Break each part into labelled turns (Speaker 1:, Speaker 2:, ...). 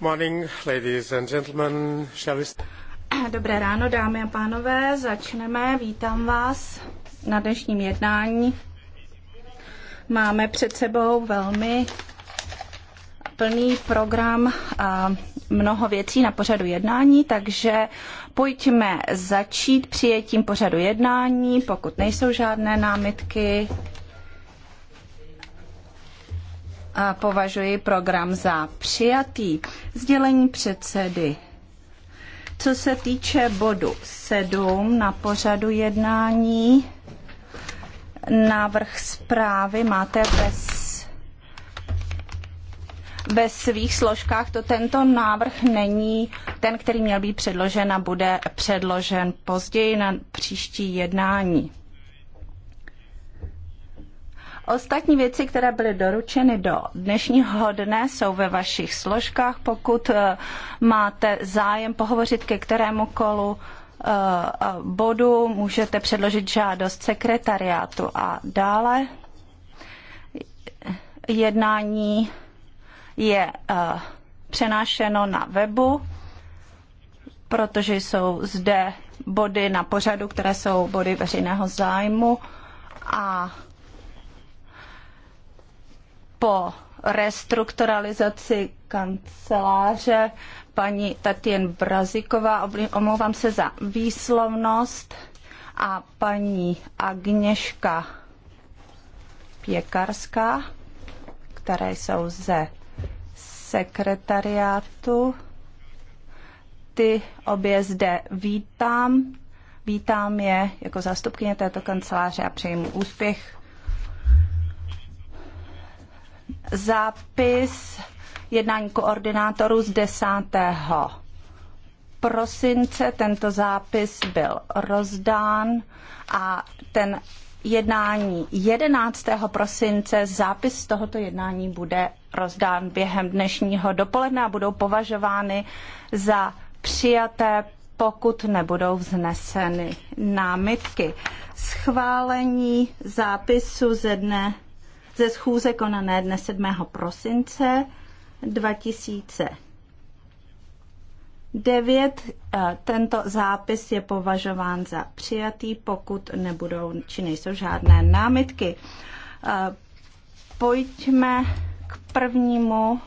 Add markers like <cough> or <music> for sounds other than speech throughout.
Speaker 1: Morning, ladies and gentlemen. Shall we...
Speaker 2: <clears throat> Dobré ráno, dámy a pánové, začneme. Vítám vás na dnešním jednání. Máme před sebou velmi plný program a mnoho věcí na pořadu jednání, takže pojďme začít přijetím pořadu jednání. Pokud nejsou žádné námitky, považuji program za přijatý. Sdělení předsedy. Co se týče bodu 7 na pořadu jednání, návrh zprávy máte bez ve svých složkách to tento návrh není ten, který měl být předložen a bude předložen později na příští jednání. Ostatní věci, které byly doručeny do dnešního dne, jsou ve vašich složkách. Pokud eh, máte zájem pohovořit ke kterémukolu eh, eh, bodu, můžete předložit žádost sekretariátu a dále. Jednání je přenášeno na webu, protože jsou zde body na pořadu, které jsou body veřejného zájmu a po restrukturalizaci kanceláře paní Tatjen Braziková, omlouvám se za výslovnost, a paní Agněška Pěkarská, které jsou ze sekretariátu. Ty obě zde vítám. Vítám je jako zástupkyně této kanceláře a přeji úspěch Zápis jednání koordinátorů z 10. prosince. Tento zápis byl rozdán a ten jednání 11. prosince. Zápis z tohoto jednání bude rozdán během dnešního dopoledne a budou považovány za přijaté, pokud nebudou vzneseny námitky. Schválení zápisu ze dne ze schůze konané dne 7. prosince 2009. Eh, tento zápis je považován za přijatý, pokud nebudou či nejsou žádné námitky. Eh, pojďme k prvnímu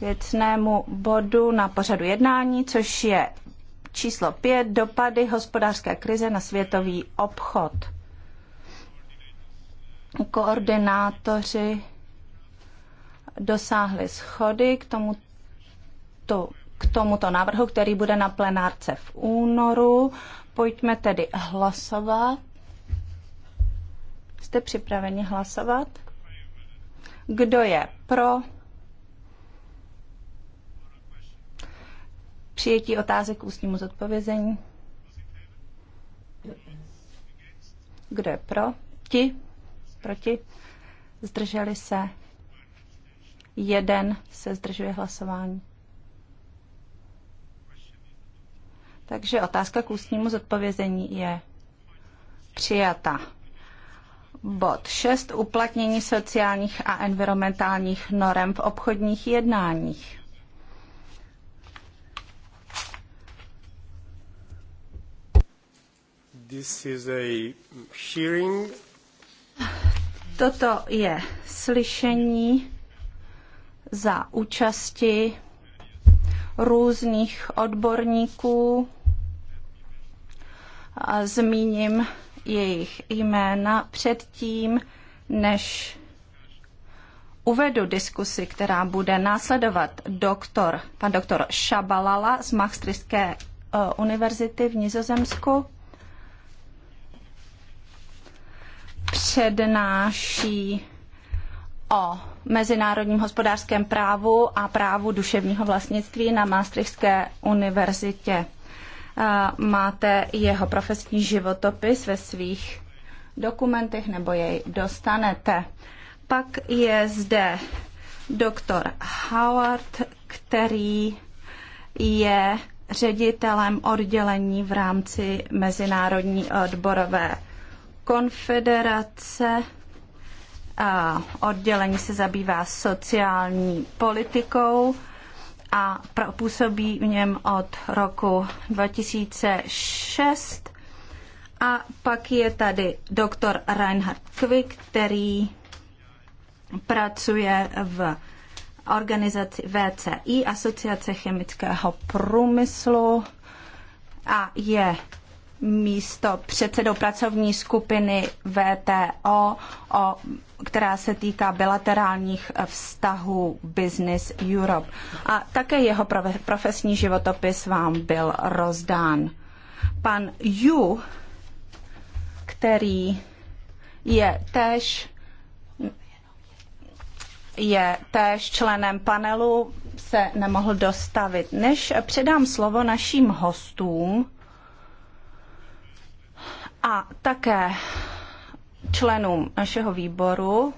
Speaker 2: věcnému bodu na pořadu jednání, což je číslo 5, dopady hospodářské krize na světový obchod koordinátoři dosáhli schody k tomuto, k tomuto návrhu, který bude na plenárce v únoru. Pojďme tedy hlasovat. Jste připraveni hlasovat? Kdo je pro? Přijetí otázek k ústnímu zodpovězení. Kdo je pro? Ti? Proti? Zdrželi se? Jeden se zdržuje hlasování. Takže otázka k ústnímu zodpovězení je přijata. Bod 6. Uplatnění sociálních a environmentálních norem v obchodních jednáních.
Speaker 1: This is a hearing.
Speaker 2: Toto je slyšení za účasti různých odborníků. Zmíním jejich jména předtím, než uvedu diskusi, která bude následovat doktor, pan doktor Šabalala z Maastrichtské eh, univerzity v Nizozemsku, přednáší o mezinárodním hospodářském právu a právu duševního vlastnictví na Maastrichtské univerzitě. Máte jeho profesní životopis ve svých dokumentech nebo jej dostanete. Pak je zde doktor Howard, který je ředitelem oddělení v rámci Mezinárodní odborové konfederace a oddělení se zabývá sociální politikou a působí v něm od roku 2006. A pak je tady doktor Reinhard Quick, který pracuje v organizaci VCI, Asociace chemického průmyslu a je místo předsedou pracovní skupiny VTO, o, která se týká bilaterálních vztahů Business Europe. A také jeho profesní životopis vám byl rozdán. Pan Yu, který je též je též členem panelu, se nemohl dostavit. Než předám slovo našim hostům, a také členům našeho výboru.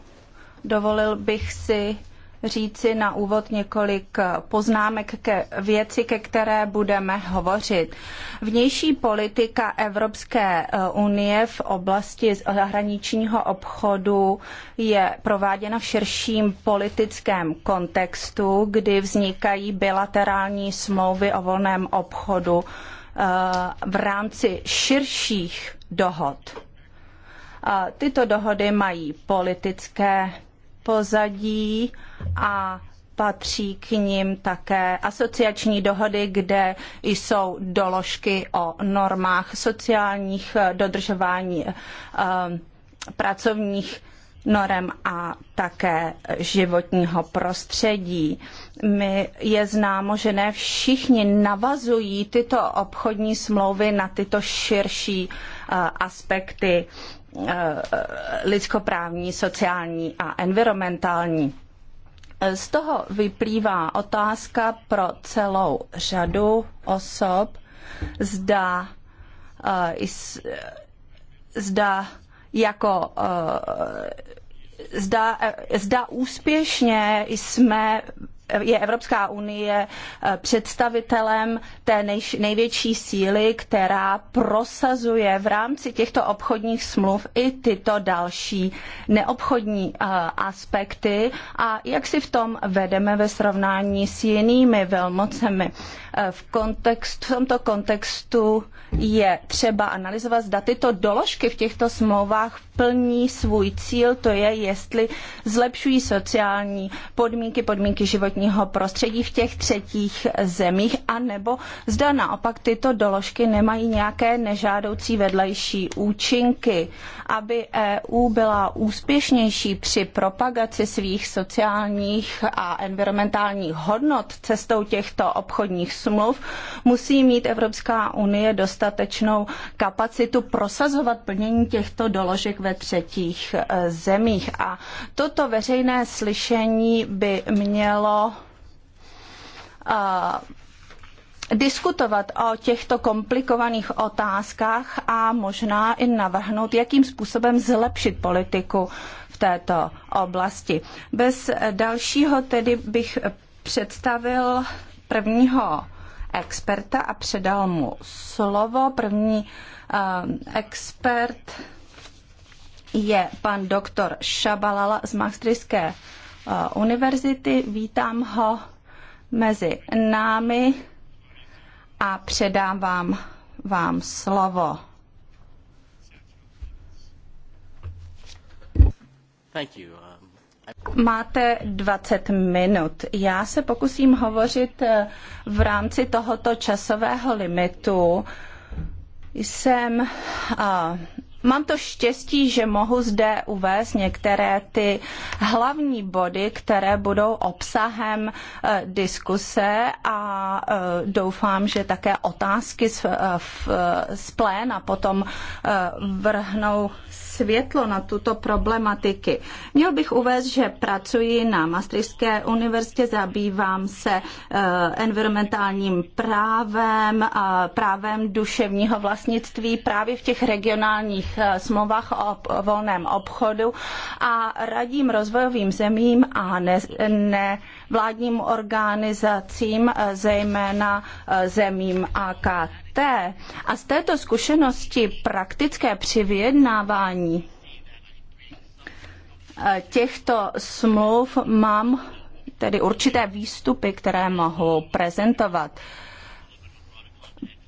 Speaker 2: Dovolil bych si říci na úvod několik poznámek ke věci, ke které budeme hovořit. Vnější politika Evropské e, unie v oblasti zahraničního obchodu je prováděna v širším politickém kontextu, kdy vznikají bilaterální smlouvy o volném obchodu e, v rámci širších dohod. A tyto dohody mají politické pozadí a patří k nim také asociační dohody, kde jsou doložky o normách sociálních dodržování eh, pracovních norem a také životního prostředí. My je známo, že ne všichni navazují tyto obchodní smlouvy na tyto širší uh, aspekty lidskoprávní, sociální a environmentální. Z toho vyplývá otázka pro celou řadu osob, zda, zda jako zda, e, zda úspěšně jsme je Evropská unie eh, představitelem té největší síly, která prosazuje v rámci těchto obchodních smluv i tyto další neobchodní eh, aspekty a jak si v tom vedeme ve srovnání s jinými velmocemi. Eh, v, kontext, v tomto kontextu je třeba analyzovat, zda tyto doložky v těchto smlouvách plní svůj cíl, to je, jestli zlepšují sociální podmínky, podmínky životní životního prostředí v těch třetích zemích, anebo zda naopak tyto doložky nemají nějaké nežádoucí vedlejší účinky. Aby EU byla úspěšnější při propagaci svých sociálních a environmentálních hodnot cestou těchto obchodních smluv, musí mít Evropská unie dostatečnou kapacitu prosazovat plnění těchto doložek ve třetích e, zemích. A toto veřejné slyšení by mělo Eh, diskutovat o těchto komplikovaných otázkách a možná i navrhnout, jakým způsobem zlepšit politiku v této oblasti. Bez dalšího tedy bych představil prvního experta a předal mu slovo. První uh, expert je pan doktor Šabalala z Maastrichtské uh, univerzity. Vítám ho mezi námi a předávám vám slovo.
Speaker 1: Um,
Speaker 2: Máte 20 minut. Já se pokusím hovořit eh, v rámci tohoto časového limitu. Jsem uh, Mám to štěstí, že mohu zde uvést některé ty hlavní body, které budou obsahem eh, diskuse a eh, doufám, že také otázky z, eh, z pléna potom vrhnou světlo na tuto problematiky. Měl bych uvést, že pracuji na Maastrichtské univerzitě, zabývám se eh, environmentálním právem, právem duševního vlastnictví právě v těch regionálních eh, smlouvách o volném obchodu a radím rozvojovým zemím a ne, ne vládním organizacím, eh, zejména eh, zemím AKT. A z této zkušenosti praktické při vyjednávání eh, těchto smluv mám tedy určité výstupy, které mohu prezentovat.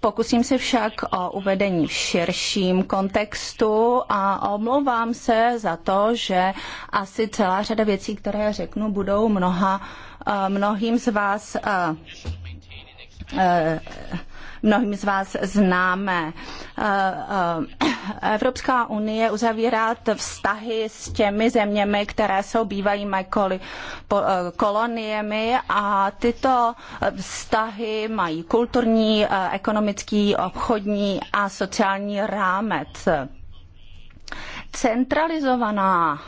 Speaker 2: Pokusím se však o uvedení v širším kontextu a omlouvám se za to, že asi celá řada věcí, které řeknu, budou mnoha mnohým z vás e, mnohým z vás známe. E, e, Evropská unie uzavírá vztahy s těmi zeměmi, které jsou bývajími koloniemi a tyto vztahy mají kulturní, ekonomický, obchodní a sociální rámec. Centralizovaná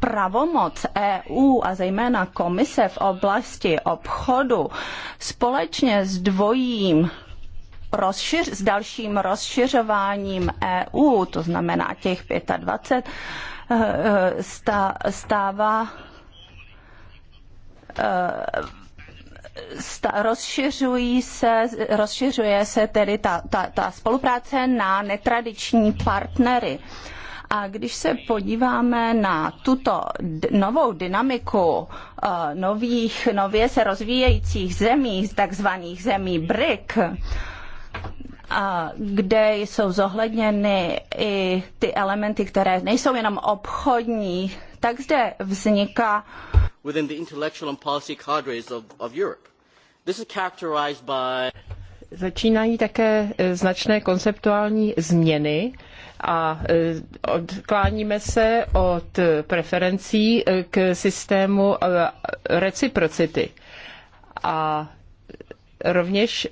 Speaker 2: pravomoc EU a zejména komise v oblasti obchodu společně s dvojím rozšiř, s dalším rozšiřováním EU, to znamená těch 25, eh, eh, stává eh, rozšiřují se, rozšiřuje se tedy ta, ta, ta spolupráce na netradiční partnery. Uh, a když se podíváme na tuto novou dynamiku uh, nových, nově se rozvíjejících zemí, takzvaných zemí BRIC, uh, kde jsou zohledněny i ty elementy, které nejsou jenom obchodní, tak zde vzniká
Speaker 1: within the intellectual and policy cadres of, of Europe.
Speaker 3: This is characterized by
Speaker 4: Začínají také eh, značné konceptuální změny, a e, odkláníme se od preferencí e, k systému e, reciprocity. A rovněž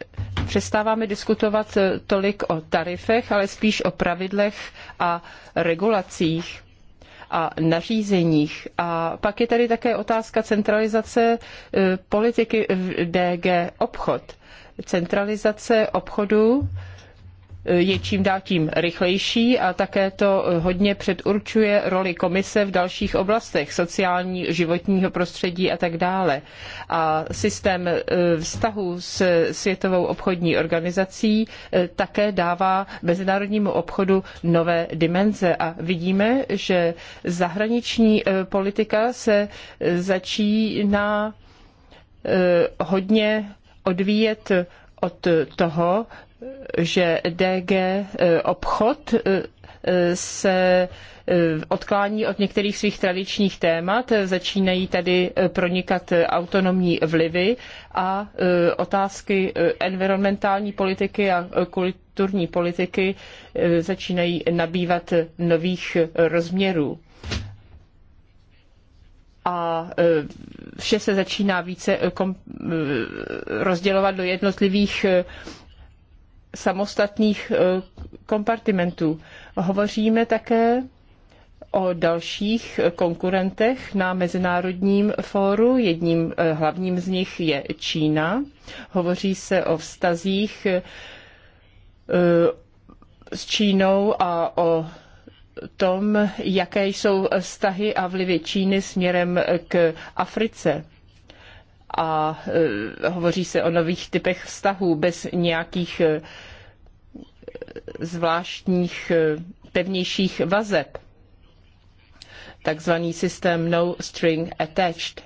Speaker 4: přestáváme diskutovat tolik o tarifech, ale spíš o pravidlech a regulacích a nařízeních. A pak je tady také otázka centralizace politiky v DG obchod. Centralizace obchodu je čím dál tím rychlejší a také to hodně předurčuje roli komise v dalších oblastech sociální, životního prostředí a tak dále. A systém e, vztahu s Světovou obchodní organizací e, také dává mezinárodnímu obchodu nové dimenze a vidíme, že zahraniční e, politika se začíná hodně odvíjet od toho, že DG eh, obchod eh, se eh, odklání od některých svých tradičních témat, začínají tady pronikat autonomní vlivy a otázky environmentální politiky a kulturní politiky začínají nabývat nových rozměrů. A vše se začíná více rozdělovat do jednotlivých samostatných eh, kompartimentů. Hovoříme také o dalších eh, konkurentech na mezinárodním fóru. Jedním eh, hlavním z nich je Čína. Hovoří se o vztazích s Čínou a o tom, jaké jsou vztahy a vlivy Číny směrem k Africe a e, hovoří se o nových typech vztahů bez nějakých e, zvláštních e, pevnějších vazeb. Takzvaný systém no string attached.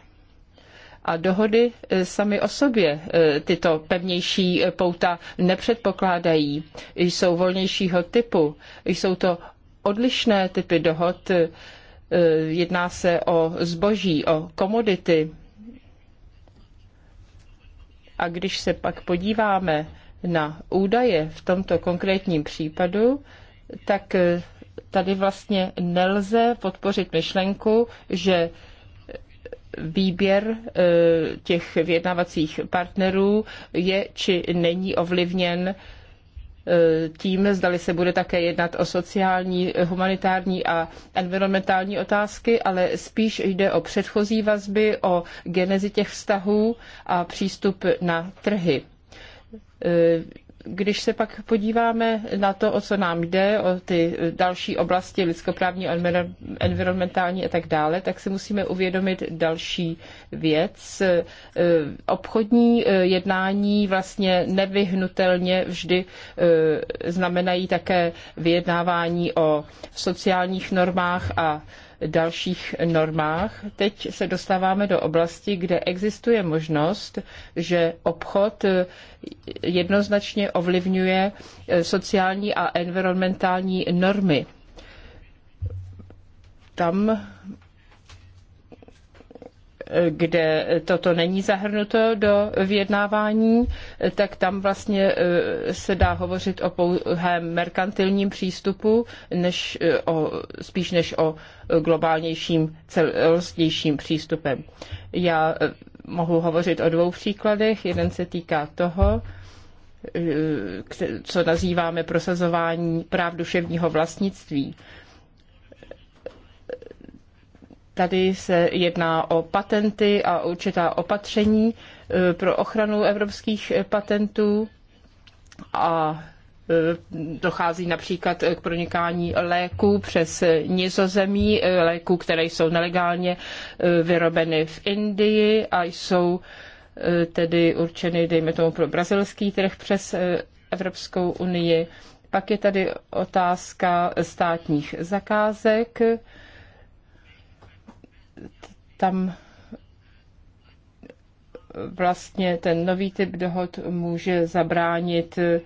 Speaker 4: A dohody sami o sobě tyto pevnější pouta nepředpokládají. Jsou volnějšího typu, jsou to odlišné typy dohod, jedná se o zboží, o komodity, a když se pak podíváme na údaje v tomto konkrétním případu, tak eh, tady vlastně nelze podpořit myšlenku, že eh, výběr eh, těch vyjednávacích partnerů je či není ovlivněn tím, zdali se bude také jednat o sociální, humanitární a environmentální otázky, ale spíš jde o předchozí vazby, o genezi těch vztahů a přístup na trhy když se pak podíváme na to, o co nám jde, o ty další oblasti lidskoprávní, environmentální a tak dále, tak si musíme uvědomit další věc. Eh, obchodní eh, jednání vlastně nevyhnutelně vždy eh, znamenají také vyjednávání o sociálních normách a dalších normách. Teď se dostáváme do oblasti, kde existuje možnost, že obchod jednoznačně ovlivňuje sociální a environmentální normy. Tam kde toto není zahrnuto do vyjednávání, tak tam vlastně e, se dá hovořit o pouhém merkantilním přístupu, než e, o, spíš než o globálnějším, celostnějším přístupem. Já e, mohu hovořit o dvou příkladech. Jeden se týká toho, co nazýváme prosazování práv duševního vlastnictví. Tady se jedná o patenty a určitá opatření e, pro ochranu evropských patentů a e, dochází například k pronikání léků přes nizozemí, e, léků, které jsou nelegálně vyrobeny v Indii a jsou tedy určeny, dejme tomu, pro brazilský trh přes Evropskou unii. Pak je tady otázka státních zakázek tam vlastně ten nový typ dohod může zabránit eh,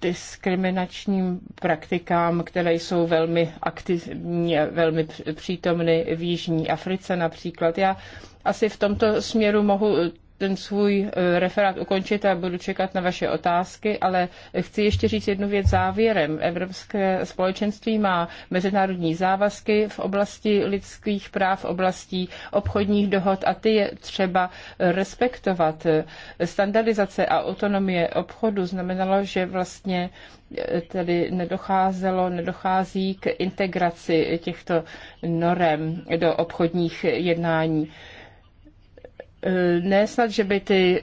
Speaker 4: diskriminačním praktikám, které jsou velmi aktivní, velmi přítomny v Jižní Africe například. Já asi v tomto směru mohu ten svůj eh, referát ukončit a budu čekat na vaše otázky, ale chci ještě říct jednu věc závěrem. Evropské společenství má mezinárodní závazky v oblasti lidských práv, v oblasti obchodních dohod a ty je třeba respektovat. Standardizace a autonomie obchodu znamenalo, že vlastně eh, tedy nedocházelo, nedochází k integraci těchto norem do obchodních jednání Eh, ne snad, že by ty eh,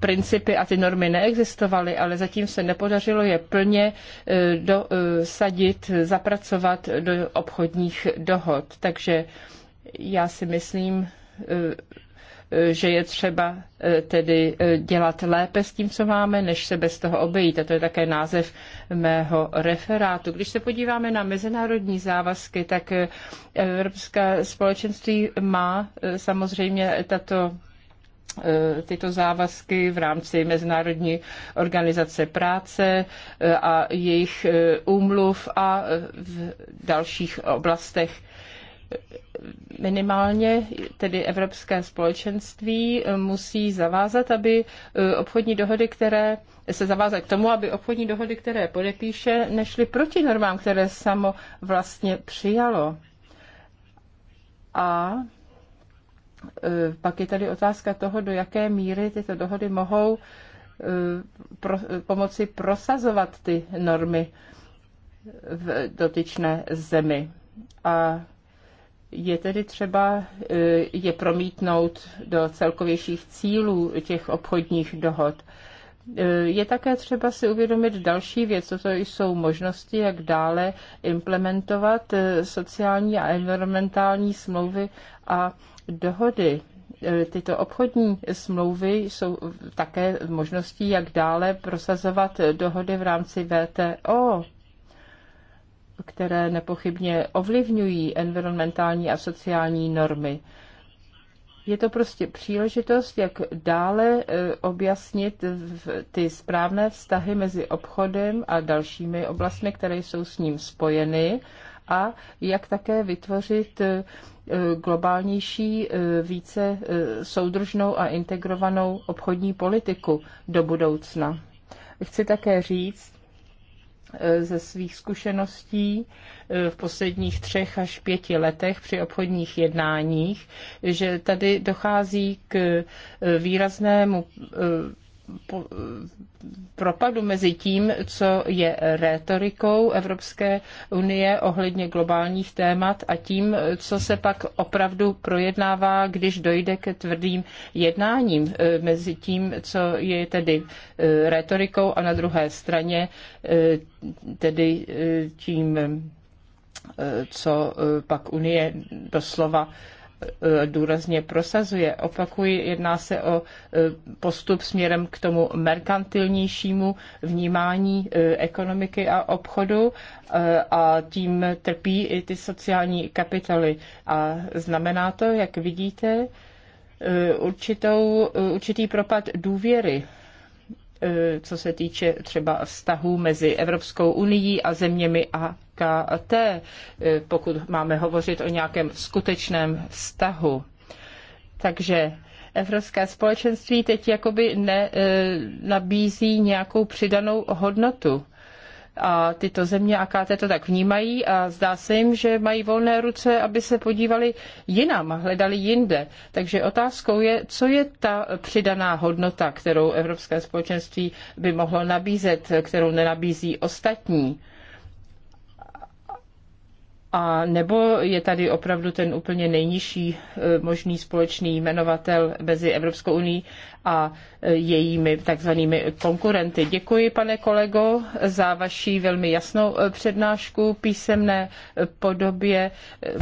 Speaker 4: principy a ty normy neexistovaly, ale zatím se nepodařilo je plně eh, dosadit, zapracovat do obchodních dohod. Takže já si myslím, že je třeba eh, tedy eh, dělat lépe s tím, co máme, než se bez toho obejít. A to je také název mého referátu. Když se podíváme na mezinárodní závazky, tak eh, Evropská společenství má samozřejmě tato tyto závazky v rámci Mezinárodní organizace práce a jejich úmluv a v dalších oblastech minimálně tedy Evropské společenství musí zavázat, aby e, obchodní dohody, které se zavázá k tomu, aby obchodní dohody, které podepíše, nešly proti normám, které samo vlastně přijalo. A e, pak je tady otázka toho, do jaké míry tyto dohody mohou e, pro, pomoci prosazovat ty normy v dotyčné zemi. A je tedy třeba eh, je promítnout do celkovějších cílů těch obchodních dohod. Eh, je také třeba si uvědomit další věc, co to jsou možnosti, jak dále implementovat eh, sociální a environmentální smlouvy a dohody. Tyto obchodní smlouvy jsou také možností, jak dále prosazovat dohody v rámci VTO které nepochybně ovlivňují environmentální a sociální normy. Je to prostě příležitost, jak dále e, objasnit ty správné vztahy mezi obchodem a dalšími oblastmi, které jsou s ním spojeny a jak také vytvořit e, globálnější, e, více soudržnou a integrovanou obchodní politiku do budoucna. Chci také říct, Eh, ze svých zkušeností eh, v posledních třech až pěti letech při obchodních jednáních, že tady dochází k eh, výraznému po, eh, propadu mezi tím, co je rétorikou Evropské unie ohledně globálních témat a tím, co se pak opravdu projednává, když dojde ke tvrdým jednáním eh, mezi tím, co je tedy eh, rétorikou a na druhé straně tedy tím, co pak Unie doslova důrazně prosazuje. Opakuji, jedná se o e, postup směrem k tomu merkantilnějšímu vnímání e, ekonomiky a obchodu e, a tím trpí i ty sociální kapitaly. A znamená to, jak vidíte, určitou, určitý propad důvěry Eh, co se týče třeba vztahů mezi Evropskou unii a zeměmi AKT, eh, pokud máme hovořit o nějakém skutečném vztahu. Takže Evropské společenství teď jakoby ne, eh, nabízí nějakou přidanou hodnotu a tyto země AKT to tak vnímají a zdá se jim, že mají volné ruce, aby se podívali jinam, hledali jinde. Takže otázkou je, co je ta přidaná hodnota, kterou Evropské společenství by mohlo nabízet, kterou nenabízí ostatní a nebo je tady opravdu ten úplně nejnižší e, možný společný jmenovatel mezi Evropskou uní a e, jejími takzvanými konkurenty. Děkuji, pane kolego, za vaši velmi jasnou e, přednášku. Písemné podobě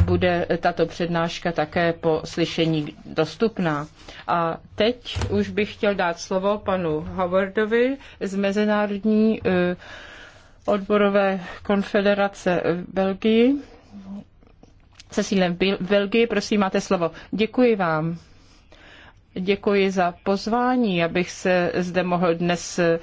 Speaker 4: bude tato přednáška také po slyšení dostupná. A teď už bych chtěl dát slovo panu Howardovi z Mezinárodní odborové konfederace v Belgii se v Belgii. Prosím, máte slovo. Děkuji vám. Děkuji za pozvání, abych se zde mohl dnes eh,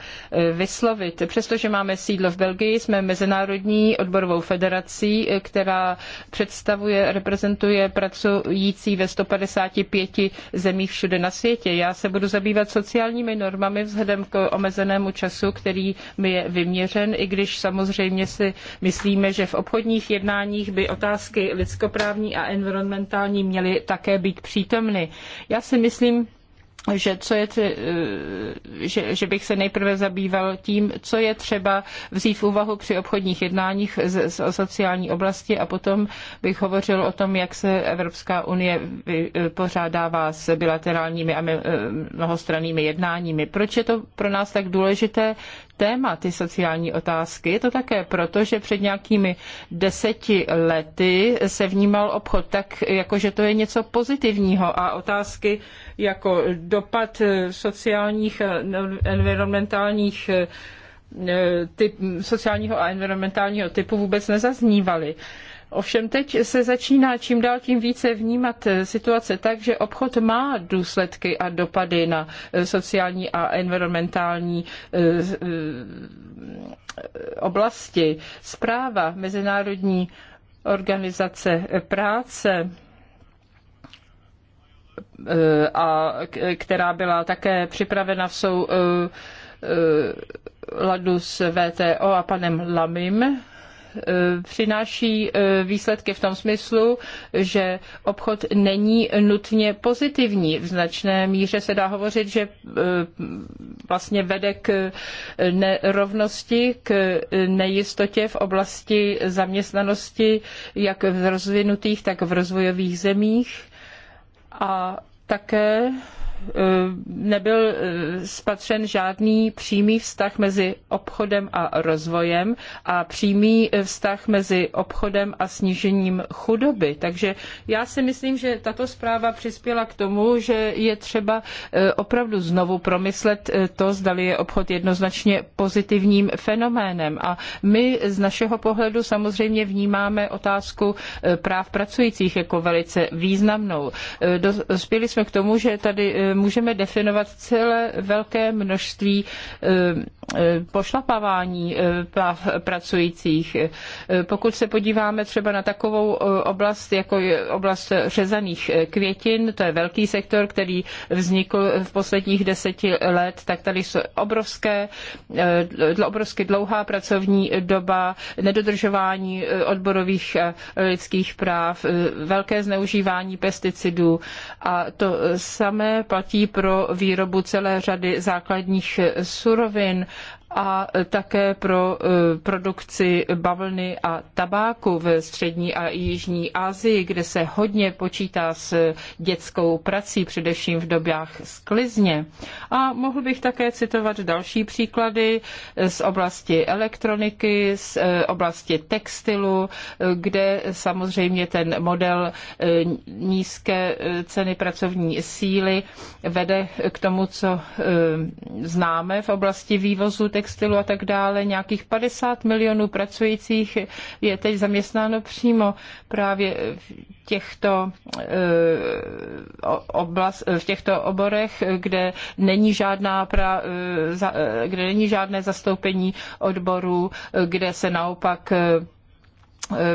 Speaker 4: vyslovit. Přestože máme sídlo v Belgii, jsme mezinárodní odborovou federací, eh, která představuje, reprezentuje pracující ve 155 zemích všude na světě. Já se budu zabývat sociálními normami vzhledem k omezenému času, který mi je vyměřen, i když samozřejmě si myslíme, že v obchodních jednáních by otázky lidskoprávní a environmentální měly také být přítomny. Já si myslím, že, co je, eh, že, že bych se nejprve zabýval tím, co je třeba vzít v úvahu při obchodních jednáních z, z, o sociální oblasti a potom bych hovořil o tom, jak se Evropská unie eh, pořádává s bilaterálními a eh, mnohostrannými jednáními. Proč je to pro nás tak důležité? téma, ty sociální otázky. Je to také proto, že před nějakými deseti lety se vnímal obchod tak, jako že to je něco pozitivního a otázky jako dopad sociálních, environmentálních eh, typ, sociálního a environmentálního typu vůbec nezaznívaly. Ovšem teď se začíná čím dál tím více vnímat eh, situace tak, že obchod má důsledky a dopady na eh, sociální a environmentální eh, oblasti. Zpráva Mezinárodní organizace práce a která byla také připravena v sou ladu s VTO a panem Lamim, Eh, přináší eh, výsledky v tom smyslu, že obchod není nutně pozitivní. V značné míře se dá hovořit, že eh, vlastně vede k nerovnosti, k nejistotě v oblasti zaměstnanosti, jak v rozvinutých, tak v rozvojových zemích. A také Eh, nebyl eh, spatřen žádný přímý vztah mezi obchodem a rozvojem a přímý eh, vztah mezi obchodem a snížením chudoby. Takže já si myslím, že tato zpráva přispěla k tomu, že je třeba opravdu znovu promyslet to, zdali je obchod jednoznačně pozitivním fenoménem. A my z našeho pohledu samozřejmě vnímáme otázku práv pracujících jako velice významnou. Dospěli jsme k tomu, že tady můžeme definovat celé velké množství eh, eh, pošlapávání eh, pracujících. Pokud se podíváme třeba na takovou oblast, jako je oblast řezaných květin, to je velký sektor, který vznikl v posledních deseti let, tak tady jsou obrovské, obrovsky dlouhá pracovní doba, nedodržování odborových lidských práv, velké zneužívání pesticidů a to samé platí pro výrobu celé řady základních surovin a také pro eh, produkci bavlny a tabáku ve střední a jižní Asii, kde se hodně počítá s dětskou prací, především v dobách sklizně. A mohl bych také citovat další příklady z oblasti elektroniky, z eh, oblasti textilu, eh, kde samozřejmě ten model nízké ceny pracovní síly vede k tomu, co známe v oblasti vývozu textilu a tak dále. Nějakých 50 milionů pracujících je teď zaměstnáno přímo právě v těchto, eh, oblast, eh, v těchto oborech, kde není, žádná pra, eh, kde není žádné zastoupení odborů, kde se naopak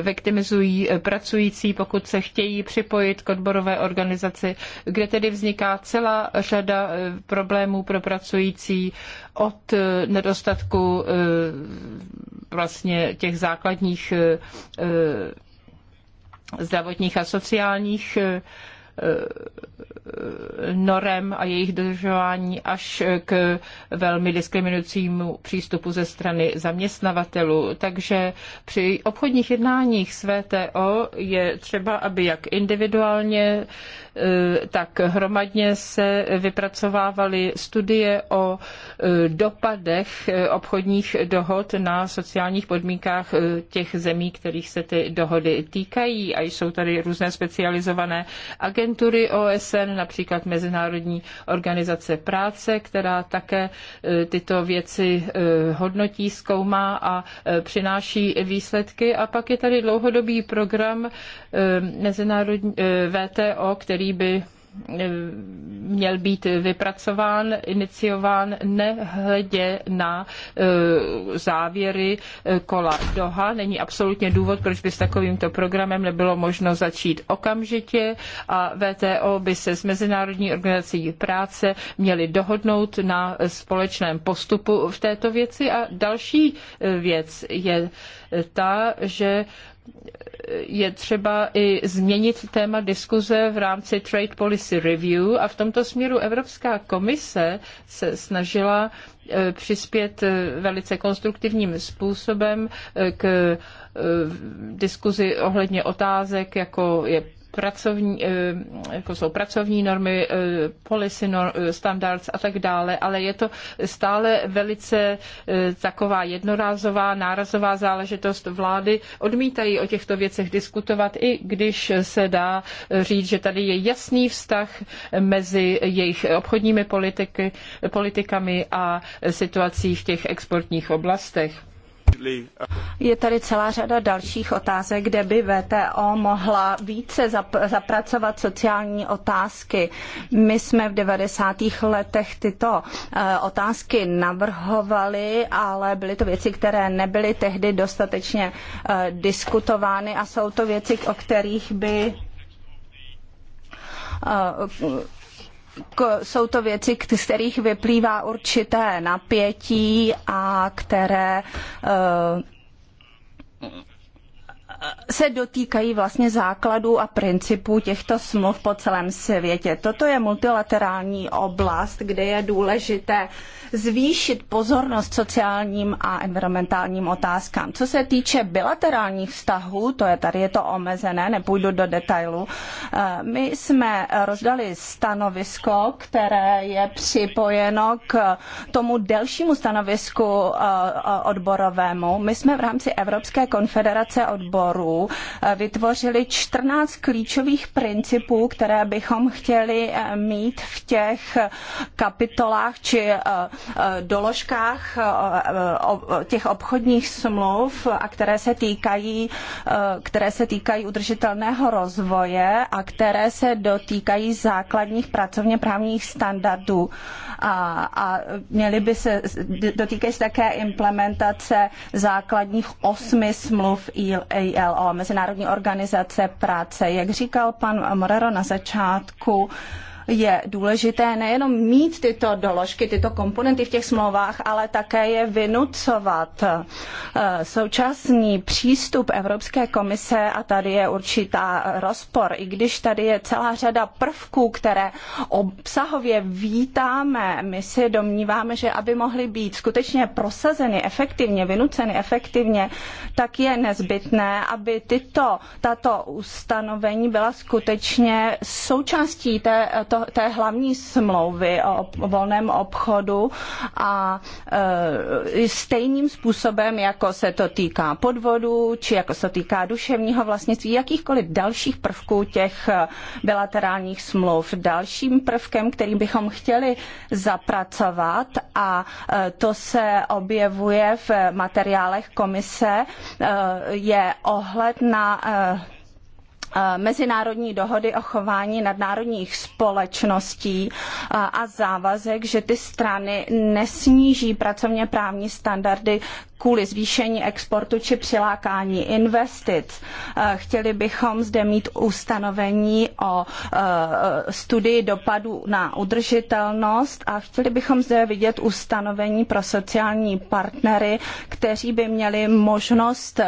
Speaker 4: viktimizují eh, pracující, pokud se chtějí připojit k odborové organizaci, kde tedy vzniká celá řada eh, problémů pro pracující od eh, nedostatku vlastně těch základních zdravotních a sociálních norem a jejich dodržování až k velmi diskriminujícímu přístupu ze strany zaměstnavatelů. Takže při obchodních jednáních s VTO je třeba, aby jak individuálně, eh, tak hromadně se vypracovávaly studie o eh, dopadech eh, obchodních dohod na sociálních podmínkách těch zemí, kterých se ty dohody týkají. A jsou tady různé specializované agendy agentury OSN, například Mezinárodní organizace práce, která také e, tyto věci e, hodnotí, zkoumá a e, přináší výsledky. A pak je tady dlouhodobý program Mezinárodní VTO, který by Eh, měl být vypracován, iniciován nehledě na eh, závěry eh, kola Doha. Není absolutně důvod, proč by s takovýmto programem nebylo možno začít okamžitě a VTO by se s Mezinárodní organizací práce měly dohodnout na společném postupu v této věci. A další věc je ta, že je třeba i změnit téma diskuze v rámci Trade Policy Review a v tomto směru Evropská komise se snažila eh, přispět eh, velice konstruktivním způsobem eh, k diskuzi ohledně otázek, jako je pracovní, eh, jako jsou pracovní normy, eh, policy eh, standards a tak dále, ale je to stále velice taková jednorázová, nárazová záležitost. Vlády odmítají o těchto věcech diskutovat, i když se dá říct, že tady je jasný vztah mezi jejich obchodními politiky, politikami a situací v těch exportních oblastech. Uh,
Speaker 2: Je tady celá řada dalších otázek, kde by VTO mohla více zapracovat sociální otázky. My jsme v 90. letech tyto uh, otázky navrhovali, ale byly to věci, které nebyly tehdy dostatečně uh, diskutovány a jsou to věci, o kterých by jsou to věci, z kterých vyplývá určité napětí a které eh, se dotýkají vlastně základů a principů těchto smluv po celém světě. Toto je multilaterální oblast, kde je důležité zvýšit pozornost sociálním a environmentálním otázkám. Co se týče bilaterálních vztahů, to je tady je to omezené, nepůjdu do detailu. Eh, my jsme rozdali stanovisko, které je připojeno k tomu delšímu stanovisku eh, odborovému. My jsme v rámci Evropské konfederace odborů výborů eh, vytvořili 14 klíčových principů, které bychom chtěli eh, mít v těch eh, kapitolách či doložkách těch obchodních smluv a které se týkají, které se týkají udržitelného rozvoje a které se dotýkají základních pracovně právních standardů a, a měly by se, dotýkají se také implementace základních osmi smluv ILO, Mezinárodní organizace práce. Jak říkal pan Morero na začátku, je důležité nejenom mít tyto doložky, tyto komponenty v těch smlouvách, ale také je vynucovat. Eh, současný přístup Evropské komise, a tady je určitá rozpor, i když tady je celá řada prvků, které obsahově vítáme, my si domníváme, že aby mohly být skutečně prosazeny efektivně, vynuceny efektivně, tak je nezbytné, aby tyto, tato ustanovení byla skutečně součástí té, toho té hlavní smlouvy o volném obchodu a e, stejným způsobem, jako se to týká podvodu, či jako se to týká duševního vlastnictví, jakýchkoliv dalších prvků těch e, bilaterálních smluv. Dalším prvkem, který bychom chtěli zapracovat a e, to se objevuje v materiálech komise, je ohled na Eh, mezinárodní dohody o chování nadnárodních společností eh, a závazek, že ty strany nesníží pracovně právní standardy kvůli zvýšení exportu či přilákání investic. Eh, chtěli bychom zde mít ustanovení o studii dopadu na udržitelnost a chtěli bychom zde vidět ustanovení pro sociální partnery, kteří by měli možnost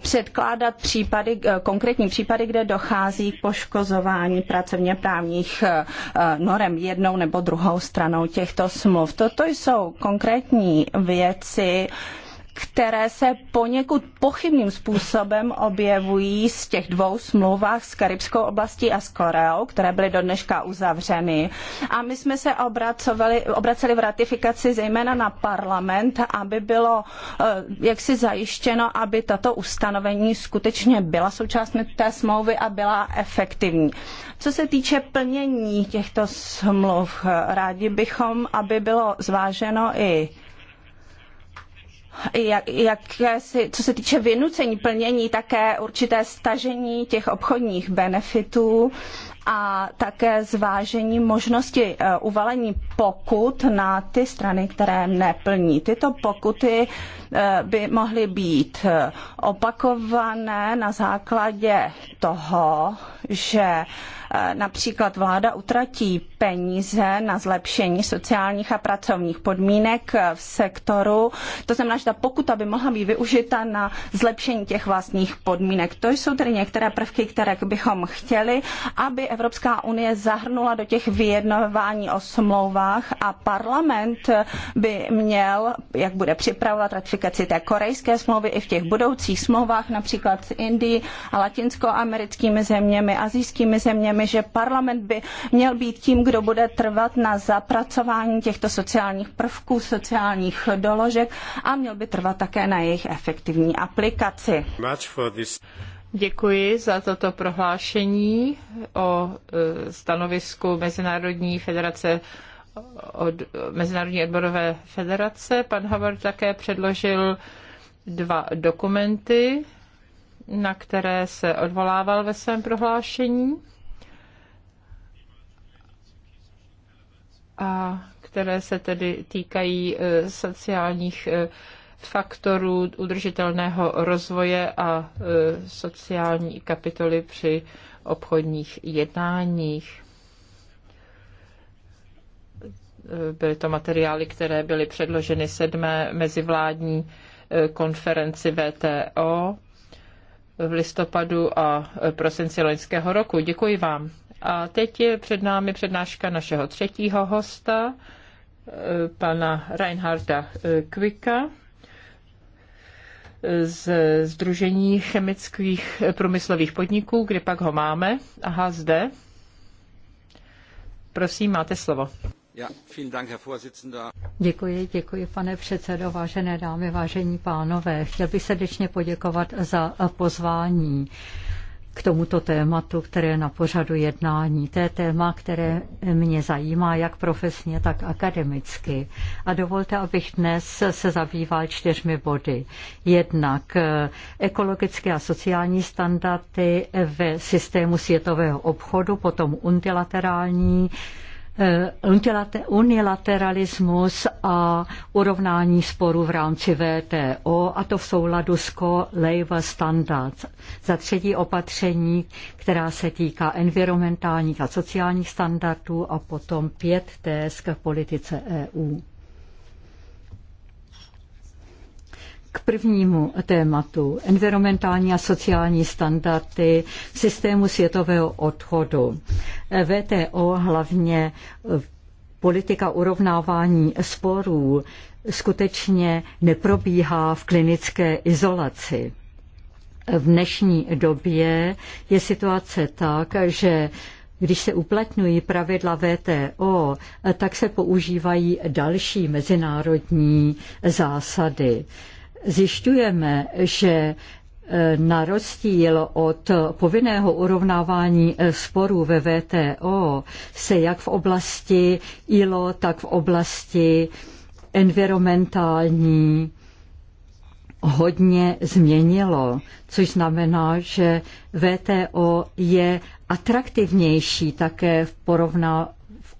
Speaker 2: předkládat případy, konkrétní případy, kde dochází k poškozování pracovně právních eh, norem jednou nebo druhou stranou těchto smluv. Toto jsou konkrétní věci, které se poněkud pochybným způsobem objevují z těch dvou smlouvách s Karibskou oblastí a s Koreou, které byly do dneška uzavřeny. A my jsme se obraceli v ratifikaci zejména na parlament, aby bylo eh, jaksi zajištěno, aby tato ustanovení skutečně byla součástí té smlouvy a byla efektivní. Co se týče plnění těchto smluv, eh, rádi bychom, aby bylo zváženo i jak, jak si, co se týče vynucení plnění, také určité stažení těch obchodních benefitů a také zvážení možnosti eh, uvalení pokut na ty strany, které neplní. Tyto pokuty eh, by mohly být eh, opakované na základě toho, že E, například vláda utratí peníze na zlepšení sociálních a pracovních podmínek e, v sektoru, to znamená, že ta pokuta by mohla být využita na zlepšení těch vlastních podmínek. To jsou tedy některé prvky, které bychom chtěli, aby Evropská unie zahrnula do těch vyjednávání o smlouvách a parlament by měl, jak bude připravovat ratifikaci té korejské smlouvy i v těch budoucích smlouvách, například s Indií a latinskoamerickými zeměmi, azijskými zeměmi, mi, že parlament by měl být tím, kdo bude trvat na zapracování těchto sociálních prvků, sociálních doložek a měl by trvat také na jejich efektivní aplikaci. Děkuji za toto prohlášení
Speaker 4: o e, stanovisku Mezinárodní federace od Mezinárodní odborové federace. Pan Havard také předložil dva dokumenty, na které se odvolával ve svém prohlášení. a které se tedy týkají e, sociálních e, faktorů udržitelného rozvoje a e, sociální kapitoly při obchodních jednáních. Byly to materiály, které byly předloženy sedmé mezivládní konferenci VTO v listopadu a prosinci loňského roku. Děkuji vám. A teď je před námi přednáška našeho třetího hosta, eh, pana Reinharda Kvika eh, eh, z Združení chemických průmyslových podniků, kde pak ho máme.
Speaker 3: Aha, zde.
Speaker 4: Prosím, máte slovo.
Speaker 3: Děkuji, děkuji, pane předsedo, vážené dámy, vážení pánové. Chtěl bych srdečně poděkovat za pozvání k tomuto tématu, které je na pořadu jednání. To je téma, které mě zajímá jak profesně, tak akademicky. A dovolte, abych dnes se zabýval čtyřmi body. Jednak eh, ekologické a sociální standardy ve systému světového obchodu, potom unilaterální Eh, unilateralismus a urovnání sporu v rámci VTO, a to v souladu s co-labor standards. Za třetí opatření, která se týká environmentálních a sociálních standardů a potom pět TSK v politice EU. k prvnímu tématu environmentální a sociální standardy v systému světového odchodu. VTO hlavně politika urovnávání sporů skutečně neprobíhá v klinické izolaci. V dnešní době je situace tak, že když se uplatňují pravidla VTO, tak se používají další mezinárodní zásady zjišťujeme, že e, na rozdíl od povinného urovnávání e, sporů ve VTO se jak v oblasti ILO, tak v oblasti environmentální hodně změnilo, což znamená, že VTO je atraktivnější také v porovnání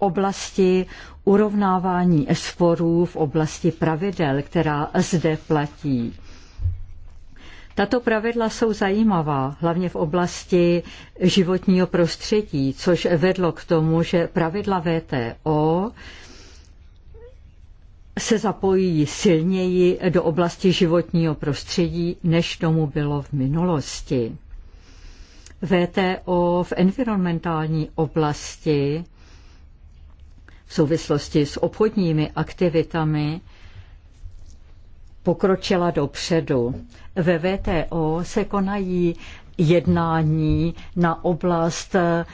Speaker 3: oblasti urovnávání sporů v oblasti pravidel, která zde platí. Tato pravidla jsou zajímavá, hlavně v oblasti životního prostředí, což vedlo k tomu, že pravidla VTO se zapojí silněji do oblasti životního prostředí, než tomu bylo v minulosti. VTO v environmentální oblasti v souvislosti s obchodními aktivitami pokročila dopředu. Ve VTO se konají jednání na oblast eh,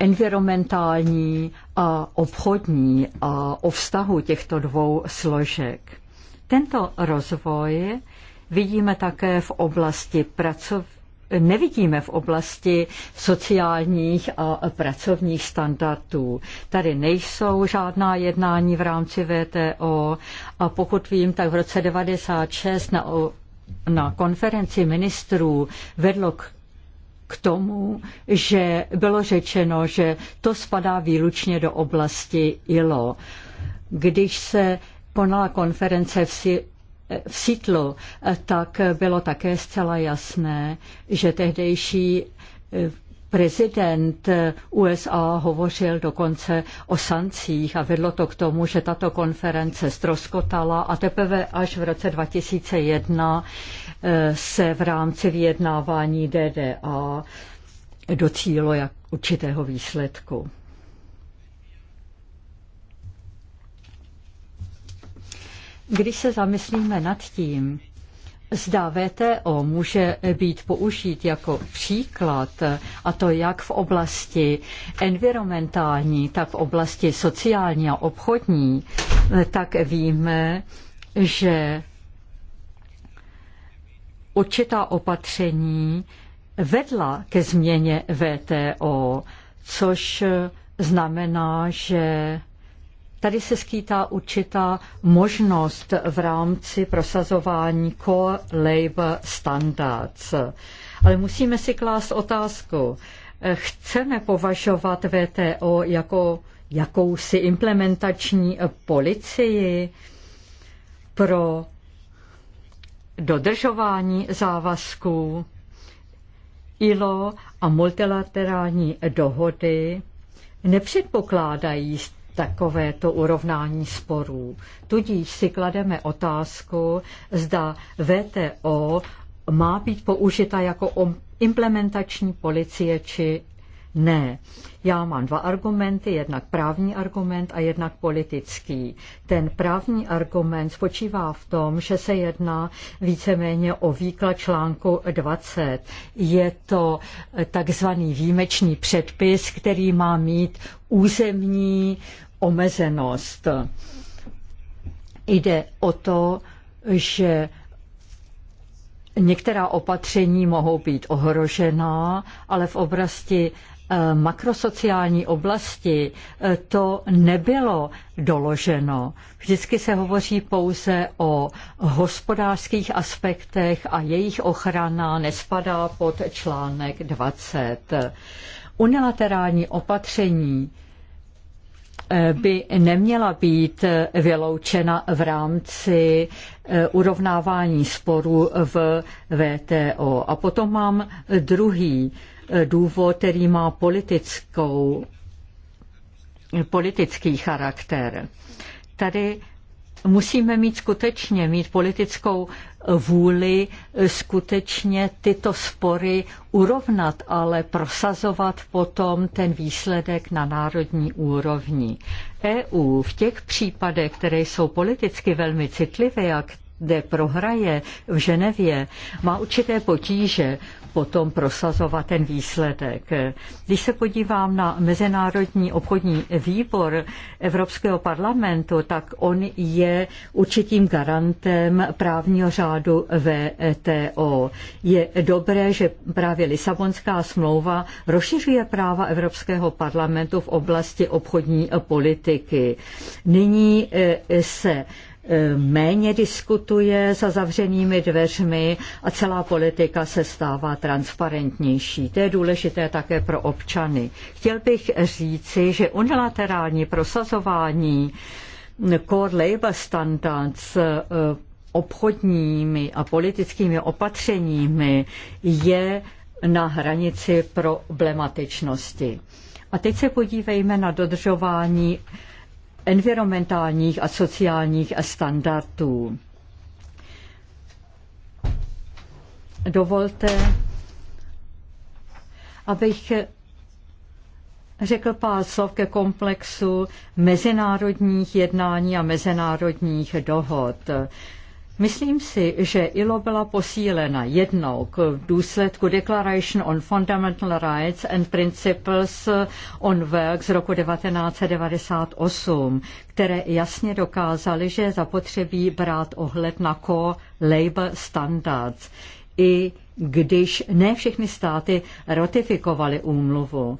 Speaker 3: environmentální a obchodní a o vztahu těchto dvou složek. Tento rozvoj vidíme také v oblasti pracovní nevidíme v oblasti sociálních a pracovních standardů. Tady nejsou žádná jednání v rámci VTO a pokud vím, tak v roce 96 na, na konferenci ministrů vedlo k k tomu, že bylo řečeno, že to spadá výlučně do oblasti ILO. Když se konala konference v v sítlu, tak bylo také zcela jasné, že tehdejší eh, prezident eh, USA hovořil dokonce o sancích a vedlo to k tomu, že tato konference stroskotala a teprve až v roce 2001 eh, se v rámci vyjednávání DDA docílo jak určitého výsledku. Když se zamyslíme nad tím, Zda VTO může být použít jako příklad, a to jak v oblasti environmentální, tak v oblasti sociální a obchodní, tak víme, že určitá opatření vedla ke změně VTO, což znamená, že Tady se skýtá určitá možnost v rámci prosazování Core Labor Standards. Ale musíme si klást otázku. Eh, chceme považovat VTO jako jakousi implementační policii pro dodržování závazků ILO a multilaterální dohody nepředpokládají takovéto urovnání sporů. Tudíž si klademe otázku, zda VTO má být použita jako implementační policie či ne. Já mám dva argumenty, jednak právní argument a jednak politický. Ten právní argument spočívá v tom, že se jedná víceméně o výklad článku 20. Je to takzvaný výjimečný předpis, který má mít územní omezenost. Jde o to, že Některá opatření mohou být ohrožená, ale v oblasti Eh, makrosociální oblasti eh, to nebylo doloženo. Vždycky se hovoří pouze o hospodářských aspektech a jejich ochrana nespadá pod článek 20. Unilaterální opatření eh, by neměla být vyloučena v rámci urovnávání sporů v VTO. A potom mám druhý Eh, důvod, který má politickou, politický charakter. Tady musíme mít skutečně, mít politickou vůli eh, skutečně tyto spory urovnat, ale prosazovat potom ten výsledek na národní úrovni. EU v těch případech, které jsou politicky velmi citlivé a kde prohraje v Ženevě, má určité potíže, potom prosazovat ten výsledek. Když se podívám na Mezinárodní obchodní výbor Evropského parlamentu, tak on je určitým garantem právního řádu VTO. Je dobré, že právě Lisabonská smlouva rozšiřuje práva Evropského parlamentu v oblasti obchodní politiky. Nyní eh, se méně diskutuje za zavřenými dveřmi a celá politika se stává transparentnější. To je důležité také pro občany. Chtěl bych říci, že unilaterální prosazování core labor standards eh, obchodními a politickými opatřeními je na hranici problematičnosti. A teď se podívejme na dodržování environmentálních a sociálních standardů. Dovolte, abych řekl pár slov ke komplexu mezinárodních jednání a mezinárodních dohod. Myslím si, že ILO byla posílena jednou k důsledku Declaration on Fundamental Rights and Principles on Work z roku 1998, které jasně dokázaly, že je zapotřebí brát ohled na co labor standards, i když ne všechny státy ratifikovaly úmluvu.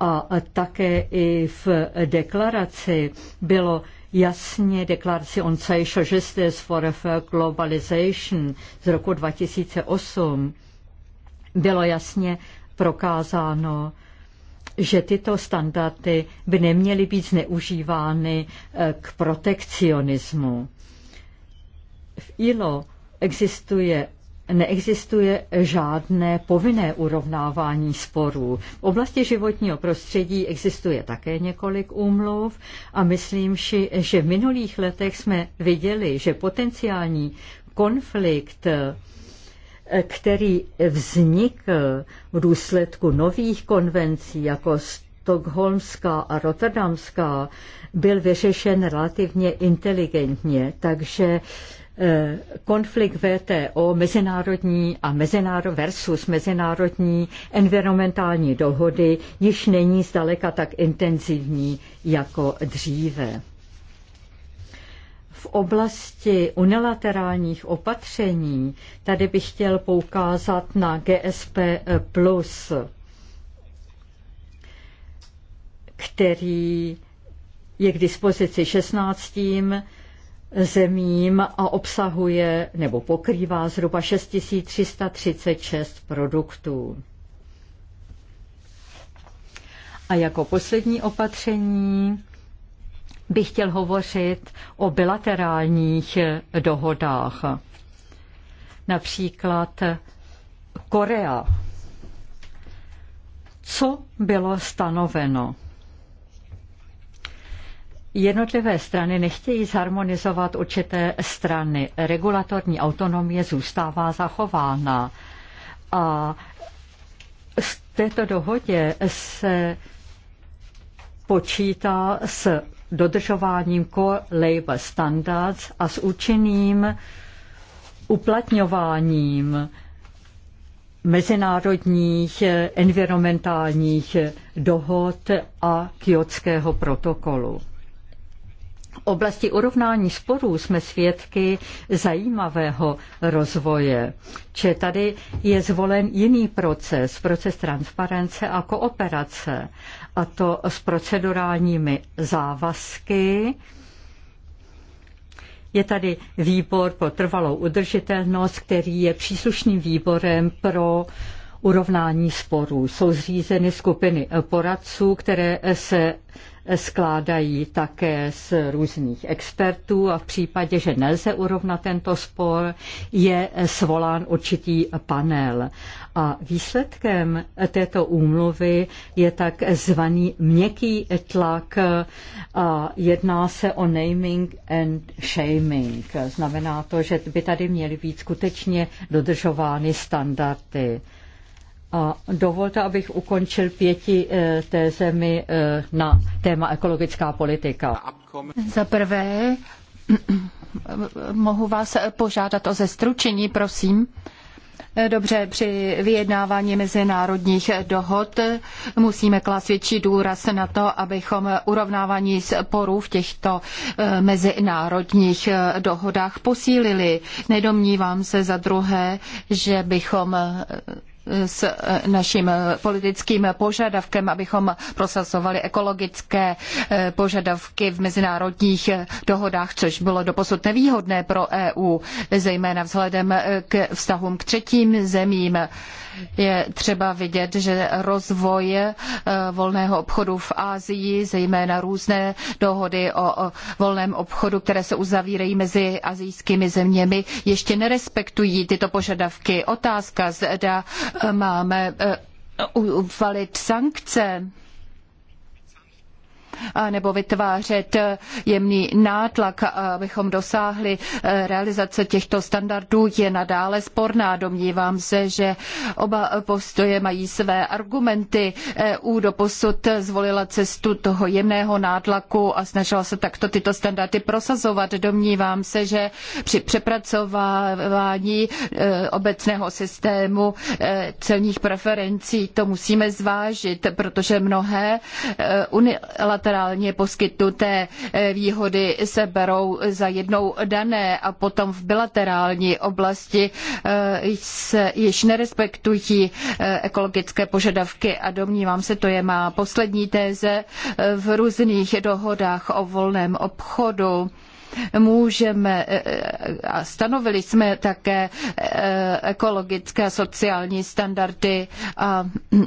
Speaker 3: A také i v deklaraci bylo jasně deklaraci On Social Justice for Globalization z roku 2008 bylo jasně prokázáno, že tyto standardy by neměly být zneužívány eh, k protekcionismu. V ILO existuje neexistuje žádné povinné urovnávání sporů. V oblasti životního prostředí existuje také několik úmluv a myslím si, že v minulých letech jsme viděli, že potenciální konflikt eh, který vznikl v důsledku nových konvencí, jako Stockholmská a Rotterdamská byl vyřešen relativně inteligentně, takže eh, konflikt VTO mezinárodní a mezinárod versus mezinárodní environmentální dohody již není zdaleka tak intenzivní jako dříve. V oblasti unilaterálních opatření tady bych chtěl poukázat na GSP+. Plus který je k dispozici 16 zemím a obsahuje nebo pokrývá zhruba 6336 produktů. A jako poslední opatření bych chtěl hovořit o bilaterálních dohodách. Například Korea. Co bylo stanoveno? Jednotlivé strany nechtějí zharmonizovat určité strany. Regulatorní autonomie zůstává zachována. A z této dohodě se počítá s dodržováním Core Labor Standards a s účinným uplatňováním mezinárodních environmentálních dohod a kiotského protokolu oblasti urovnání sporů jsme svědky zajímavého rozvoje, že tady je zvolen jiný proces, proces transparence a kooperace, a to s procedurálními závazky, je tady výbor pro trvalou udržitelnost, který je příslušným výborem pro urovnání sporů. Jsou zřízeny skupiny poradců, které se skládají také z různých expertů a v případě, že nelze urovnat tento spor, je svolán určitý panel. A výsledkem této úmluvy je tak zvaný měkký tlak a jedná se o naming and shaming. Znamená to, že by tady měly být skutečně dodržovány standardy. A dovolte, abych ukončil pěti eh, tézemi eh, na téma ekologická politika. Za prvé, <clears throat> mohu vás požádat o zestručení, prosím.
Speaker 5: Dobře, při vyjednávání mezinárodních dohod musíme klást větší důraz na to, abychom urovnávání sporů v těchto eh, mezinárodních dohodách posílili. Nedomnívám se za druhé, že bychom s eh, naším eh, politickým požadavkem, abychom prosazovali ekologické eh, požadavky v mezinárodních dohodách, což bylo doposud nevýhodné pro EU, zejména vzhledem k vztahům k třetím zemím. Je třeba vidět, že rozvoj volného obchodu v Asii, zejména různé dohody o volném obchodu, které se uzavírají mezi azijskými zeměmi, ještě nerespektují tyto požadavky. Otázka, zda máme eh, uvalit sankce nebo vytvářet jemný nátlak, abychom dosáhli e, realizace těchto standardů, je nadále sporná. Domnívám se, že oba postoje mají své argumenty. EU doposud zvolila cestu toho jemného nátlaku a snažila se takto tyto standardy prosazovat. Domnívám se, že při přepracovávání e, obecného systému e, celních preferencí to musíme zvážit, protože mnohé unilaterální bilaterálně poskytnuté eh, výhody se berou za jednou dané a potom v bilaterální oblasti eh, se již nerespektují eh, ekologické požadavky a domnívám se, to je má poslední téze v různých dohodách o volném obchodu Můžeme eh, eh, a stanovili jsme také eh, ekologické a sociální standardy a mm,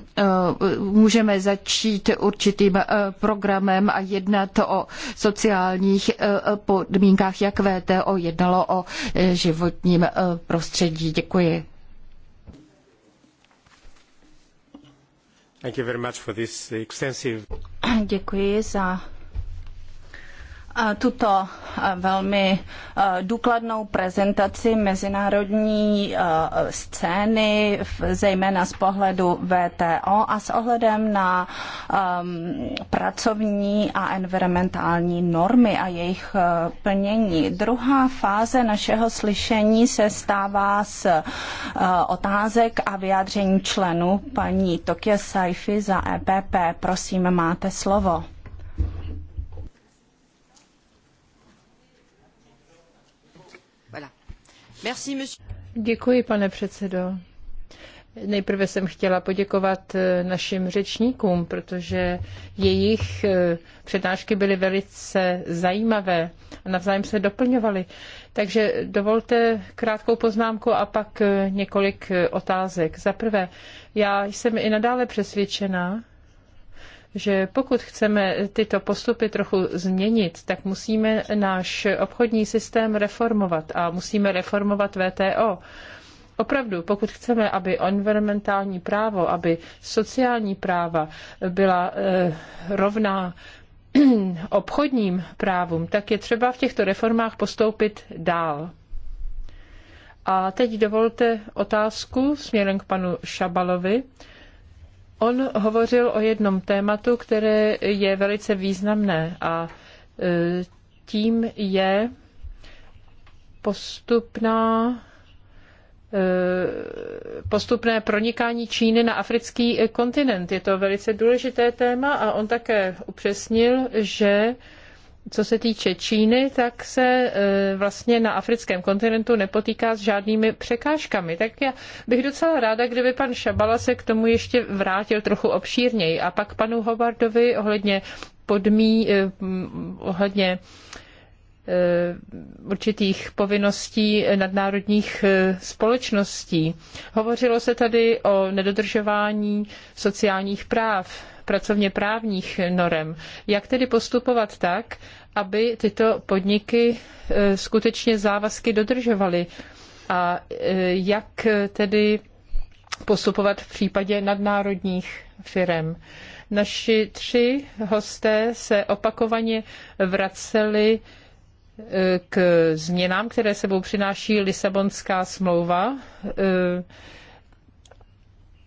Speaker 5: můžeme začít určitým programem a jednat o sociálních podmínkách, jak VTO jednalo o životním prostředí. Děkuji.
Speaker 2: Děkuji za tuto velmi důkladnou prezentaci mezinárodní scény, zejména z pohledu VTO a s ohledem na pracovní a environmentální normy a jejich plnění. Druhá fáze našeho slyšení se stává z otázek a vyjádření členů paní Tokia Saifi za EPP. Prosím, máte slovo. Děkuji, pane
Speaker 4: předsedající Nejprve jsem chtěla poděkovat eh, našim řečníkům, protože jejich eh, přednášky byly velice zajímavé a navzájem se doplňovaly. Takže dovolte krátkou poznámku a pak eh, několik otázek. Za prvé, já jsem i nadále přesvědčena, že pokud chceme tyto postupy trochu změnit, tak musíme náš obchodní systém reformovat a musíme reformovat VTO. Opravdu, pokud chceme, aby environmentální právo, aby sociální práva byla eh, rovná <clears throat> obchodním právům, tak je třeba v těchto reformách postoupit dál. A teď dovolte otázku směrem k panu Šabalovi. On hovořil o jednom tématu, které je velice významné a e, tím je postupná e, postupné pronikání Číny na africký e, kontinent. Je to velice důležité téma a on také upřesnil, že co se týče Číny, tak se e, vlastně na africkém kontinentu nepotýká s žádnými překážkami. Tak já bych docela ráda, kdyby pan Šabala se k tomu ještě vrátil trochu obšírněji. A pak panu Howardovi ohledně podmí, e, ohledně e, určitých povinností nadnárodních společností. Hovořilo se tady o nedodržování sociálních práv pracovně právních norem. Jak tedy postupovat tak, aby tyto podniky e, skutečně závazky dodržovaly? A e, jak tedy postupovat v případě nadnárodních firem? Naši tři hosté se opakovaně vraceli e, k změnám, které sebou přináší Lisabonská smlouva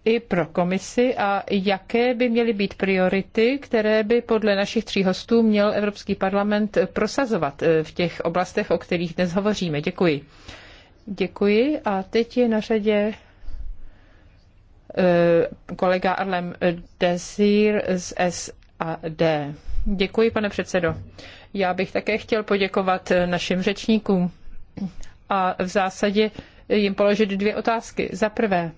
Speaker 4: i pro komisi a jaké by měly být priority, které by podle našich tří hostů měl Evropský parlament prosazovat eh, v těch oblastech, o kterých dnes hovoříme. Děkuji. Děkuji a teď je na řadě eh, kolega Arlem Desir z SAD. Děkuji, pane předsedo. Já bych také chtěl poděkovat eh, našim řečníkům a v zásadě jim položit dvě otázky. Za prvé,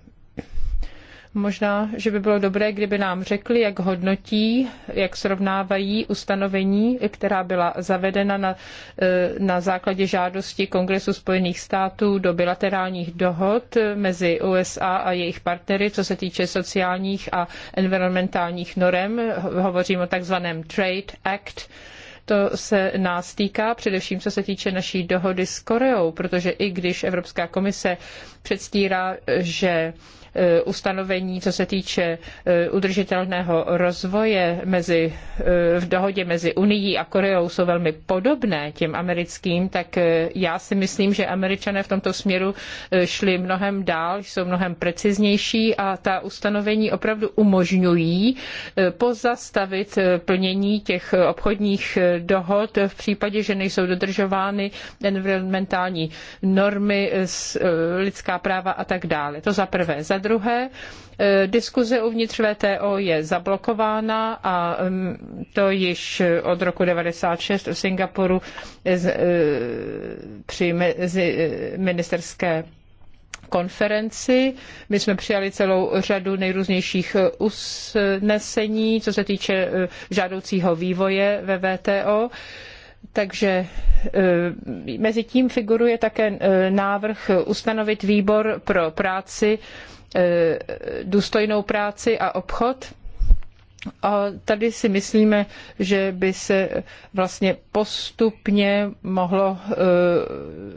Speaker 4: Možná, že by bylo dobré, kdyby nám řekli, jak hodnotí, jak srovnávají ustanovení, která byla zavedena na, e, na základě žádosti Kongresu Spojených států do bilaterálních dohod mezi USA a jejich partnery, co se týče sociálních a environmentálních norem. Hovořím o takzvaném Trade Act. To se nás týká především, co se týče naší dohody s Koreou, protože i když Evropská komise předstírá, že Eh, ustanovení, co se týče eh, udržitelného rozvoje mezi, eh, v dohodě mezi Unií a Koreou jsou velmi podobné těm americkým, tak já si myslím, že američané v tomto směru šli mnohem dál, jsou mnohem preciznější a ta ustanovení opravdu umožňují pozastavit plnění těch obchodních dohod v případě, že nejsou dodržovány environmentální normy, lidská práva a tak dále. To za prvé. Za druhé, eh, diskuze uvnitř VTO je zablokována a mm, to již od roku 96 v Singapuru eh, eh, při ministerské konferenci. My jsme přijali celou řadu nejrůznějších usnesení, co se týče žádoucího vývoje ve VTO. Takže mezi tím figuruje také návrh ustanovit výbor pro práci Eh, důstojnou práci a obchod. A tady si myslíme, že by se vlastně postupně mohlo eh,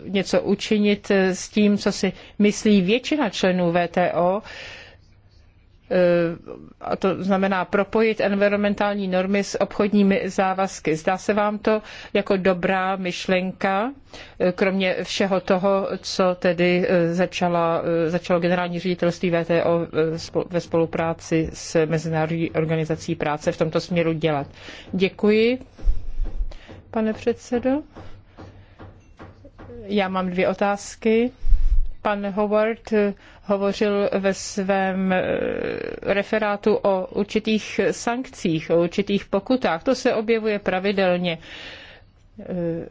Speaker 4: něco učinit s tím, co si myslí většina členů VTO, Eh, a to znamená propojit environmentální normy s obchodními závazky. Zdá se vám to jako dobrá myšlenka, eh, kromě všeho toho, co tedy eh, začala, začalo generální ředitelství VTO ve spolupráci s Mezinárodní organizací práce v tomto směru dělat. Děkuji, pane předsedo. Já mám dvě otázky. Pan Howard eh, hovořil ve svém eh, referátu o určitých sankcích, o určitých pokutách. To se objevuje pravidelně. Eh,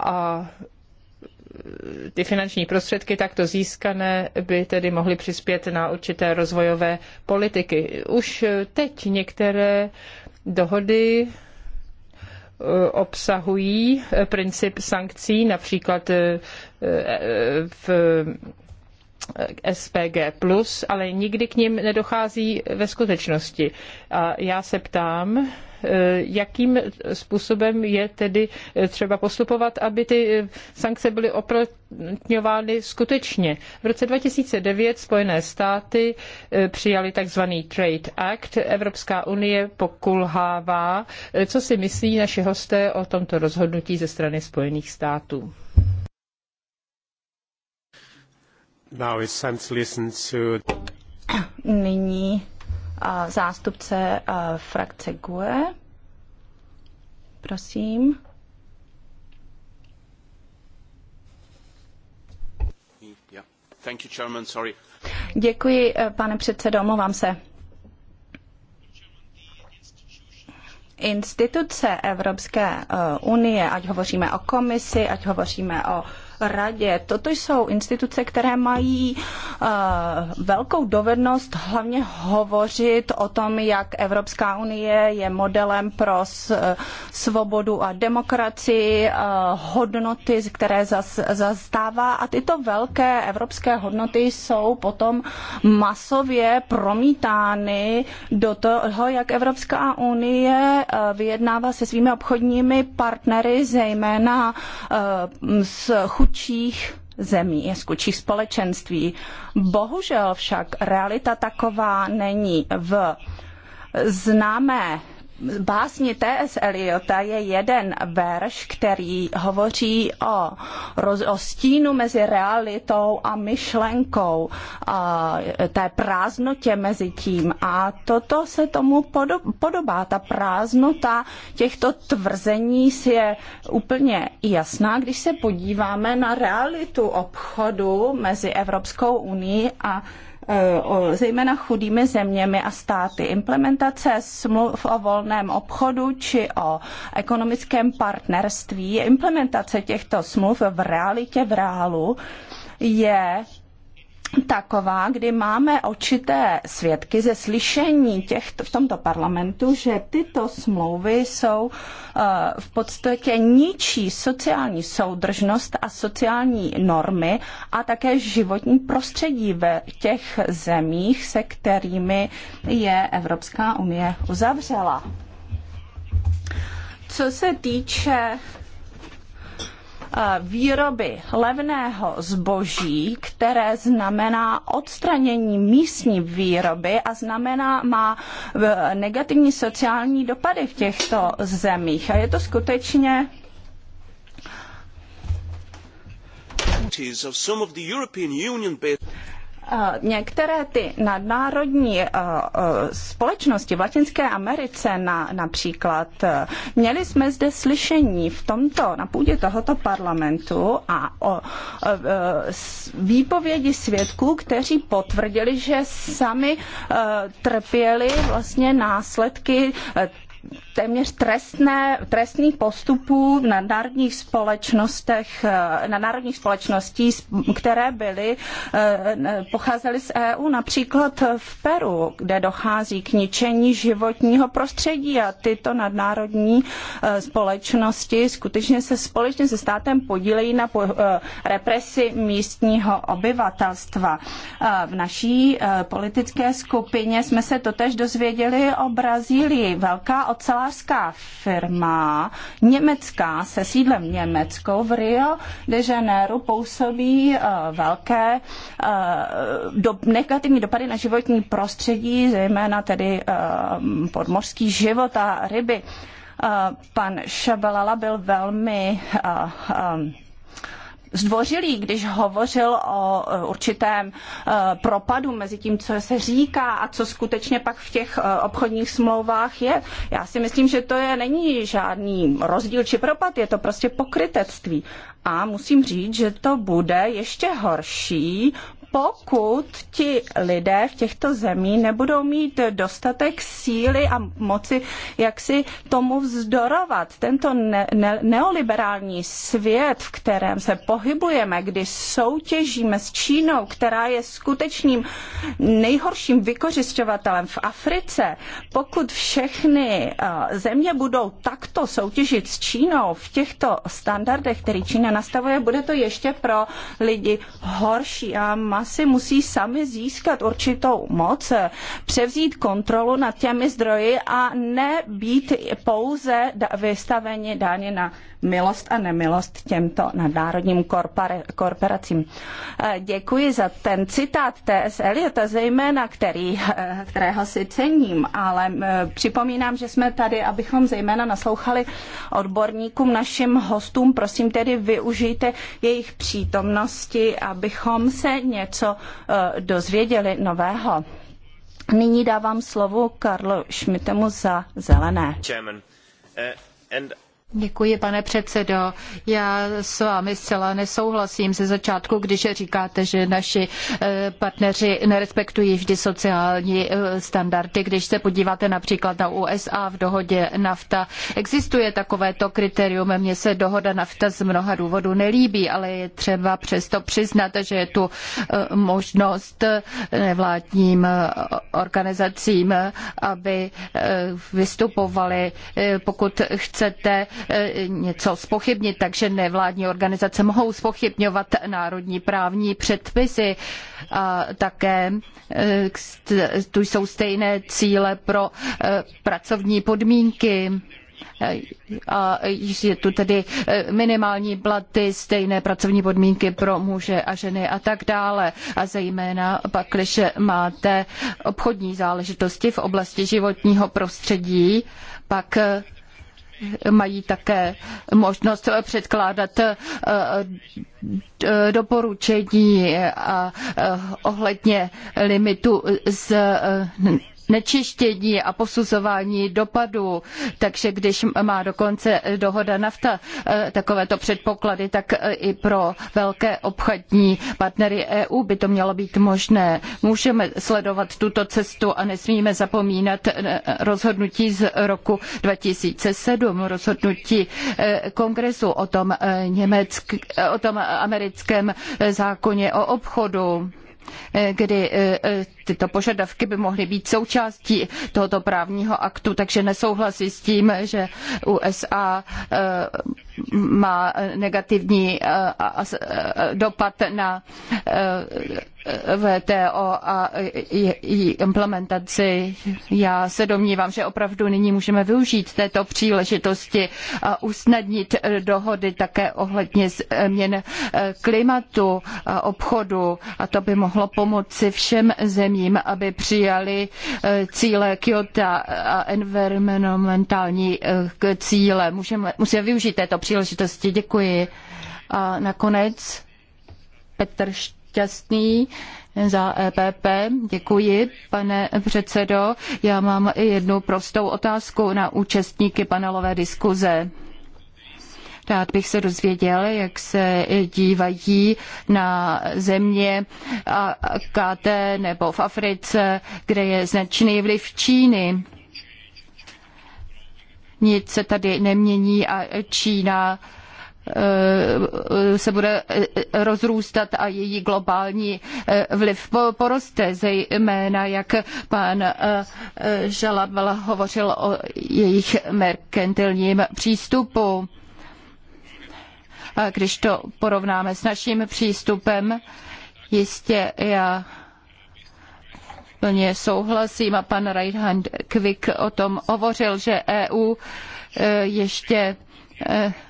Speaker 4: a ty finanční prostředky takto získané by tedy mohly přispět na určité rozvojové politiky. Už teď některé dohody Eh, obsahují eh, princip sankcí, například eh, v SPG+, ale nikdy k nim nedochází ve skutečnosti. A já se ptám, Eh, jakým způsobem je tedy eh, třeba postupovat, aby ty eh, sankce byly oplatňovány skutečně. V roce 2009 Spojené státy přijali takzvaný Trade Act. Evropská unie pokulhává. Co si myslí naše hosté o tomto rozhodnutí ze
Speaker 2: strany Spojených států?
Speaker 1: Now it's time to listen to...
Speaker 2: Nyní zástupce frakce GUE. Prosím. Děkuji, e, pane předsedo, omlouvám se. Instituce Evropské e, unie, ať hovoříme o komisi, ať hovoříme o radě. Toto jsou instituce, které mají eh, velkou dovednost hlavně hovořit o tom, jak Evropská unie je modelem pro eh, svobodu a demokracii, eh, hodnoty, které zastává. A tyto velké evropské hodnoty jsou potom masově promítány do toho, jak Evropská unie vyjednává se svými obchodními partnery, zejména s chudými chudších zemí, z chudších společenství. Bohužel však realita taková není v známé básni T.S. Eliota je jeden verš, který hovoří o, roz, o stínu mezi realitou a myšlenkou, a té prázdnotě mezi tím. A toto se tomu podobá. Ta prázdnota těchto tvrzení si je úplně jasná, když se podíváme na realitu obchodu mezi Evropskou unii a zejména chudými zeměmi a státy. Implementace smluv o volném obchodu či o ekonomickém partnerství, implementace těchto smluv v realitě, v reálu, je taková, kdy máme očité svědky ze slyšení těch v tomto parlamentu, že tyto smlouvy jsou eh, v podstatě ničí sociální soudržnost a sociální normy a také životní prostředí ve těch zemích, se kterými je Evropská unie uzavřela. Co se týče E, výroby levného zboží, které znamená odstranění místní výroby a znamená, má e, negativní sociální dopady v těchto zemích. A je to skutečně Některé ty nadnárodní eh, eh, společnosti v Latinské Americe na, například, eh, měli jsme zde slyšení v tomto, na půdě tohoto parlamentu a o výpovědi svědků, kteří potvrdili, že sami trpěli vlastně následky téměř trestné, trestných postupů na národních společnostech, eh, na národních společností, které byly, eh, pocházely z EU, například v Peru, kde dochází k ničení životního prostředí a tyto nadnárodní eh, společnosti skutečně se společně se státem podílejí na represi místního obyvatelstva. V naší politické skupině jsme se totež dozvěděli o Brazílii. Velká ocelářská firma německá se sídlem Německo v Rio de Janeiro působí eh, velké eh, do, negativní dopady na životní prostředí, zejména tedy eh, podmořský život a ryby. Pan Šabalala byl velmi zdvořilý, když hovořil o e, určitém e, propadu mezi tím, co se říká a co skutečně pak v těch e, obchodních smlouvách je. Já si myslím, že to je není žádný rozdíl či propad, je to prostě pokrytectví. A musím říct, že to bude ještě horší, pokud ti lidé v těchto zemí nebudou mít dostatek síly a moci, jak si tomu vzdorovat. Tento ne- ne- neoliberální svět, v kterém se pohybujeme, kdy soutěžíme s Čínou, která je skutečným nejhorším vykořišťovatelem v Africe, pokud všechny eh, země budou takto soutěžit s Čínou v těchto standardech, které Čína nastavuje, bude to ještě pro lidi horší. A má Hamasy musí sami získat určitou moc, převzít kontrolu nad těmi zdroji a ne být pouze vystaveni dáně na milost a nemilost těmto nadnárodním korporacím. Eh, děkuji za ten citát T.S. Eliota zejména, který, eh, kterého si cením, ale eh, připomínám, že jsme tady, abychom zejména naslouchali odborníkům, našim hostům. Prosím tedy využijte jejich přítomnosti, abychom se někdo něco eh, dozvěděli nového. Nyní dávám slovo Karlu Šmitemu za zelené.
Speaker 1: Chairman, uh, and...
Speaker 2: Děkuji, pane předsedo.
Speaker 5: Já s vámi zcela nesouhlasím ze začátku, když říkáte, že naši eh, partneři nerespektují vždy sociální eh, standardy. Když se podíváte například na USA v dohodě NAFTA, existuje takovéto kritérium. Mně se dohoda NAFTA z mnoha důvodů nelíbí, ale je třeba přesto přiznat, že je tu eh, možnost nevládním organizacím, aby vystupovali, pokud chcete, Eh, něco spochybnit, takže nevládní organizace mohou spochybňovat národní právní předpisy. A také eh, tu jsou stejné cíle pro eh, pracovní podmínky a je tu tedy minimální platy, stejné pracovní podmínky pro muže a ženy a tak dále. A zejména pak, když máte obchodní záležitosti v oblasti životního prostředí, pak mají také možnost předkládat eh, eh, doporučení a eh, ohledně limitu z znečištění a posuzování dopadů. Takže když má dokonce dohoda nafta eh, takovéto předpoklady, tak eh, i pro velké obchodní partnery EU by to mělo být možné. Můžeme sledovat tuto cestu a nesmíme zapomínat eh, rozhodnutí z roku 2007, rozhodnutí kongresu o tom, německ, o tom americkém zákoně o obchodu kdy tyto požadavky by mohly být součástí tohoto právního aktu, takže nesouhlasí s tím, že USA eh, má negativní eh, eh, dopad na VTO a její implementaci. Já se domnívám, že opravdu nyní můžeme využít této příležitosti a usnadnit dohody také ohledně změn klimatu a obchodu a to by mohlo pomoci všem zemím, zemím, aby přijali eh, cíle Kyoto a environmentální eh, cíle. Můžeme, musíme využít této příležitosti. Děkuji. A nakonec Petr Šťastný za EPP. Děkuji, pane předsedo. Já mám jednu prostou otázku na účastníky panelové diskuze. Rád bych se dozvěděl, jak se dívají na země KT nebo v Africe, kde je značný vliv Číny. Nic se tady nemění a Čína eh, se bude eh, rozrůstat a její globální eh, vliv poroste, zejména jak pan Žalabala hovořil o jejich merkantilním přístupu. Když to porovnáme s naším přístupem, jistě já plně souhlasím a pan Reinhard Quick o tom hovořil, že EU e, ještě e,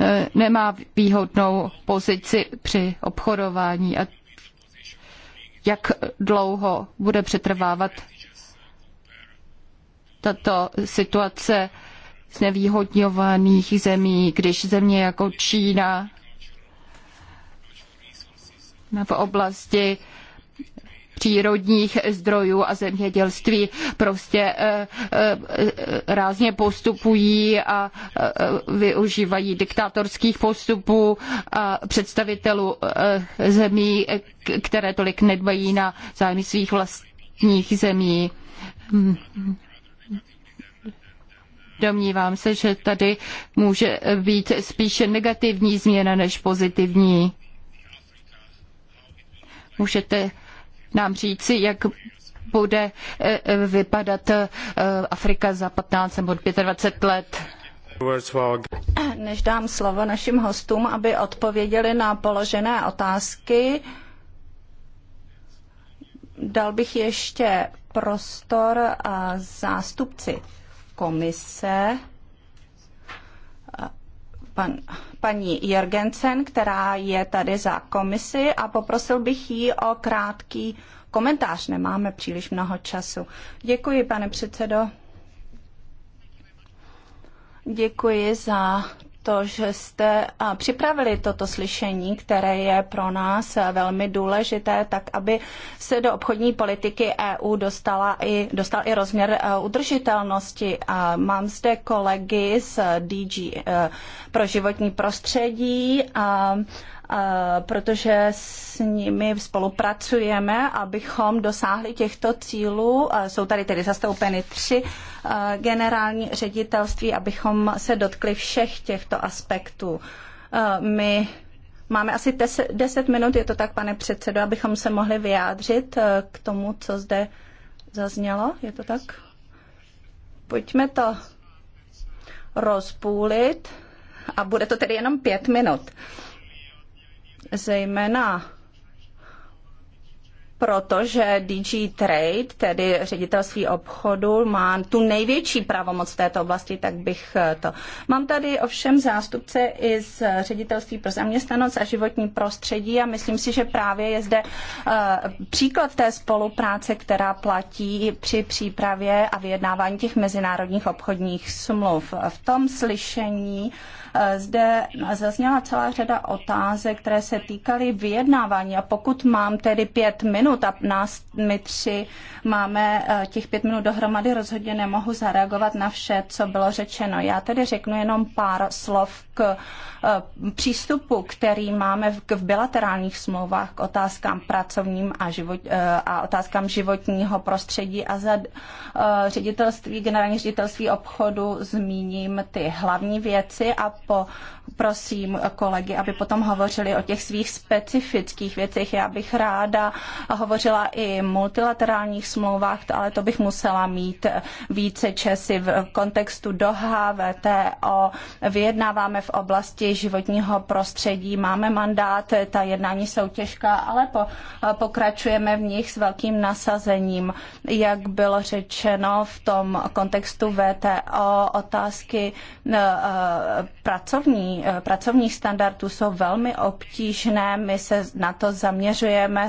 Speaker 5: e, nemá výhodnou pozici při obchodování a jak dlouho bude přetrvávat tato situace znevýhodňovaných zemí, když země jako Čína v oblasti přírodních zdrojů a zemědělství prostě eh, eh, rázně postupují a eh, využívají diktátorských postupů a představitelů zemí, které tolik nedbají na zájmy svých vlastních zemí. Domnívám se, že tady může být spíše negativní změna než pozitivní. Můžete nám říci, jak bude eh, eh, vypadat eh, Afrika za 15
Speaker 2: nebo 25 let? Než dám slovo našim hostům, aby odpověděli na položené otázky, dal bych ještě prostor zástupci komise pan, paní Jergensen, která je tady za komisi a poprosil bych ji o krátký komentář. Nemáme příliš mnoho času. Děkuji, pane předsedo. Děkuji za to, že jste připravili toto slyšení, které je pro nás e, velmi důležité, tak aby se do obchodní politiky EU dostala i, dostal i rozměr e, udržitelnosti. A mám zde kolegy z DG e, pro životní prostředí. A, Eh, protože s nimi spolupracujeme, abychom dosáhli těchto cílů. Eh, jsou tady tedy zastoupeny tři eh, generální ředitelství, abychom se dotkli všech těchto aspektů. My máme asi 10 minut, je to tak, pane předsedo, abychom se mohli vyjádřit k tomu, co zde zaznělo. Je to tak? Pojďme to rozpůlit a bude to tedy jenom pět minut. Uh, zejména protože DG Trade, tedy ředitelství obchodu, má tu největší pravomoc v této oblasti, tak bych eh, to. Mám tady ovšem zástupce i z ředitelství pro zaměstnanost a životní prostředí a myslím si, že právě je zde eh, příklad té spolupráce, která platí při přípravě a vyjednávání těch mezinárodních obchodních smluv. V tom slyšení eh, zde zazněla celá řada otázek, které se týkaly vyjednávání a pokud mám tedy pět minut, minut a nás, my tři máme eh, těch pět minut dohromady, rozhodně nemohu zareagovat na vše, co bylo řečeno. Já tedy řeknu jenom pár slov k eh, přístupu, který máme v bilaterálních smlouvách k otázkám pracovním a, život, eh, a otázkám životního prostředí a za eh, ředitelství, generální ředitelství obchodu zmíním ty hlavní věci a po prosím kolegy, aby potom hovořili o těch svých specifických věcech. Já bych ráda hovořila i multilaterálních smlouvách, ale to bych musela mít více časy v kontextu Doha, o Vyjednáváme v v oblasti životního prostředí. Máme mandát, ta jednání jsou těžká, ale po, pokračujeme v nich s velkým nasazením. Jak bylo řečeno v tom kontextu VTO, otázky eh, eh, pracovní, eh, pracovních standardů jsou velmi obtížné. My se na to zaměřujeme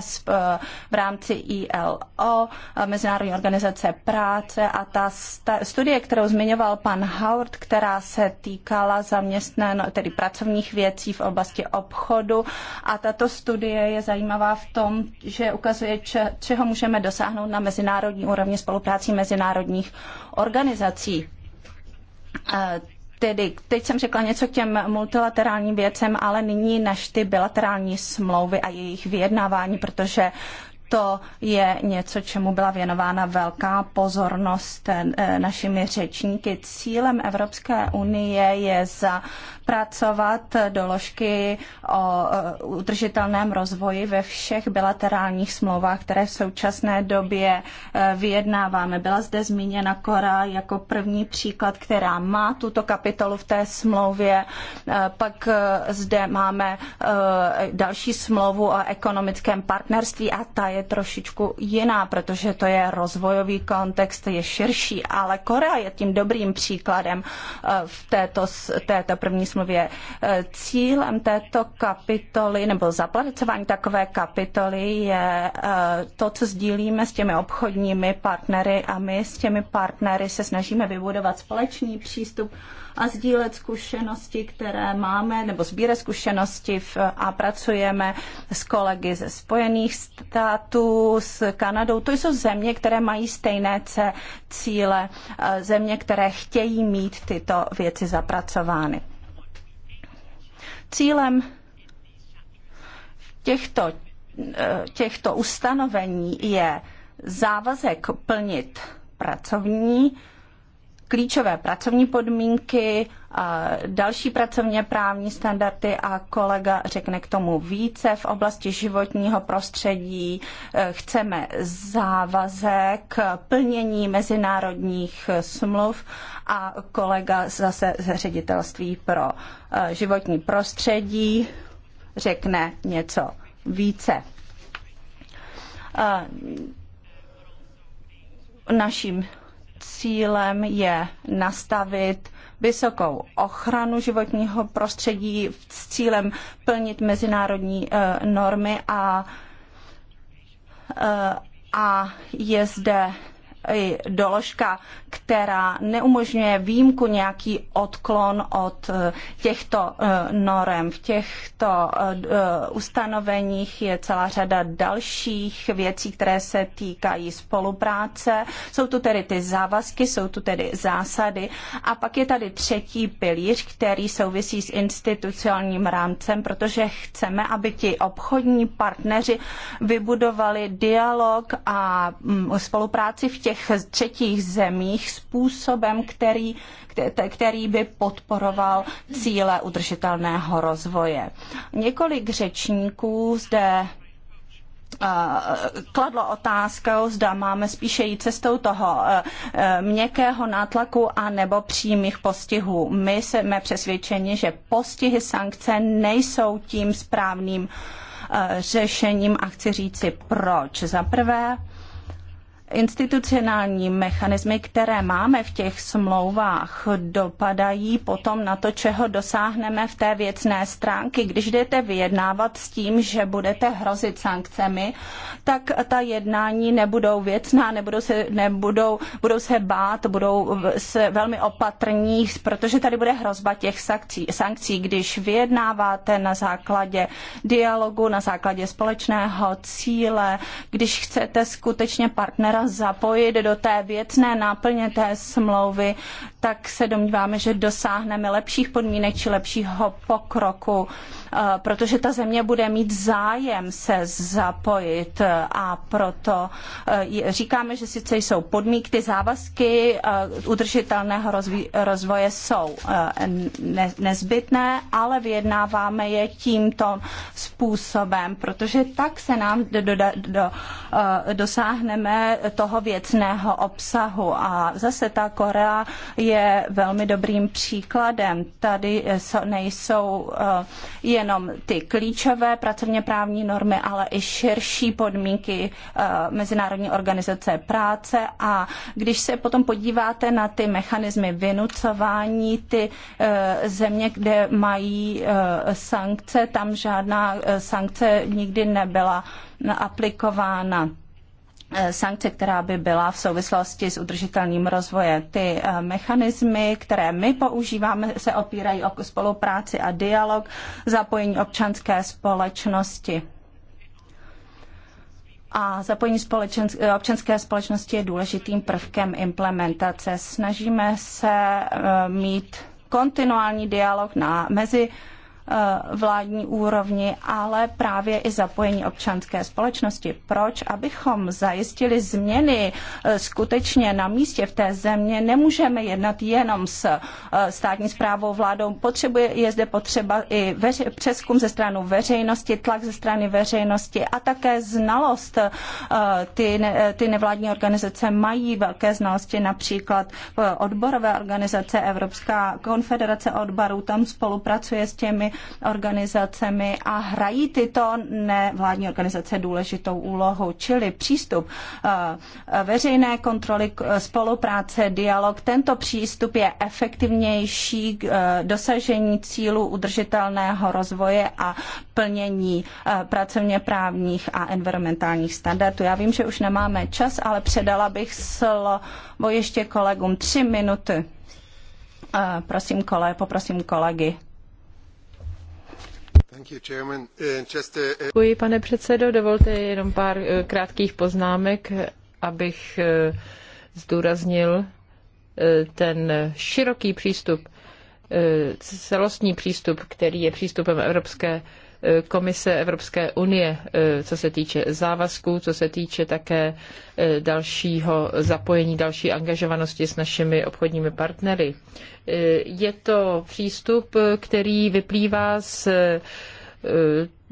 Speaker 2: v rámci ILO, Mezinárodní organizace práce a ta studie, kterou zmiňoval pan Howard, která se týkala zaměstnání zaměstnan, no, tedy pracovních věcí v oblasti obchodu. A tato studie je zajímavá v tom, že ukazuje, čeho můžeme dosáhnout na mezinárodní úrovni spolupráci mezinárodních organizací e, tedy, teď jsem řekla něco k těm multilaterálním věcem, ale nyní než ty bilaterální smlouvy a jejich vyjednávání, protože to je něco, čemu byla věnována velká pozornost e, našimi řečníky. Cílem Evropské unie je za zapracovat doložky o udržitelném rozvoji ve všech bilaterálních smlouvách, které v současné době e, vyjednáváme. Byla zde zmíněna Kora jako první příklad, která má tuto kapitolu v té smlouvě. E, pak e, zde máme další smlouvu o ekonomickém partnerství a ta je trošičku jiná, protože to je rozvojový kontext, je širší, ale Korea je tím dobrým příkladem v této, této první smlouvě smlouvě. E, cílem této kapitoly nebo zapracování takové kapitoly je e, to, co sdílíme s těmi obchodními partnery a my s těmi partnery se snažíme vybudovat společný přístup a sdílet zkušenosti, které máme, nebo sbírat zkušenosti v, a pracujeme s kolegy ze Spojených států, s Kanadou. To jsou země, které mají stejné cíle, e, země, které chtějí mít tyto věci zapracovány. Cílem těchto, eh, těchto ustanovení je závazek plnit pracovní klíčové pracovní podmínky, další pracovně právní standardy a kolega řekne k tomu více. V oblasti životního prostředí e, chceme závazek plnění mezinárodních smluv a kolega zase z ředitelství pro e, životní prostředí řekne něco více e, naším cílem je nastavit vysokou ochranu životního prostředí s cílem plnit mezinárodní eh, normy a eh, a je zde doložka, která neumožňuje výjimku nějaký odklon od eh, těchto eh, norem. V těchto eh, ustanoveních je celá řada dalších věcí, které se týkají spolupráce. Jsou tu tedy ty závazky, jsou tu tedy zásady a pak je tady třetí pilíř, který souvisí s institucionálním rámcem, protože chceme, aby ti obchodní partneři vybudovali dialog a mm, spolupráci v těch těch třetích zemích způsobem, který, který by podporoval cíle udržitelného rozvoje. Několik řečníků zde kladlo otázkou, zda máme spíše jít cestou toho měkkého nátlaku a nebo přímých postihů. My jsme přesvědčeni, že postihy sankce nejsou tím správným řešením a chci říci proč. Za prvé, institucionální mechanismy, které máme v těch smlouvách, dopadají potom na to, čeho dosáhneme v té věcné stránky. Když jdete vyjednávat s tím, že budete hrozit sankcemi, tak ta jednání nebudou věcná, nebudou se, nebudou, budou se bát, budou se velmi opatrní, protože tady bude hrozba těch sankcí. sankcí. Když vyjednáváte na základě dialogu, na základě společného cíle, když chcete skutečně partnera zapojit do té věcné náplně té smlouvy tak se domníváme, že dosáhneme lepších podmínek či lepšího pokroku, eh, protože ta země bude mít zájem se zapojit a proto eh, říkáme, že sice jsou podmínky, závazky eh, udržitelného rozvoje jsou nezbytné, ale vyjednáváme je tímto způsobem, protože tak se nám do, do, do, dosáhneme toho věcného obsahu. A zase ta Korea je je velmi dobrým příkladem. Tady nejsou eh, jenom ty klíčové pracovně právní normy, ale i širší podmínky eh, Mezinárodní organizace práce a když se potom podíváte na ty mechanismy vynucování, ty eh, země, kde mají sankce, tam žádná sankce nikdy nebyla aplikována. Eh, sankce, která by byla v souvislosti s udržitelným rozvojem. Ty eh, mechanismy, které my používáme, se opírají o spolupráci a dialog, zapojení občanské společnosti. A zapojení společenské občanské společnosti je důležitým prvkem implementace. Snažíme se eh, mít kontinuální dialog na mezi Eh, vládní úrovni, ale právě i zapojení občanské společnosti. Proč? Abychom zajistili změny eh, skutečně na místě v té země, nemůžeme jednat jenom s eh, státní správou, vládou. Potřebuje, je zde potřeba i veři, přeskum ze strany veřejnosti, tlak ze strany veřejnosti a také znalost. Ty, ne, ty nevládní organizace mají velké znalosti, například odborové organizace, Evropská konfederace odborů, tam spolupracuje s těmi organizacemi a hrají tyto nevládní organizace důležitou úlohu, čili přístup eh, veřejné kontroly, eh, spolupráce, dialog. Tento přístup je efektivnější k eh, dosažení cílu udržitelného rozvoje a plnění pracovně právních a environmentálních standardů. Já vím, že už nemáme čas, ale předala bych slovo ještě kolegům tři minuty. Prosím kole, poprosím kolegy
Speaker 1: Uh, uh, uh,
Speaker 2: Děkuji, pane předsedo. Dovolte jenom pár krátkých poznámek,
Speaker 4: abych zdůraznil ten široký přístup, celostní přístup, který je přístupem Evropské Komise Evropské unie, e, co se týče závazků, co se týče také e, dalšího zapojení, další angažovanosti s našimi obchodními partnery. E, je to přístup, který vyplývá z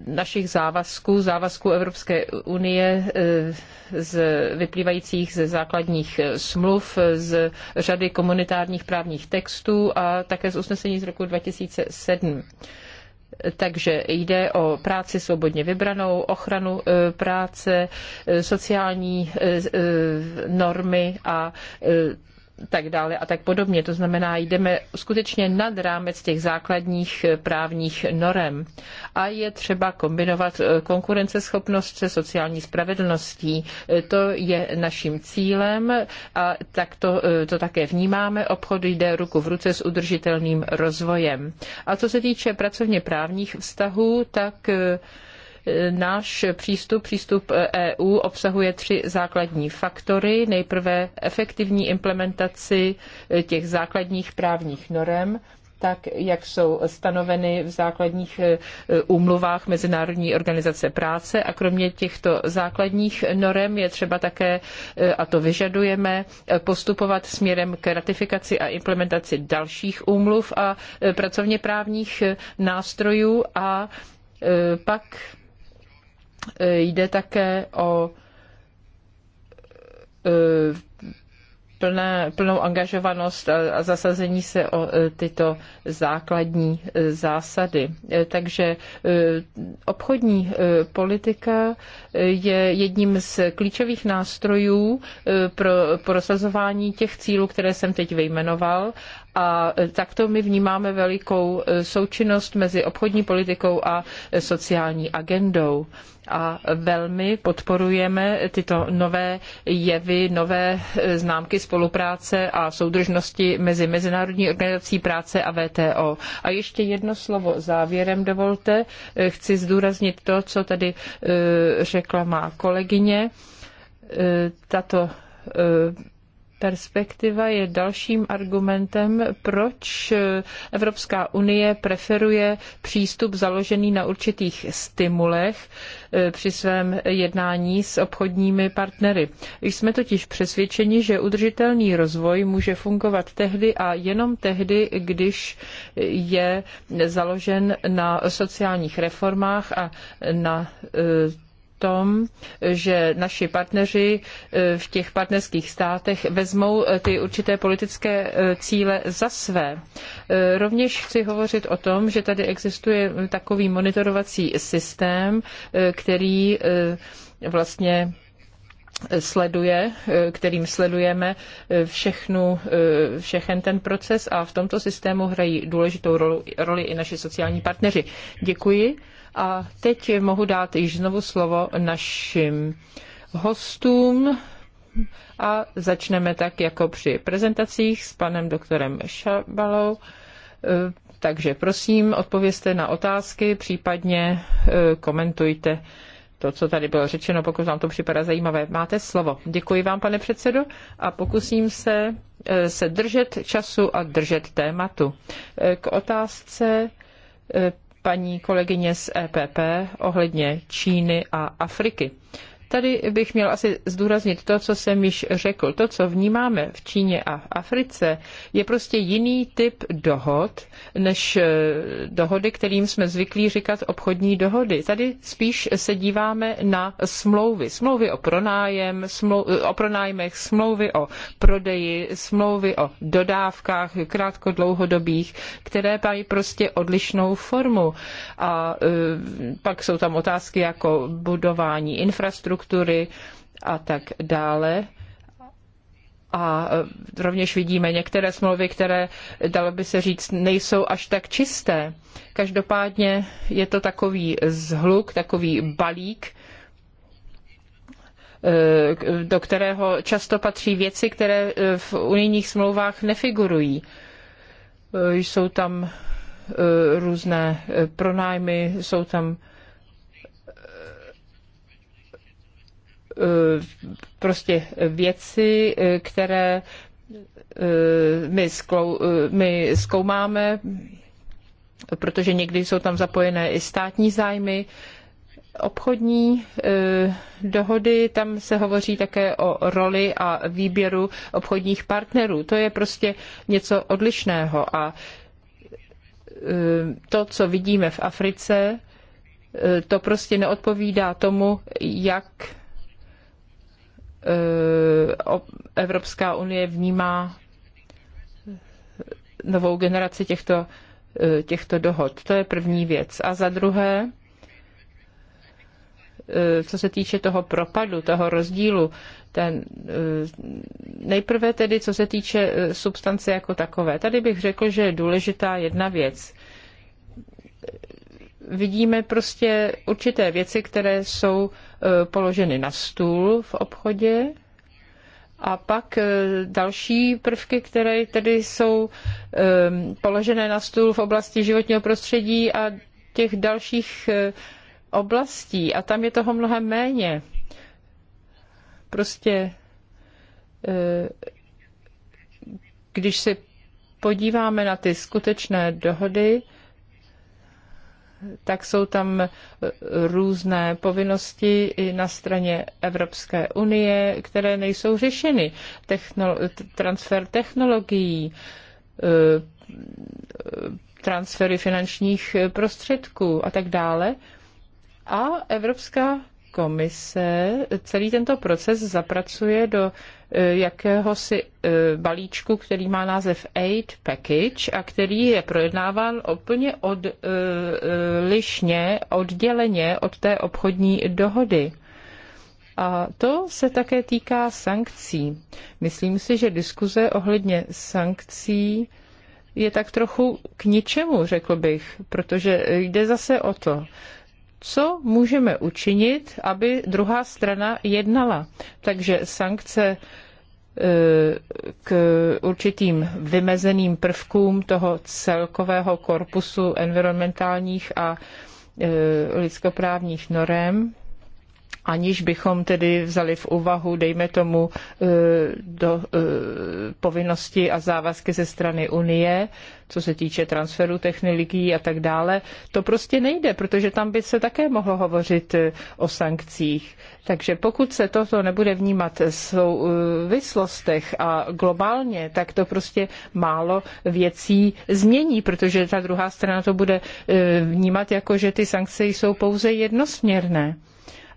Speaker 4: našich závazků, závazků Evropské unie z, vyplývajících ze základních smluv, z řady komunitárních právních textů a také z usnesení z roku 2007. Takže jde o práci svobodně vybranou, ochranu e, práce, e, sociální e, normy a tak dále a tak podobně. To znamená, jdeme skutečně nad rámec těch základních eh, právních norem. A je třeba kombinovat eh, konkurenceschopnost se sociální spravedlností. Eh, to je naším cílem a tak to, to také vnímáme. Obchod jde ruku v ruce s udržitelným rozvojem. A co se týče pracovně právních vztahů, tak Náš přístup, přístup EU, obsahuje tři základní faktory. Nejprve efektivní implementaci těch základních právních norem, tak, jak jsou stanoveny v základních e, úmluvách Mezinárodní organizace práce. A kromě těchto základních norem je třeba také, e, a to vyžadujeme, postupovat směrem k ratifikaci a implementaci dalších úmluv a e, pracovně právních nástrojů a pak Eh, jde také o eh, plné, plnou angažovanost a zasazení se o eh, tyto základní zásady. Takže obchodní politika je jedním z klíčových nástrojů pro prosazování těch cílů, které jsem teď vyjmenoval a e, takto my vnímáme velikou e, součinnost mezi obchodní politikou a e, sociální agendou a velmi podporujeme tyto nové jevy, nové známky spolupráce a soudržnosti mezi Mezinárodní organizací práce a VTO. A ještě jedno slovo závěrem dovolte. Chci zdůraznit to, co tady řekla má kolegyně. Tato perspektiva je dalším argumentem, proč Evropská unie preferuje přístup založený na určitých stimulech eh, při svém jednání s obchodními partnery. Jsme totiž přesvědčeni, že udržitelný rozvoj může fungovat tehdy a jenom tehdy, když je založen na sociálních reformách a na eh, tom, že naši partneři e, v těch partnerských státech vezmou e, ty určité politické e, cíle za své. Rovněž chci hovořit o tom, že tady existuje takový monitorovací systém, který vlastně sleduje, kterým sledujeme všechnu, všechen ten proces a v tomto systému hrají důležitou roli, roli i naši sociální partneři. Děkuji. A teď mohu dát již znovu slovo našim hostům a začneme tak jako při prezentacích s panem doktorem Šabalou. E, takže prosím, odpovězte na otázky, případně e, komentujte to, co tady bylo řečeno, pokud vám to připadá zajímavé. Máte slovo. Děkuji vám, pane předsedo, a pokusím se, e, se držet času a držet tématu. K otázce paní kolegyně z EPP ohledně Číny a Afriky. Tady bych měl asi zdůraznit to, co jsem již řekl. To, co vnímáme v Číně a v Africe, je prostě jiný typ dohod, než eh, dohody, kterým jsme zvyklí říkat obchodní dohody. Tady spíš se díváme na smlouvy. Smlouvy o, pronájem, smlou, o pronájmech, smlouvy o prodeji, smlouvy o dodávkách krátkodlouhodobých, které mají prostě odlišnou formu. A eh, pak jsou tam otázky jako budování infrastruktury, struktury a tak dále. A e, rovněž vidíme některé smlouvy, které, dalo by se říct, nejsou až tak čisté. Každopádně je to takový zhluk, takový balík, e, do kterého často patří věci, které e, v unijních smlouvách nefigurují. Jsou tam různé pronájmy, jsou tam Eh, prostě věci, eh, které eh, my, my zkoumáme, protože někdy jsou tam zapojené i státní zájmy, obchodní dohody, tam se hovoří také o roli a výběru obchodních partnerů. To je prostě něco odlišného a to, co vidíme v Africe, to prostě neodpovídá tomu, jak Eh, Evropská unie vnímá novou generaci těchto, eh, těchto dohod. To je první věc. A za druhé, eh, co se týče toho propadu, toho rozdílu, ten, nejprve tedy, co se týče substance jako takové. Tady bych řekl, že je důležitá jedna věc vidíme prostě určité věci, které jsou e, položeny na stůl v obchodě a pak e, další prvky, které tedy jsou e, položené na stůl v oblasti životního prostředí a těch dalších oblastí a tam je toho mnohem méně. Prostě když se podíváme na ty skutečné dohody, tak jsou tam eh, různé povinnosti i na straně Evropské unie, které nejsou řešeny. Technolo- transfer technologií, eh, transfery finančních prostředků a tak dále. A Evropská komise celý tento proces zapracuje do E, jakéhosi e, balíčku, který má název Aid Package a který je projednáván úplně odlišně, e, odděleně od té obchodní dohody. A to se také týká sankcí. Myslím si, že diskuze ohledně sankcí je tak trochu k ničemu, řekl bych, protože jde zase o to, co můžeme učinit, aby druhá strana jednala. Takže sankce e, k určitým vymezeným prvkům toho celkového korpusu environmentálních a e, lidskoprávních norem aniž bychom tedy vzali v úvahu, dejme tomu, eh, do eh, povinnosti a závazky ze strany Unie, co se týče transferu technologií a tak dále. To prostě nejde, protože tam by se také mohlo hovořit eh, o sankcích. Takže pokud se toto nebude vnímat v souvislostech a globálně, tak to prostě málo věcí změní, protože ta druhá strana to bude vnímat jako, že ty sankce jsou pouze jednosměrné.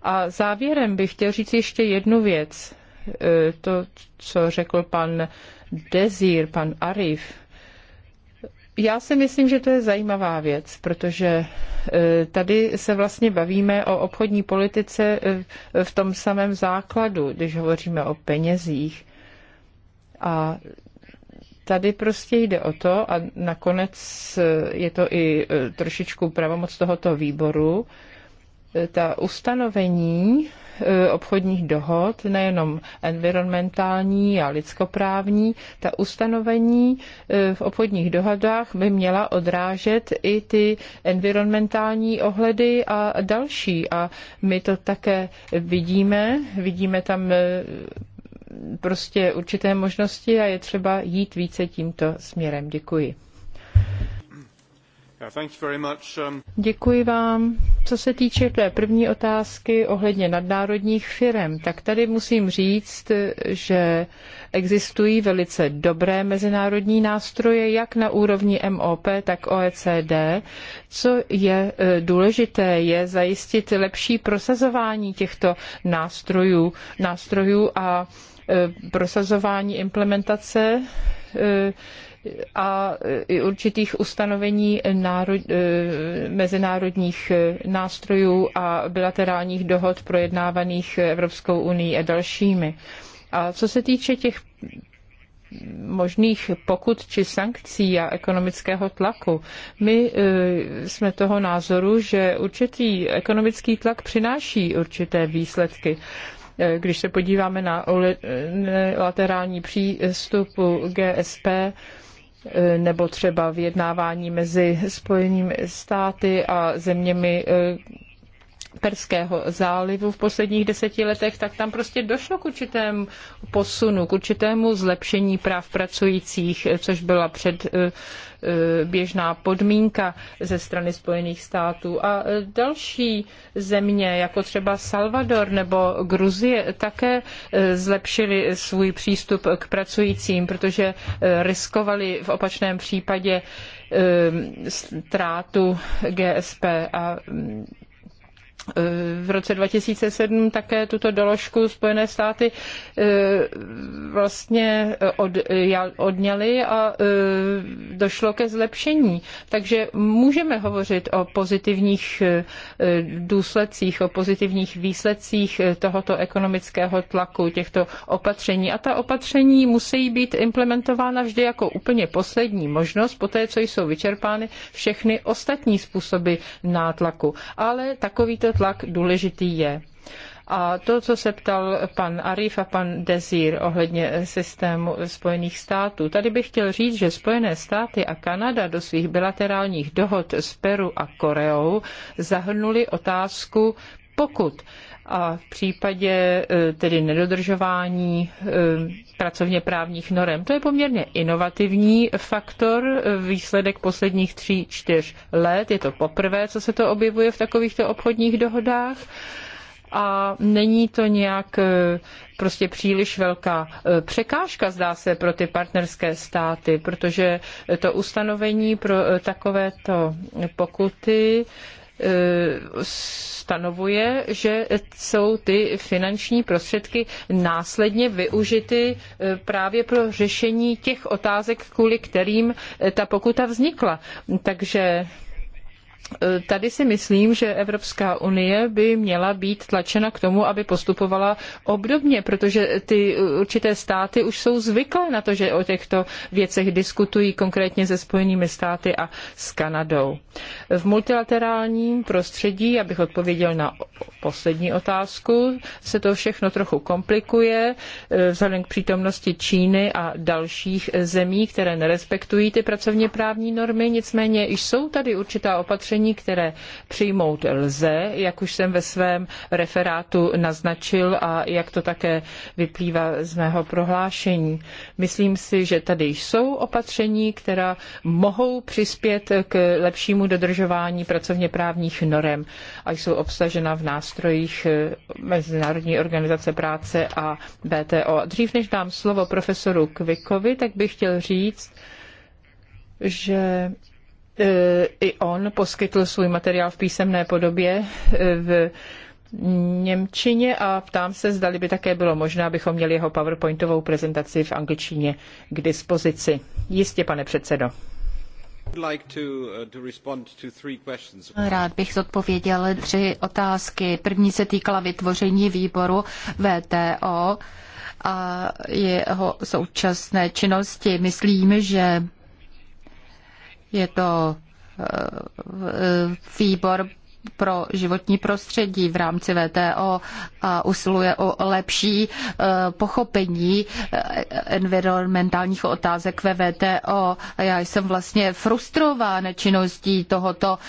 Speaker 4: A závěrem bych chtěl říct ještě jednu věc. E, to, co řekl pan Dezír, pan Arif, já si myslím, že to je zajímavá věc, protože e, tady se vlastně bavíme o obchodní politice e, v tom samém základu, když hovoříme o penězích. A tady prostě jde o to, a nakonec je to i trošičku pravomoc tohoto výboru, ta ustanovení e, obchodních dohod, nejenom environmentální a lidskoprávní, ta ustanovení e, v obchodních dohodách by měla odrážet i ty environmentální ohledy a další. A my to také vidíme, vidíme tam e, prostě určité možnosti a je třeba jít více tímto směrem. Děkuji. Um, Děkuji vám. Co se týče té první otázky ohledně nadnárodních firm, tak tady musím říct, že existují velice dobré mezinárodní nástroje, jak na úrovni MOP, tak OECD. Co je eh, důležité, je zajistit lepší prosazování těchto nástrojů, nástrojů a eh, prosazování implementace eh, a i určitých ustanovení národ, e, mezinárodních e, nástrojů a bilaterálních dohod projednávaných Evropskou unii a dalšími. A co se týče těch možných pokut či sankcí a ekonomického tlaku. My e, jsme toho názoru, že určitý ekonomický tlak přináší určité výsledky. Když se podíváme na laterální přístup GSP, Eh, nebo třeba vyjednávání mezi Spojenými státy a zeměmi, eh, Perského zálivu v posledních deseti letech, tak tam prostě došlo k určitému posunu, k určitému zlepšení práv pracujících, což byla před eh, eh, běžná podmínka ze strany Spojených států. A eh, další země, jako třeba Salvador nebo Gruzie, také zlepšili svůj přístup k pracujícím, protože riskovali v opačném případě ztrátu GSP a mm, v roce 2007 také tuto doložku Spojené státy eh, vlastně eh, od, odňaly a eh, došlo ke zlepšení. Takže můžeme hovořit o pozitivních důsledcích, o pozitivních výsledcích tohoto ekonomického tlaku, těchto opatření. A ta opatření musí být implementována vždy jako úplně poslední možnost, poté co jsou vyčerpány všechny ostatní způsoby nátlaku. Ale takovýto tlak důležitý je. A to, co se ptal pan Arif a pan Desir ohledně systému Spojených států, tady bych chtěl říct, že Spojené státy a Kanada do svých bilaterálních dohod s Peru a Koreou zahrnuli otázku pokud a v případě e, tedy nedodržování e, pracovně právních norem. To je poměrně inovativní faktor, e, výsledek posledních tří, čtyř let. Je to poprvé, co se to objevuje v takovýchto obchodních dohodách a není to nějak prostě příliš velká překážka, zdá se, pro ty partnerské státy, protože to ustanovení pro takovéto pokuty E, stanovuje, že jsou ty finanční prostředky následně využity e, právě pro řešení těch otázek, kvůli kterým e, ta pokuta vznikla. Takže tady si myslím, že Evropská unie by měla být tlačena k tomu, aby postupovala obdobně, protože ty určité státy už jsou zvyklé na to, že o těchto věcech diskutují konkrétně se Spojenými státy a s Kanadou. V multilaterálním prostředí, abych odpověděl na poslední otázku, se to všechno trochu komplikuje eh, vzhledem k přítomnosti Číny a dalších zemí, které nerespektují ty pracovně právní normy, nicméně jsou tady určitá opatření, opatření, které přijmout lze, jak už jsem ve svém referátu naznačil a jak to také vyplývá z mého prohlášení. Myslím si, že tady jsou opatření, která mohou přispět k lepšímu dodržování pracovně právních norem a jsou obsažena v nástrojích eh, Mezinárodní organizace práce a BTO. Dřív než dám slovo profesoru Kvikovi, tak bych chtěl říct, že E, i on poskytl svůj materiál v písemné podobě e, v Němčině a ptám se, zdali by také bylo možné, abychom měli jeho PowerPointovou prezentaci v angličtině k dispozici. Jistě, pane předsedo.
Speaker 1: Uh, Rád
Speaker 5: bych zodpověděl tři otázky. První se týkala vytvoření výboru VTO a jeho současné činnosti. Myslím, že je to eh, výbor pro životní prostředí v rámci VTO a usiluje o lepší eh, pochopení eh, environmentálních otázek ve VTO. Já jsem vlastně frustrován činností tohoto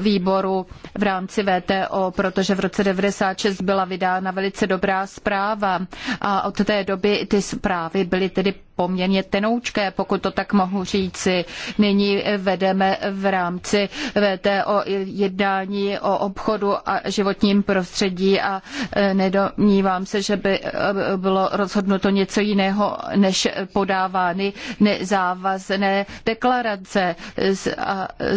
Speaker 5: výboru v rámci VTO, protože v roce 1996 byla vydána velice dobrá zpráva a od té doby ty zprávy byly tedy poměrně tenoučké, pokud to tak mohu říci. Nyní vedeme v rámci VTO jednání o obchodu a životním prostředí a e, nedomnívám se, že by e, bylo rozhodnuto něco jiného, než podávány nezávazné deklarace.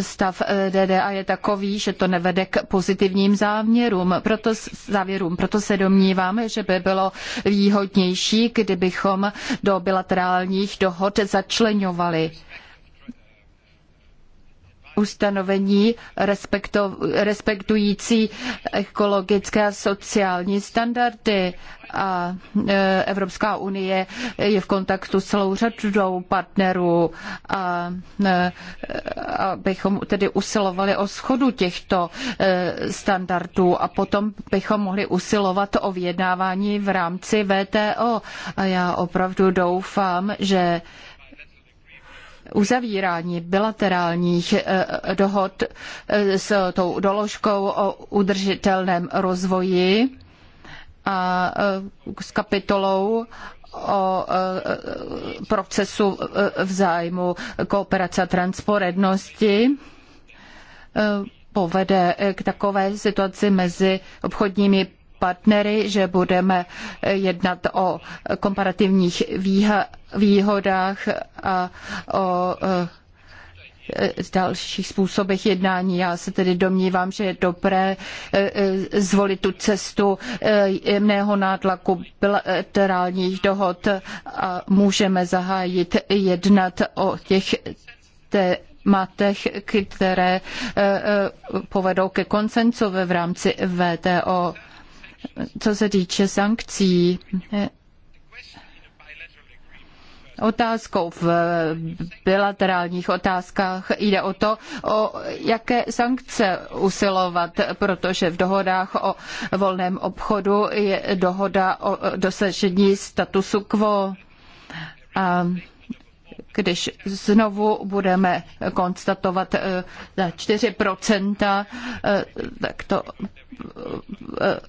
Speaker 5: Stav e, DDA je takový, že to nevede k pozitivním záměrům. Proto, závěrům. Proto se domníváme, že by bylo výhodnější, kdybychom do bilaterální bilaterálních dohod začleňovaly ustanovení respekto, respektující ekologické a sociální standardy a e, Evropská unie je v kontaktu s celou řadou partnerů, a, e, abychom tedy usilovali o schodu těchto e, standardů a potom bychom mohli usilovat o vyjednávání v rámci VTO. A já opravdu doufám, že uzavírání bilaterálních eh, dohod eh, s tou doložkou o udržitelném rozvoji a eh, s kapitolou o procesu vzájmu kooperace a transparentnosti povede k takové situaci mezi obchodními partnery, že budeme jednat o komparativních výhodách a o eh, dalších způsobech jednání. Já se tedy domnívám, že je dobré eh, zvolit tu cestu eh, jemného nátlaku bilaterálních dohod a můžeme zahájit jednat o těch tématech, které povedou ke koncensu v rámci VTO. Co se týče sankcí, otázkou v bilaterálních otázkách jde o to, o jaké sankce usilovat, protože v dohodách o volném obchodu je dohoda o dosažení statusu quo. A když znovu budeme konstatovat eh, čtyři 4%, eh, tak to eh,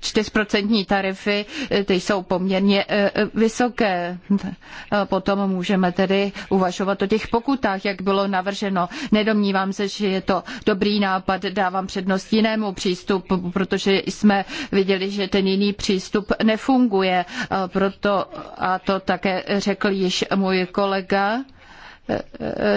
Speaker 5: čtyřprocentní tarify, ty jsou poměrně eh, vysoké. Potom můžeme tedy uvažovat o těch pokutách, jak bylo navrženo. Nedomnívám se, že je to dobrý nápad, dávám přednost jinému přístupu, protože jsme viděli, že ten jiný přístup nefunguje. Proto, a to také řekl již můj kolega,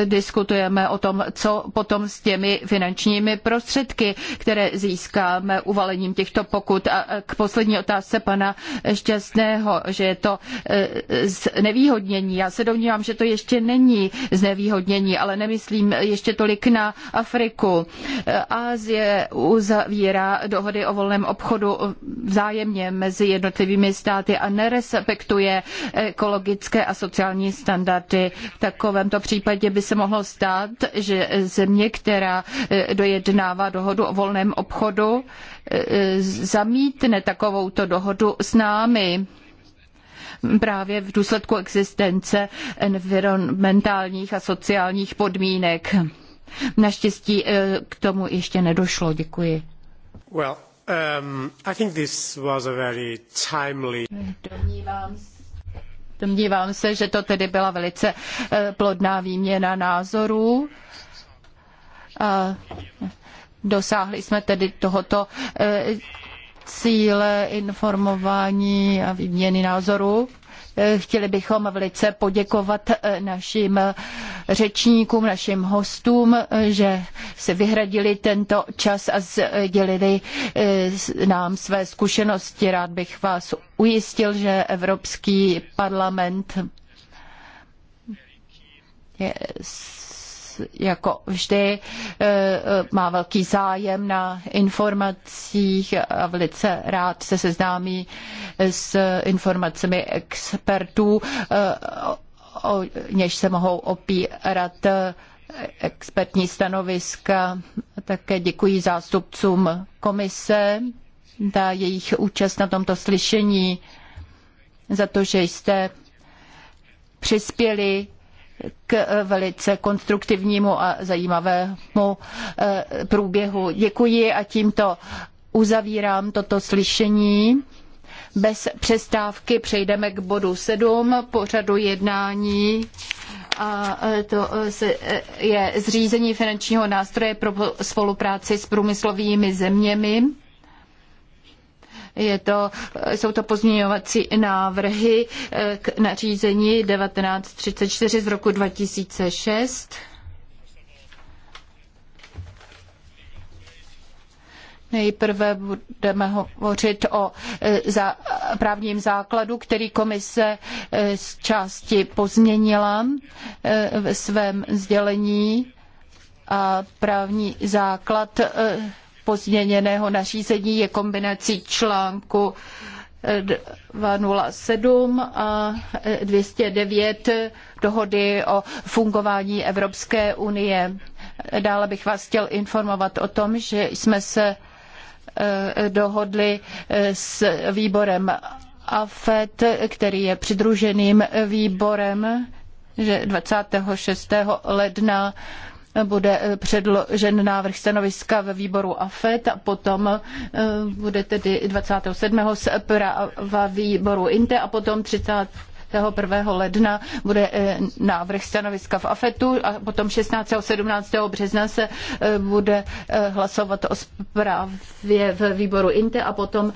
Speaker 5: diskutujeme o tom, co potom s těmi finančními prostředky, které získáme uvalením těchto pokut. A k poslední otázce pana Šťastného, že je to e, znevýhodnění. Já se domnívám, že to ještě není znevýhodnění, ale nemyslím ještě tolik na Afriku. E, Asie uzavírá dohody o volném obchodu vzájemně mezi jednotlivými státy a nerespektuje ekologické a sociální standardy v takovémto případě by se mohlo stát, že země, která eh, dojednává dohodu o volném obchodu, eh, zamítne takovouto dohodu s námi právě v důsledku existence environmentálních a sociálních podmínek. Naštěstí eh, k tomu ještě nedošlo. Děkuji.
Speaker 1: Well, um, I think this was a very timely... Domnívám se,
Speaker 5: Domnívám se, že to tedy byla velice eh, plodná výměna názorů. dosáhli jsme tedy tohoto eh, cíle informování a výměny názorů. Eh, chtěli bychom velice poděkovat eh, našim eh, řečníkům, našim hostům, že se vyhradili tento čas a sdělili nám své zkušenosti. Rád bych vás ujistil, že Evropský parlament je jako vždy e, e, má velký zájem na informacích a velice rád se seznámí s informacemi expertů, e, o něž se mohou opírat expertní stanoviska. Také děkuji zástupcům komise za jejich účast na tomto slyšení, za to, že jste přispěli k eh, velice konstruktivnímu a zajímavému eh, průběhu. Děkuji a tímto uzavírám toto slyšení. Bez přestávky přejdeme k bodu 7 pořadu jednání a eh, to je zřízení finančního nástroje pro spolupráci s průmyslovými zeměmi. Je to, jsou to pozměňovací návrhy eh, k nařízení 1934 z roku 2006. Nejprve budeme hovořit o eh, právním základu, který komise eh, z části pozměnila ve svém sdělení. A právní základ pozměněného nařízení je kombinací článku 207 a 209 dohody o fungování Evropské unie. Dále bych vás chtěl informovat o tom, že jsme se eh, dohodli eh, s výborem AFET, který je přidruženým výborem, že 26. ledna bude eh, předložen návrh stanoviska ve výboru AFET a potom eh, bude tedy 27. zpráva výboru INTE a potom 30. 1. ledna bude eh, návrh stanoviska v AFETu a potom 16. a 17. března se bude hlasovat o zprávě v výboru INTE a potom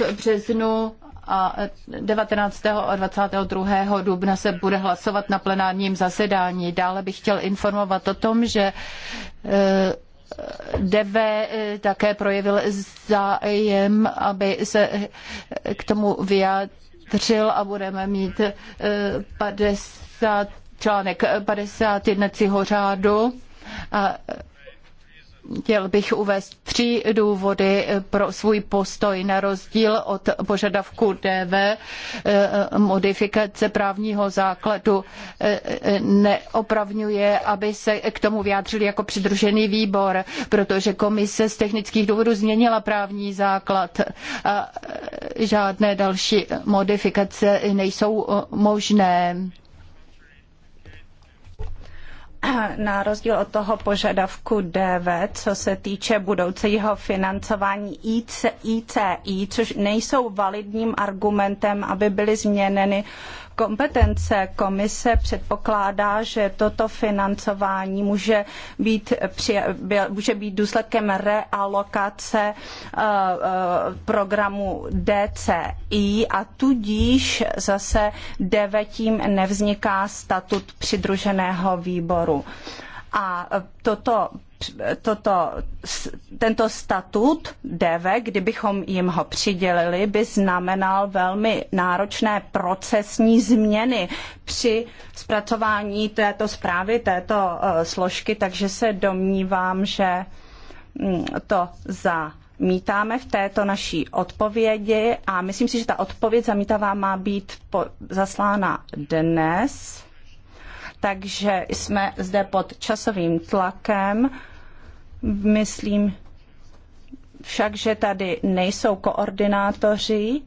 Speaker 5: v březnu a 19. a 22. dubna se bude hlasovat na plenárním zasedání. Dále bych chtěl informovat o tom, že eh, DV eh, také projevil zájem, aby se eh, k tomu vyjádřil a budeme mít 50, článek 50 jednacího řádu. A Chtěl bych uvést tři důvody pro svůj postoj na rozdíl od požadavku DV eh, modifikace právního základu eh, neopravňuje, aby se k tomu vyjádřili jako přidružený výbor, protože komise z technických důvodů změnila právní základ a eh, žádné další modifikace nejsou možné.
Speaker 2: <clears throat> na rozdíl od toho požadavku DV, co se týče budoucího financování ICI, což nejsou validním argumentem, aby byly změněny kompetence komise předpokládá, že toto financování může být, může být důsledkem realokace eh, eh, programu DCI a tudíž zase devetím nevzniká statut přidruženého výboru. A toto toto, tento statut DV, kdybychom jim ho přidělili, by znamenal velmi náročné procesní změny při zpracování této zprávy, této eh, složky, takže se domnívám, že mm, to za mítáme v této naší odpovědi a myslím si, že ta odpověď zamítavá má být po, zaslána dnes, takže jsme zde pod časovým tlakem Myslím však, že tady nejsou koordinátoři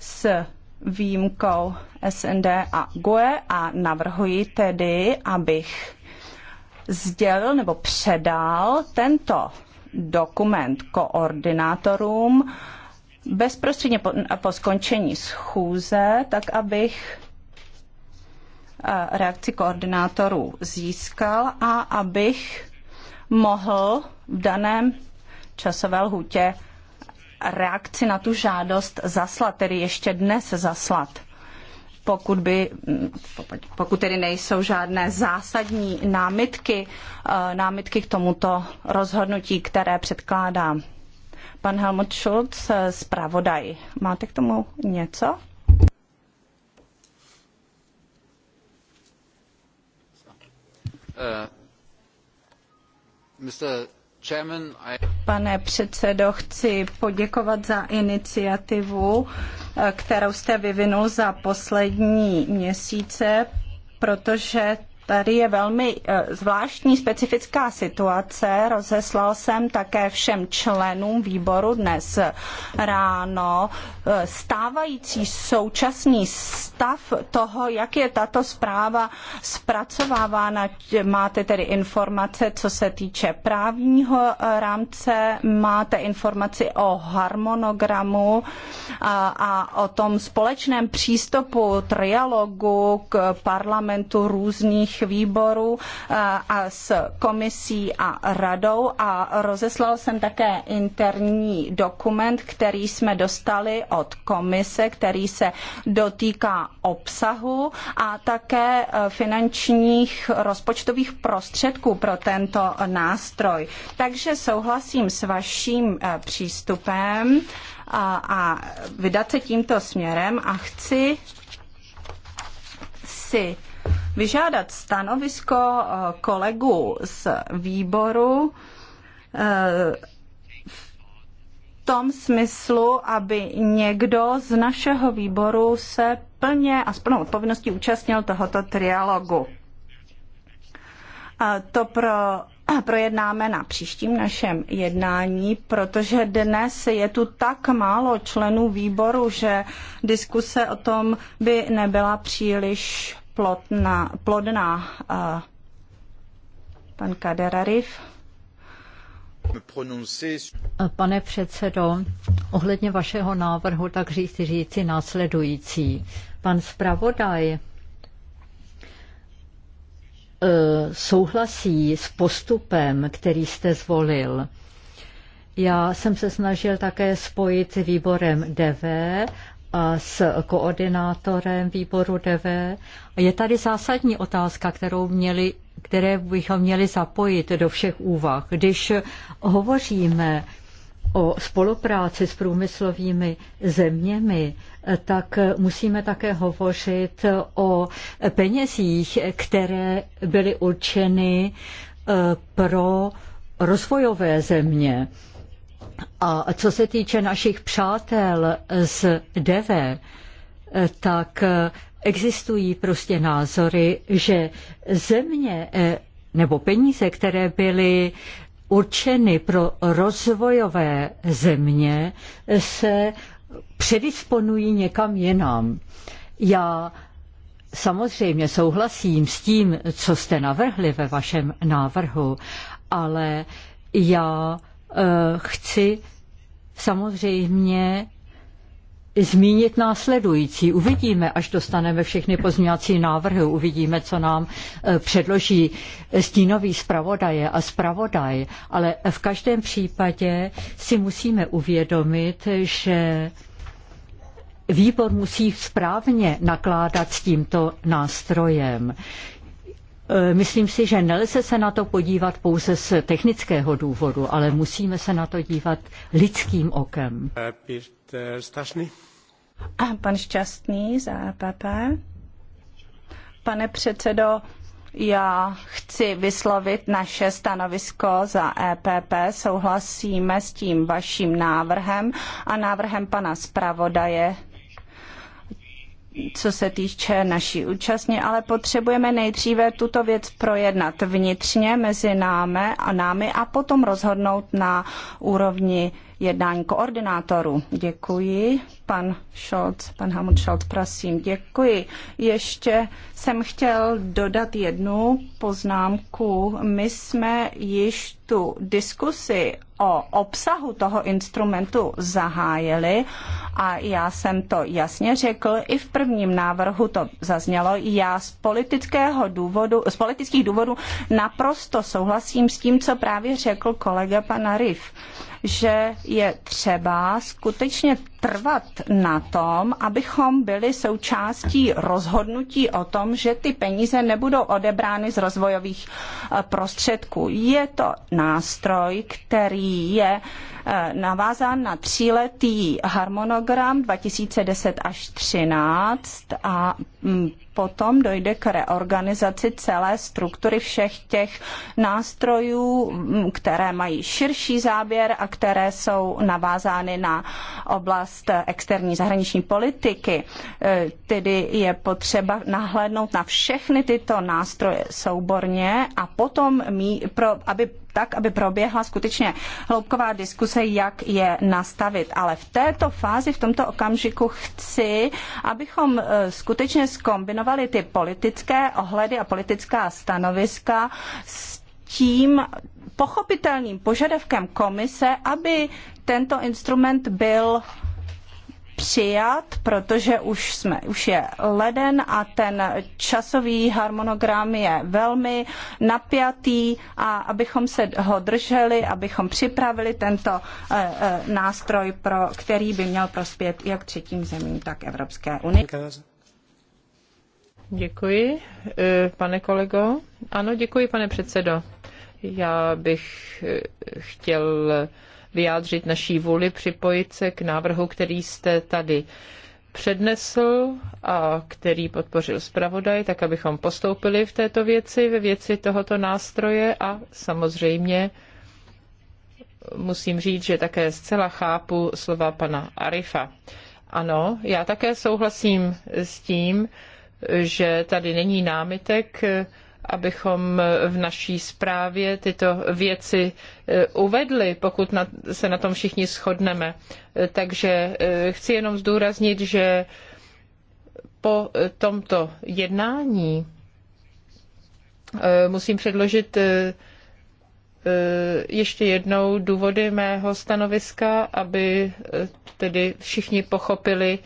Speaker 2: s výjimkou SND a GUE a navrhuji tedy, abych sdělil nebo předal tento dokument koordinátorům bezprostředně po, po skončení schůze, tak abych eh, reakci koordinátorů získal a abych mohl v daném časové lhůtě reakci na tu žádost zaslat, tedy ještě dnes zaslat. Pokud, by, pokud tedy nejsou žádné zásadní námitky, eh, námitky k tomuto rozhodnutí, které předkládám. Pan Helmut Schulz, eh, Pravodaj. Máte k tomu něco? Uh. Pane předsedo, chci poděkovat za iniciativu, eh, kterou jste vyvinul za poslední měsíce, protože Tady je velmi eh, zvláštní specifická situace. Rozeslal jsem také všem členům výboru dnes ráno eh, stávající současný stav toho, jak je tato zpráva zpracovávána. Máte tedy informace, co se týče právního eh, rámce, máte informaci o harmonogramu a, a o tom společném přístupu trialogu k parlamentu různých příslušných výborů eh, a s komisí a radou a rozeslal jsem také interní dokument, který jsme dostali od komise, který se dotýká obsahu a také eh, finančních rozpočtových prostředků pro tento nástroj. Takže souhlasím s vaším eh, přístupem a, a vydat se tímto směrem a chci si vyžádat stanovisko eh, kolegu z výboru eh, v tom smyslu, aby někdo z našeho výboru se plně a s plnou odpovědností účastnil tohoto trialogu. To pro <clears throat> projednáme na příštím našem jednání, protože dnes je tu tak málo členů výboru, že diskuse o tom by nebyla příliš plodná, plodná
Speaker 3: eh, pan Kaderariv. Pane předsedo, ohledně vašeho návrhu, tak říci říci následující. Pan zpravodaj eh, souhlasí s postupem, který jste zvolil. Já jsem se snažil také spojit s výborem DV s koordinátorem výboru DV. Je tady zásadní otázka, kterou měli, které bychom měli zapojit do všech úvah. Když hovoříme o spolupráci s průmyslovými zeměmi, tak musíme také hovořit o penězích, které byly určeny eh, pro rozvojové země. A co se týče našich přátel z DV, tak existují prostě názory, že země eh, nebo peníze, které byly určeny pro rozvojové země, se předisponují někam jinam. Já samozřejmě souhlasím s tím, co jste navrhli ve vašem návrhu, ale já Eh, chci samozřejmě zmínit následující. Uvidíme, až dostaneme všechny pozměňovací návrhy, uvidíme, co nám eh, předloží stínový zpravodaje a zpravodaj, ale v každém případě si musíme uvědomit, že výbor musí správně nakládat s tímto nástrojem. Eh, myslím si, že nelze se na to podívat pouze z technického důvodu, ale musíme se na to dívat lidským okem.
Speaker 2: A pan Šťastný za PP. Pane předsedo, já chci vyslovit naše stanovisko za EPP. Souhlasíme s tím vaším návrhem a návrhem pana zpravodaje co se týče naší účastně, ale potřebujeme nejdříve tuto věc projednat vnitřně mezi námi a námi a potom rozhodnout na úrovni jednání koordinátorů. Děkuji. Pan Scholz, pan Hamut Scholz, prosím, děkuji. Ještě jsem chtěl dodat jednu poznámku. My jsme již tu diskusi o obsahu toho instrumentu zahájili a já jsem to jasně řekl, i v prvním návrhu to zaznělo, já z, politického důvodu, z politických důvodů naprosto souhlasím s tím, co právě řekl kolega pan Arif že je třeba skutečně trvat na tom, abychom byli součástí rozhodnutí o tom, že ty peníze nebudou odebrány z rozvojových eh, prostředků. Je to nástroj, který je uh, Eh, navázán na tříletý harmonogram 2010 až 2013 a mm, potom dojde k reorganizaci celé struktury všech těch nástrojů, mm, které mají širší záběr a které jsou navázány na oblast externí zahraniční politiky. Eh, tedy je potřeba nahlédnout na všechny tyto nástroje souborně a potom, mí, pro, aby tak, aby proběhla skutečně hloubková diskuse, jak je nastavit. Ale v této fázi, v tomto okamžiku chci, abychom eh, skutečně skombinovali ty politické ohledy a politická stanoviska s tím pochopitelným požadavkem komise, aby tento instrument byl přijat, protože už, jsme, už je leden a ten časový harmonogram je velmi napjatý a abychom se ho drželi, abychom připravili tento eh, eh, nástroj, pro, který by měl prospět jak třetím zemím, tak Evropské unii. Děkuji, eh, pane
Speaker 4: kolego. Ano, děkuji, pane předsedo. Já bych chtěl vyjádřit naší vůli připojit se k návrhu, který jste tady přednesl a který podpořil zpravodaj, tak abychom postoupili v této věci, ve věci tohoto nástroje a samozřejmě musím říct, že také zcela chápu slova pana Arifa. Ano, já také souhlasím s tím, že tady není námitek abychom v naší zprávě tyto věci eh, uvedli, pokud se na tom všichni shodneme. Eh, takže eh, chci jenom zdůraznit, že po tomto jednání musím předložit ještě jednou důvody mého stanoviska, aby tedy všichni pochopili,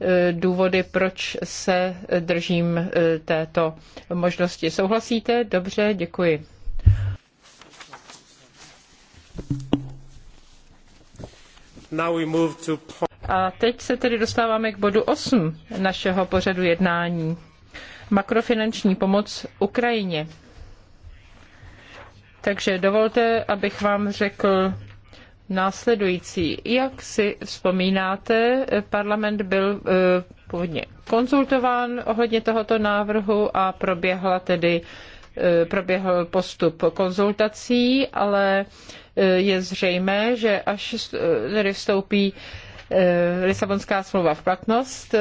Speaker 4: Eh, důvody, proč se držím eh, této možnosti. Souhlasíte? Dobře, děkuji. A teď se tedy dostáváme k bodu 8 našeho pořadu jednání. Makrofinanční pomoc Ukrajině. Takže dovolte, abych vám řekl následující. Jak si vzpomínáte, parlament byl eh, původně konzultován ohledně tohoto návrhu a proběhla tedy eh, proběhl postup konzultací, ale eh, je zřejmé, že až tedy vstoupí Lisabonská smlouva v platnost,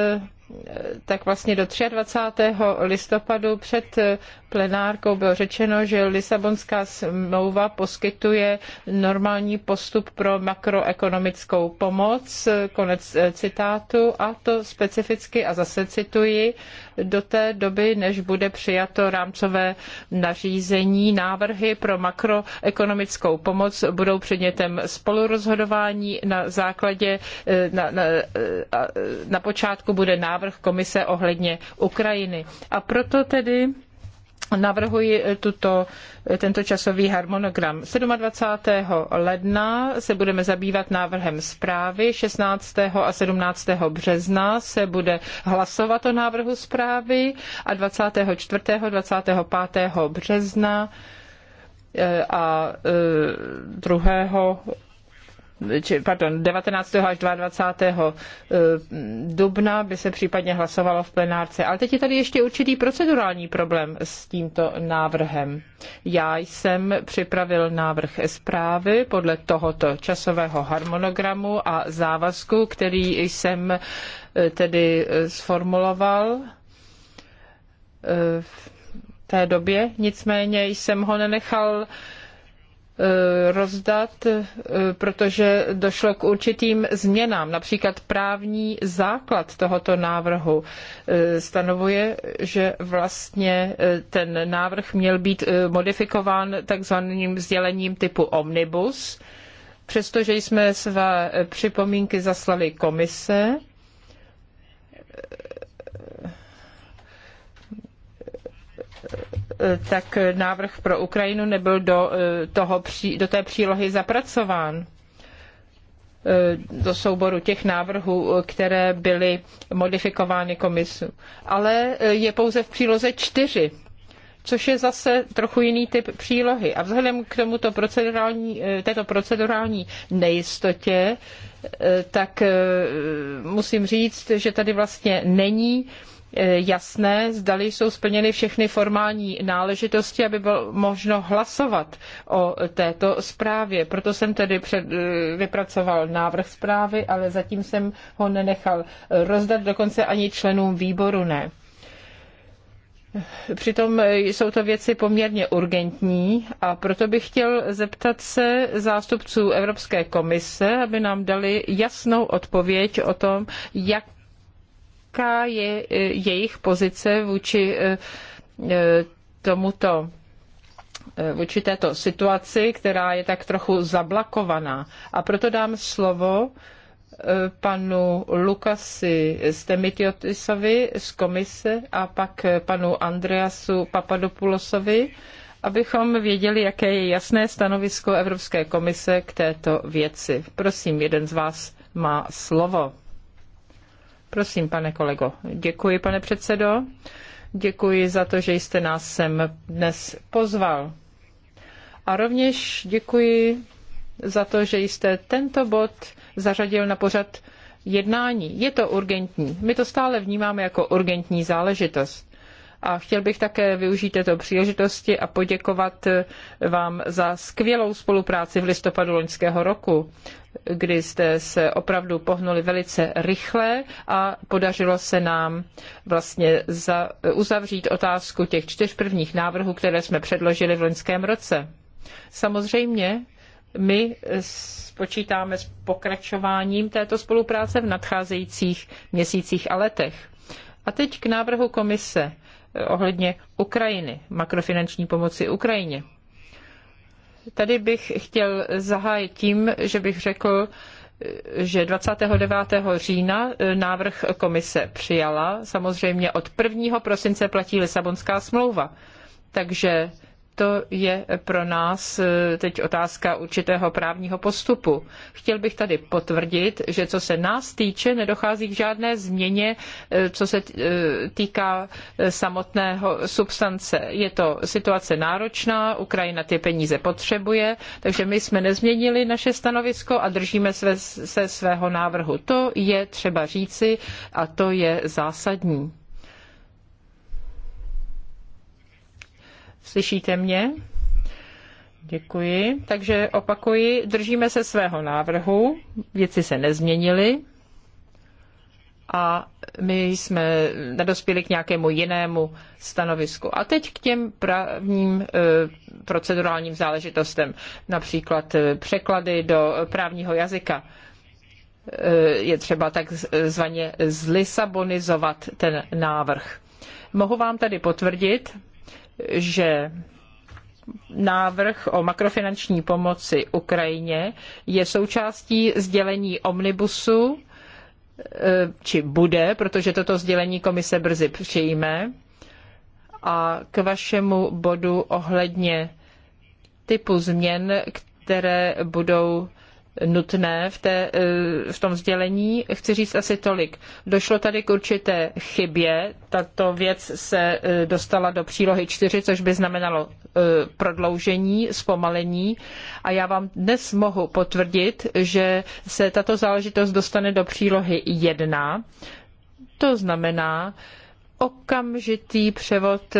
Speaker 4: tak vlastně do 23. listopadu před plenárkou bylo řečeno, že Lisabonská smlouva poskytuje normální postup pro makroekonomickou pomoc, konec citátu, a to specificky, a zase cituji, do té doby, než bude přijato rámcové nařízení. Návrhy pro makroekonomickou pomoc budou předmětem spolurozhodování na základě, eh, na, na, eh, na počátku bude návrh komise ohledně Ukrajiny. A proto tedy navrhuji tuto, tento časový harmonogram. 27. ledna se budeme zabývat návrhem zprávy, 16. a 17. března se bude hlasovat o návrhu zprávy a 24. 25. března eh, a 2. Eh, či, pardon, 19. až 22. Eh, dubna by se případně hlasovalo v plenárce. Ale teď je tady ještě určitý procedurální problém s tímto návrhem. Já jsem připravil návrh zprávy podle tohoto časového harmonogramu a závazku, který jsem eh, tedy eh, sformuloval v té době. Nicméně jsem ho nenechal Eh, rozdat, eh, protože došlo k určitým změnám. Například právní základ tohoto návrhu eh, stanovuje, že vlastně ten návrh měl být modifikován takzvaným sdělením typu omnibus, přestože jsme své připomínky zaslali komise Eh, tak návrh pro Ukrajinu nebyl do, eh, toho, do té přílohy zapracován eh, do souboru těch návrhů, které byly modifikovány komisu. Ale je pouze v příloze čtyři, což je zase trochu jiný typ přílohy. A vzhledem k tomuto procedurální, této procedurální nejistotě, tak musím říct, že tady vlastně není Eh, jasné, zdali jsou splněny všechny formální náležitosti, aby bylo možno hlasovat o této zprávě. Proto jsem tedy před, eh, vypracoval návrh zprávy, ale zatím jsem ho nenechal rozdat, dokonce ani členům výboru ne. Přitom jsou to věci poměrně urgentní a proto bych chtěl zeptat se zástupců Evropské komise, aby nám dali jasnou odpověď o tom, jak jaká je e, jejich pozice vůči e, e, tomuto vůči této situaci, která je tak trochu zablakovaná? A proto dám slovo panu Lukasi Stemitiotisovi z komise a pak panu Andreasu Papadopoulosovi, abychom věděli, jaké je jasné stanovisko Evropské komise k této věci. Prosím, jeden z vás má slovo. Prosím, pane kolego. Děkuji, pane předsedo. Děkuji za to, že jste nás sem dnes pozval. A rovněž děkuji za to, že jste tento bod zařadil na pořad jednání. Je to urgentní. My to stále vnímáme jako urgentní záležitost. A chtěl bych také využít této příležitosti a poděkovat vám za skvělou spolupráci v listopadu loňského roku kdy jste se opravdu pohnuli velice rychle a podařilo se nám vlastně za, uzavřít otázku těch čtyř prvních návrhů, které jsme předložili v loňském roce. Samozřejmě my počítáme s pokračováním této spolupráce v nadcházejících měsících a letech. A teď k návrhu komise eh, ohledně Ukrajiny, makrofinanční pomoci Ukrajině. Tady bych chtěl zahájit tím, že bych řekl, že 29. října eh, návrh komise přijala. Samozřejmě od 1. prosince platí Lisabonská smlouva. Takže to je pro nás eh, teď otázka určitého právního postupu. Chtěl bych tady potvrdit, že co se nás týče, nedochází k žádné změně, eh, co se eh, týká samotného substance. Je to situace náročná, Ukrajina ty peníze potřebuje, takže my jsme nezměnili naše stanovisko a držíme se svého návrhu. To je třeba říci a to je zásadní. Slyšíte mě? Děkuji. Takže opakuji, držíme se svého návrhu, věci se nezměnily a my jsme nedospěli k nějakému jinému stanovisku. A teď k těm právním e, procedurálním záležitostem, například e, překlady do právního jazyka. E, je třeba takzvaně zlisabonizovat ten návrh. Mohu vám tady potvrdit, že návrh o makrofinanční pomoci Ukrajině je součástí sdělení omnibusu, e, či bude, protože toto sdělení komise brzy přijme. A k vašemu bodu ohledně typu změn, které budou nutné v, té, eh, v tom sdělení. Chci říct asi tolik. Došlo tady k určité chybě. Tato věc se eh, dostala do přílohy 4, což by znamenalo eh, prodloužení, zpomalení. A já vám dnes mohu potvrdit, že se tato záležitost dostane do přílohy 1. To znamená okamžitý převod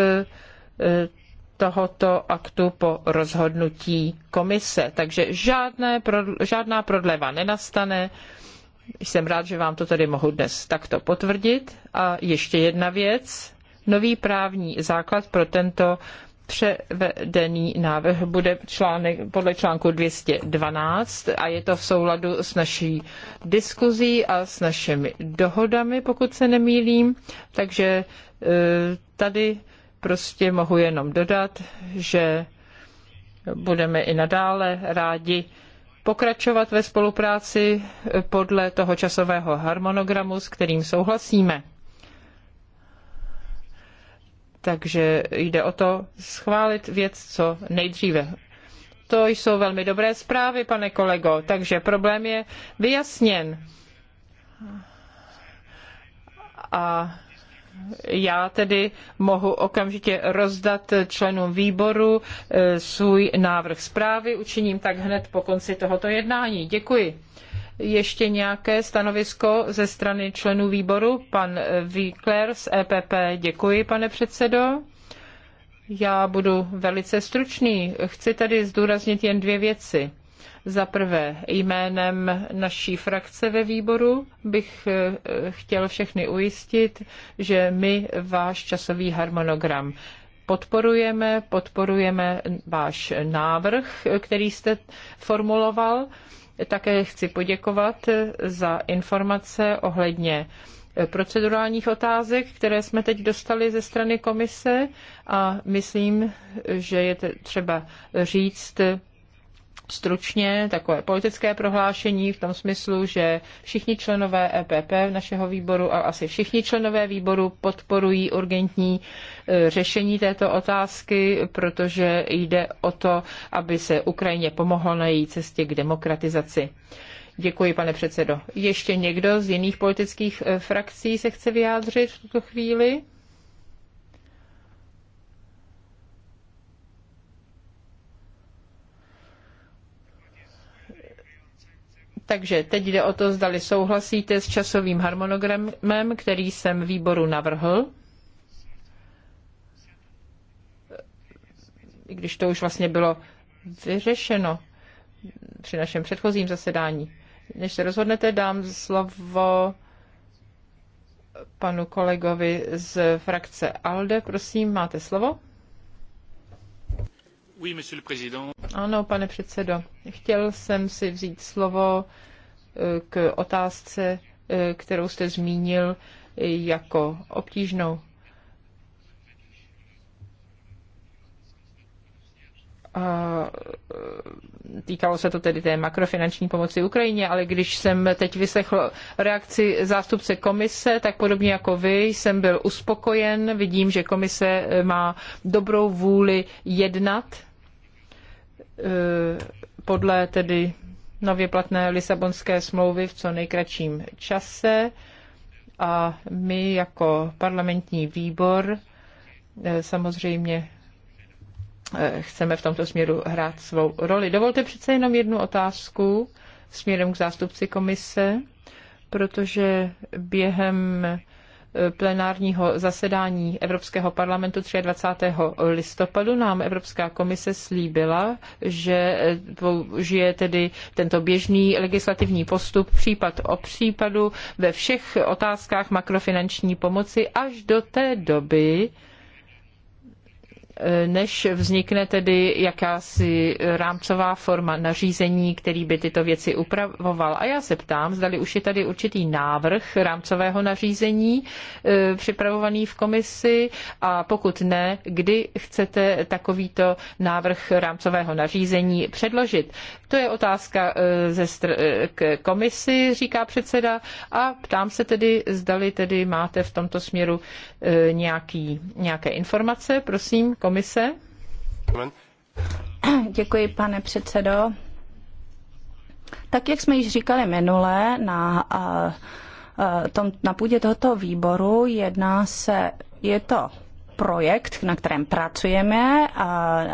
Speaker 4: tohoto aktu po rozhodnutí komise. Takže žádné, žádná prodleva nenastane. Jsem rád, že vám to tady mohu dnes takto potvrdit. A ještě jedna věc. Nový právní základ pro tento převedený návrh bude článek, podle článku 212 a je to v souladu s naší diskuzí a s našimi dohodami, pokud se nemýlím. Takže eh, tady prostě mohu jenom dodat, že budeme i nadále rádi pokračovat ve spolupráci podle toho časového harmonogramu, s kterým souhlasíme. Takže jde o to schválit věc co nejdříve. To jsou velmi dobré zprávy, pane kolego, takže problém je vyjasněn. A já tedy mohu okamžitě rozdat členům výboru eh, svůj návrh zprávy. Učiním tak hned po konci tohoto jednání. Děkuji. Ještě nějaké stanovisko ze strany členů výboru? Pan eh, Winkler z EPP. Děkuji, pane předsedo. Já budu velice stručný. Chci tady zdůraznit jen dvě věci. Za prvé jménem naší frakce ve výboru bych eh, chtěl všechny ujistit, že my váš časový harmonogram podporujeme, podporujeme váš návrh, který jste formuloval. Také chci poděkovat za informace ohledně procedurálních otázek, které jsme teď dostali ze strany komise a myslím, že je třeba říct, stručně takové politické prohlášení v tom smyslu, že všichni členové EPP našeho výboru a asi všichni členové výboru podporují urgentní e, řešení této otázky, protože jde o to, aby se Ukrajině pomohlo na její cestě k demokratizaci. Děkuji, pane předsedo. Ještě někdo z jiných politických e, frakcí se chce vyjádřit v tuto chvíli? Takže teď jde o to, zdali souhlasíte s časovým harmonogramem, který jsem výboru navrhl. I když to už vlastně bylo vyřešeno při našem předchozím zasedání. Než se rozhodnete, dám slovo panu kolegovi z frakce ALDE. Prosím, máte slovo. Ano, pane předsedo, chtěl jsem si vzít slovo eh, k otázce, eh, kterou jste zmínil eh, jako obtížnou. A týkalo se to tedy té makrofinanční pomoci Ukrajině, ale když jsem teď vyslechl reakci zástupce komise, tak podobně jako vy jsem byl uspokojen. Vidím, že komise má dobrou vůli jednat E, podle tedy nově platné Lisabonské smlouvy v co nejkratším čase a my jako parlamentní výbor e, samozřejmě e, chceme v tomto směru hrát svou roli. Dovolte přece jenom jednu otázku směrem k zástupci komise, protože během plenárního zasedání Evropského parlamentu 23. listopadu nám Evropská komise slíbila, že použije tedy tento běžný legislativní postup případ o případu ve všech otázkách makrofinanční pomoci až do té doby, než vznikne tedy jakási rámcová forma nařízení, který by tyto věci upravoval. A já se ptám, zdali už je tady určitý návrh rámcového nařízení e, připravovaný v komisi a pokud ne, kdy chcete takovýto návrh rámcového nařízení předložit. To je otázka e, ze str- e, k komisi, říká předseda, a ptám se tedy, zdali tedy máte v tomto směru nějaký, nějaké informace, prosím, Komise?
Speaker 2: Děkuji, pane předsedo. Tak, jak jsme již říkali minule, na, na, na půdě tohoto výboru jedná se, je to projekt, na kterém pracujeme,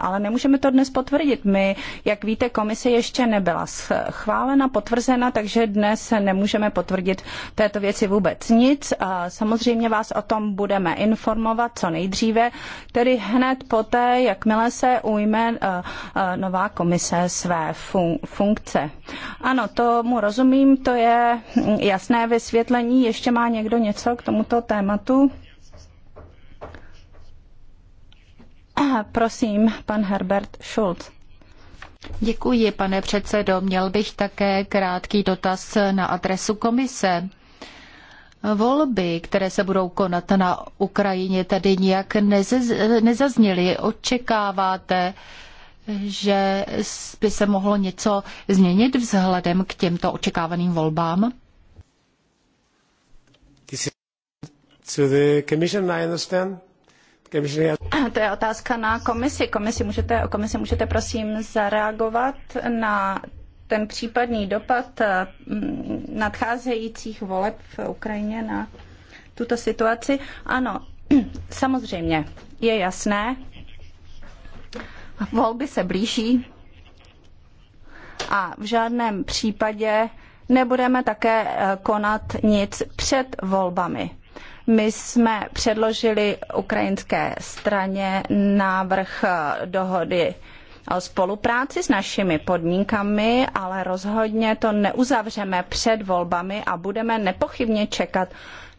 Speaker 2: ale nemůžeme to dnes potvrdit. My, jak víte, komise ještě nebyla schválena, potvrzena, takže dnes nemůžeme potvrdit této věci vůbec nic. Samozřejmě vás o tom budeme informovat co nejdříve, tedy hned poté, jakmile se ujme nová komise své funkce. Ano, tomu rozumím, to je jasné vysvětlení. Ještě má někdo něco k tomuto tématu? <clears throat> Prosím, pan Herbert Schulz. Děkuji, pane předsedo. Měl bych také
Speaker 5: krátký dotaz na adresu komise. Volby, které se budou konat na Ukrajině, tedy nijak nezazněly. Očekáváte, že by se mohlo něco změnit vzhledem k těmto očekávaným volbám?
Speaker 1: To the commission, I understand. To
Speaker 2: je otázka na komisi. Komisi můžete, komisi můžete prosím zareagovat na ten případný dopad eh, mm, nadcházejících voleb v Ukrajině na tuto situaci. Ano, <clears throat> samozřejmě, je jasné, volby se blíží a v žádném případě nebudeme také eh, konat nic před volbami. My jsme předložili ukrajinské straně návrh eh, dohody o spolupráci s našimi podmínkami, ale rozhodně to neuzavřeme před volbami a budeme nepochybně čekat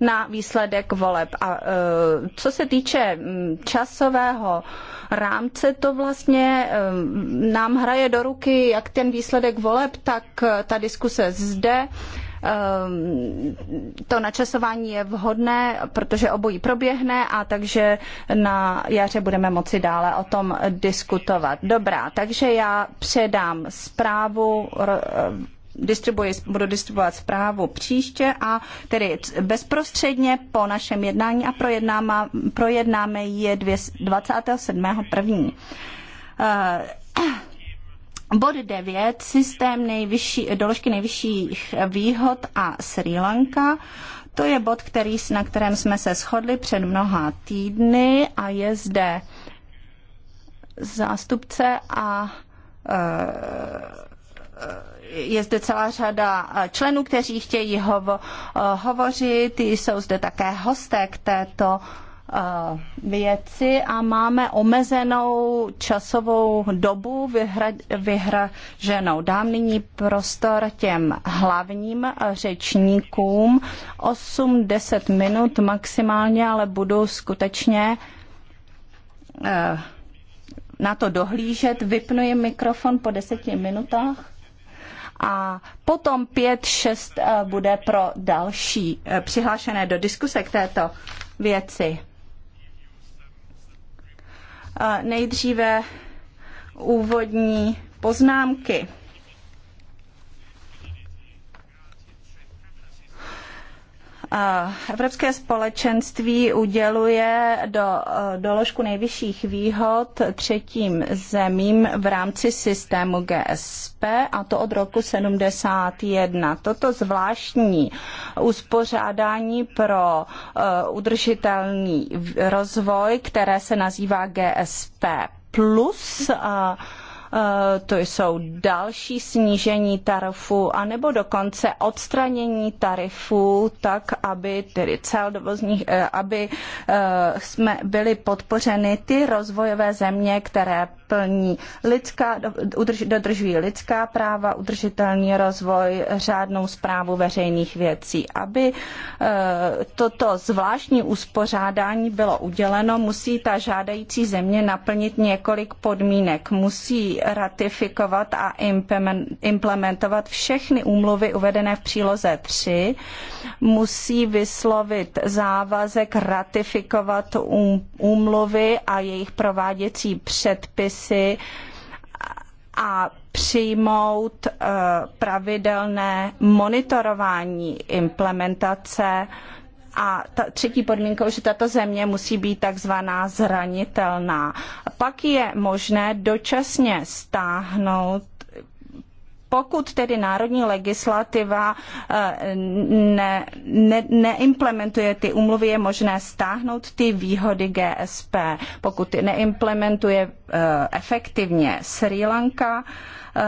Speaker 2: na výsledek voleb. A eh, co se týče mm, časového rámce, to vlastně eh, nám hraje do ruky jak ten výsledek voleb, tak ta diskuse zde Ehm, to načasování je vhodné, protože obojí proběhne a takže na jaře budeme moci dále o tom diskutovat. Dobrá, takže já předám zprávu eh, distribuji, budu distribuovat zprávu příště a tedy bezprostředně po našem jednání a projednáme, projednáme je 27.1. Bod 9, systém nejvyšší, doložky nejvyšších výhod a Sri Lanka. To je bod, který, na kterém jsme se shodli před mnoha týdny a je zde zástupce a eh, je zde celá řada členů, kteří chtějí hovo, eh, hovořit. Jsou zde také hosté k této Eh, věci a máme omezenou časovou dobu vyhra, vyhraženou. Dám nyní prostor těm hlavním řečníkům. 8-10 minut maximálně, ale budu skutečně eh, na to dohlížet. Vypnu jim mikrofon po deseti minutách a potom pět šest eh, bude pro další přihlášené do diskuse k této věci. Nejdříve úvodní poznámky. Evropské společenství uděluje do eh, doložku nejvyšších výhod třetím zemím v rámci systému GSP a to od roku 71. Toto zvláštní uspořádání pro eh, udržitelný rozvoj, které se nazývá GSP plus, Eh, to jsou další snížení tarifů, anebo dokonce odstranění tarifů, tak aby tedy cel dovozních, eh, aby eh, jsme byli podpořeny ty rozvojové země, které plní lidská, dodržují lidská práva, udržitelný rozvoj, řádnou zprávu veřejných věcí. Aby toto zvláštní uspořádání bylo uděleno, musí ta žádající země naplnit několik podmínek. Musí ratifikovat a implementovat všechny úmluvy uvedené v příloze 3, musí vyslovit závazek ratifikovat úmluvy a jejich prováděcí předpisy a přijmout eh, pravidelné monitorování implementace a ta třetí podmínkou, že tato země musí být takzvaná zranitelná. Pak je možné dočasně stáhnout pokud tedy národní legislativa eh, ne, ne, neimplementuje ty umluvy, je možné stáhnout ty výhody GSP, pokud neimplementuje eh, efektivně Sri Lanka. Eh,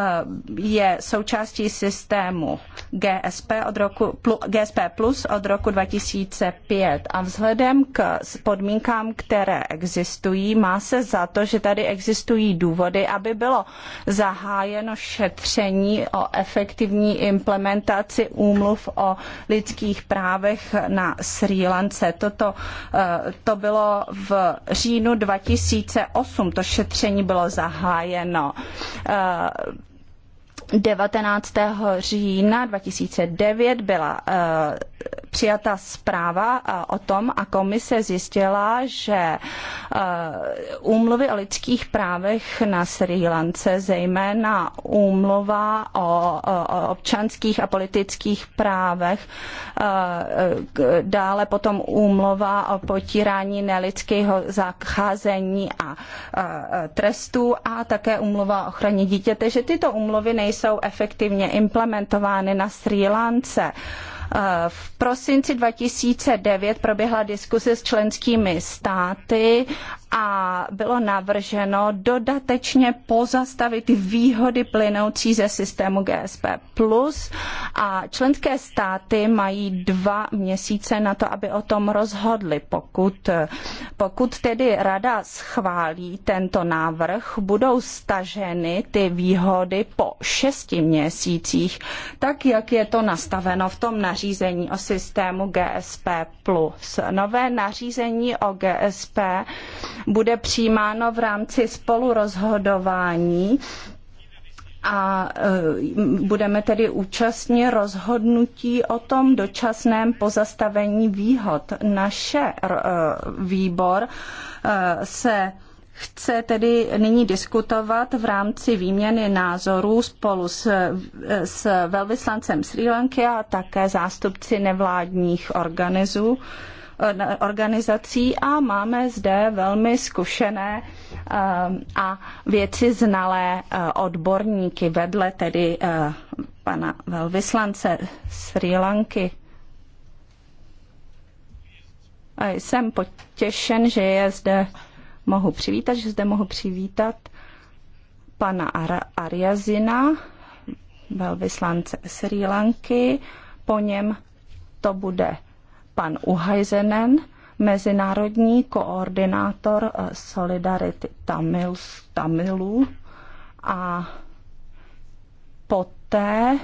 Speaker 2: je součástí systému GSP, od roku, GSP Plus od roku 2005 a vzhledem k podmínkám, které existují, má se za to, že tady existují důvody, aby bylo zahájeno šetření o efektivní implementaci úmluv o lidských právech na Sri Lance. Toto eh, to bylo v říjnu 2008, to šetření bylo zahájeno. Eh, 19. října 2009 byla eh, přijata zpráva eh, o tom a komise zjistila, že eh, úmluvy o lidských právech na Sri Lance, zejména úmluva o občanských a politických právech, eh, dále potom úmluva o potírání nelidského zacházení a trestů a také úmluva o ochraně dítěte, že tyto úmluvy nejsou efektivně implementovány na Sri Lance. V prosinci 2009 proběhla diskuse s členskými státy a bylo navrženo dodatečně pozastavit výhody plynoucí ze systému GSP+. A členské státy mají dva měsíce na to, aby o tom rozhodly. Pokud, pokud tedy rada schválí tento návrh, budou staženy ty výhody po šesti měsících, tak jak je to nastaveno v tom nařízení o systému GSP+. Nové nařízení o GSP bude přijímáno v rámci spolurozhodování a e, budeme tedy účastně rozhodnutí o tom dočasném pozastavení výhod. Naše e, výbor e, se chce tedy nyní diskutovat v rámci výměny názorů spolu s, s velvyslancem Sri Lanky a také zástupci nevládních organizů, Eh, organizací a máme zde velmi zkušené eh, a věci znalé eh, odborníky vedle tedy pana velvyslance Sri Lanky. Jsem potěšen, že je zde mohu přivítat, že zde mohu přivítat pana Ar- Ariazina, velvyslance Sri Lanky, po něm to bude pan Uhajzenen, mezinárodní koordinátor eh, Solidarity Tamil, Tamilů a poté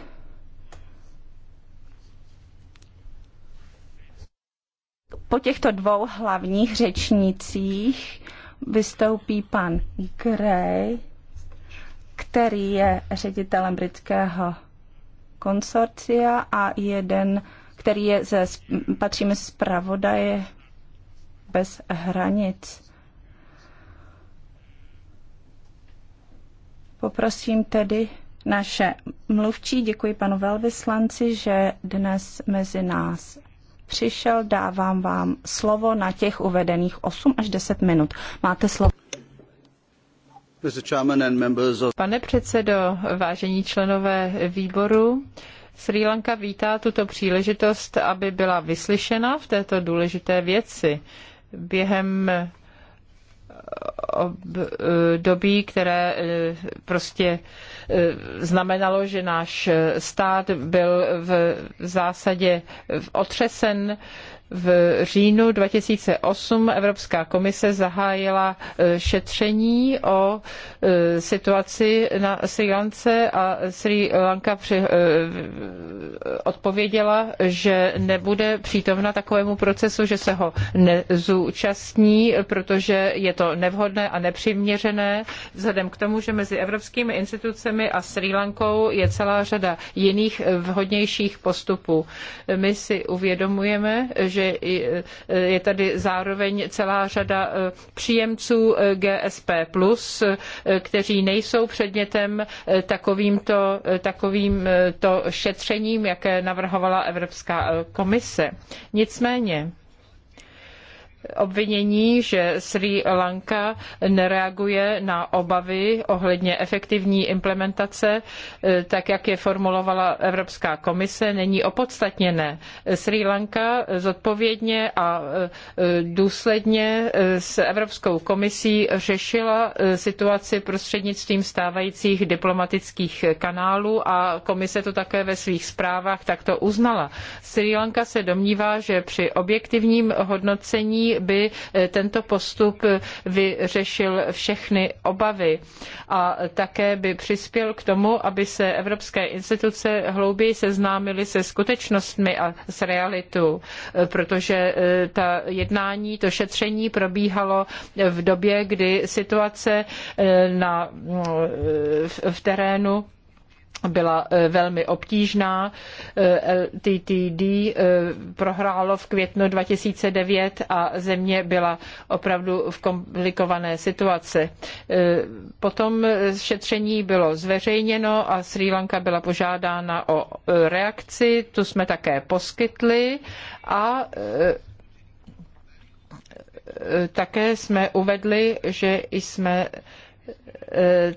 Speaker 2: po těchto dvou hlavních řečnících vystoupí pan Gray, který je ředitelem britského konsorcia a jeden který je ze, patří mi zpravodaje bez hranic. Poprosím tedy naše mluvčí, děkuji panu velvyslanci, že dnes mezi nás přišel. Dávám vám slovo na těch uvedených 8 až 10 minut. Máte slovo. Pane předsedo, vážení členové výboru,
Speaker 4: Sri Lanka vítá tuto příležitost, aby byla vyslyšena v této důležité věci. Během eh, období, eh, které eh, prostě znamenalo, že náš stát byl v zásadě otřesen v říjnu 2008 Evropská komise zahájila eh, šetření o eh, situaci na Sri Lance a Sri Lanka eh, odpověděla, že nebude přítomna takovému procesu, že se ho nezúčastní, protože je to nevhodné a nepřiměřené, vzhledem k tomu, že mezi evropskými institucemi a Sri Lankou je celá řada jiných vhodnějších postupů. My si uvědomujeme, že protože eh, je tady zároveň celá řada eh, příjemců eh, GSP+, kteří nejsou předmětem takovýmto, to šetřením, jaké navrhovala Evropská komise. Nicméně, obvinění, že Sri Lanka nereaguje na obavy ohledně efektivní implementace, e, tak jak je formulovala Evropská komise, není opodstatněné. Sri Lanka zodpovědně a e, důsledně e, s Evropskou komisí řešila situaci prostřednictvím stávajících diplomatických kanálů a komise to také ve svých zprávách takto uznala. Sri Lanka se domnívá, že při objektivním hodnocení by eh, tento postup eh, vyřešil všechny obavy a také by přispěl k tomu, aby se evropské instituce hlouběji seznámily se skutečnostmi a s realitou, eh, protože ta jednání, to šetření probíhalo v době, kdy situace na, mm, v terénu byla eh, velmi obtížná. Eh, LTTD eh, prohrálo v květnu 2009 a země byla opravdu v komplikované situaci. Potom šetření bylo zveřejněno a Sri Lanka byla požádána o reakci, tu jsme také poskytli a také jsme uvedli, že jsme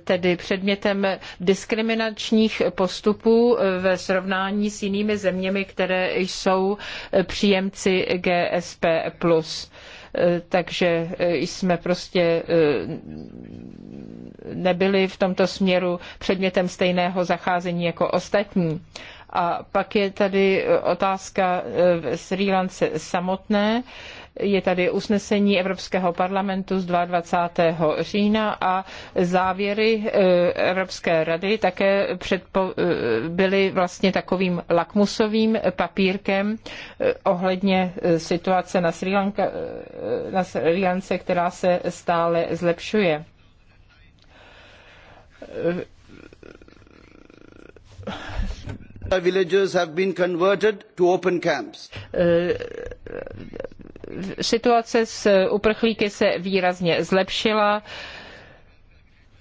Speaker 4: tedy předmětem diskriminačních postupů ve srovnání s jinými zeměmi, které jsou příjemci GSP+. Takže jsme prostě nebyli v tomto směru předmětem stejného zacházení jako ostatní. A pak je tady otázka eh, v Sri Lance samotné je tady usnesení Evropského parlamentu z 22. října a závěry eh, Evropské rady také předpo, eh, byly vlastně takovým lakmusovým papírkem eh, ohledně situace na Sri, Lanka, na Sri Lance, která se stále zlepšuje Eh, situace s uprchlíky se výrazně zlepšila.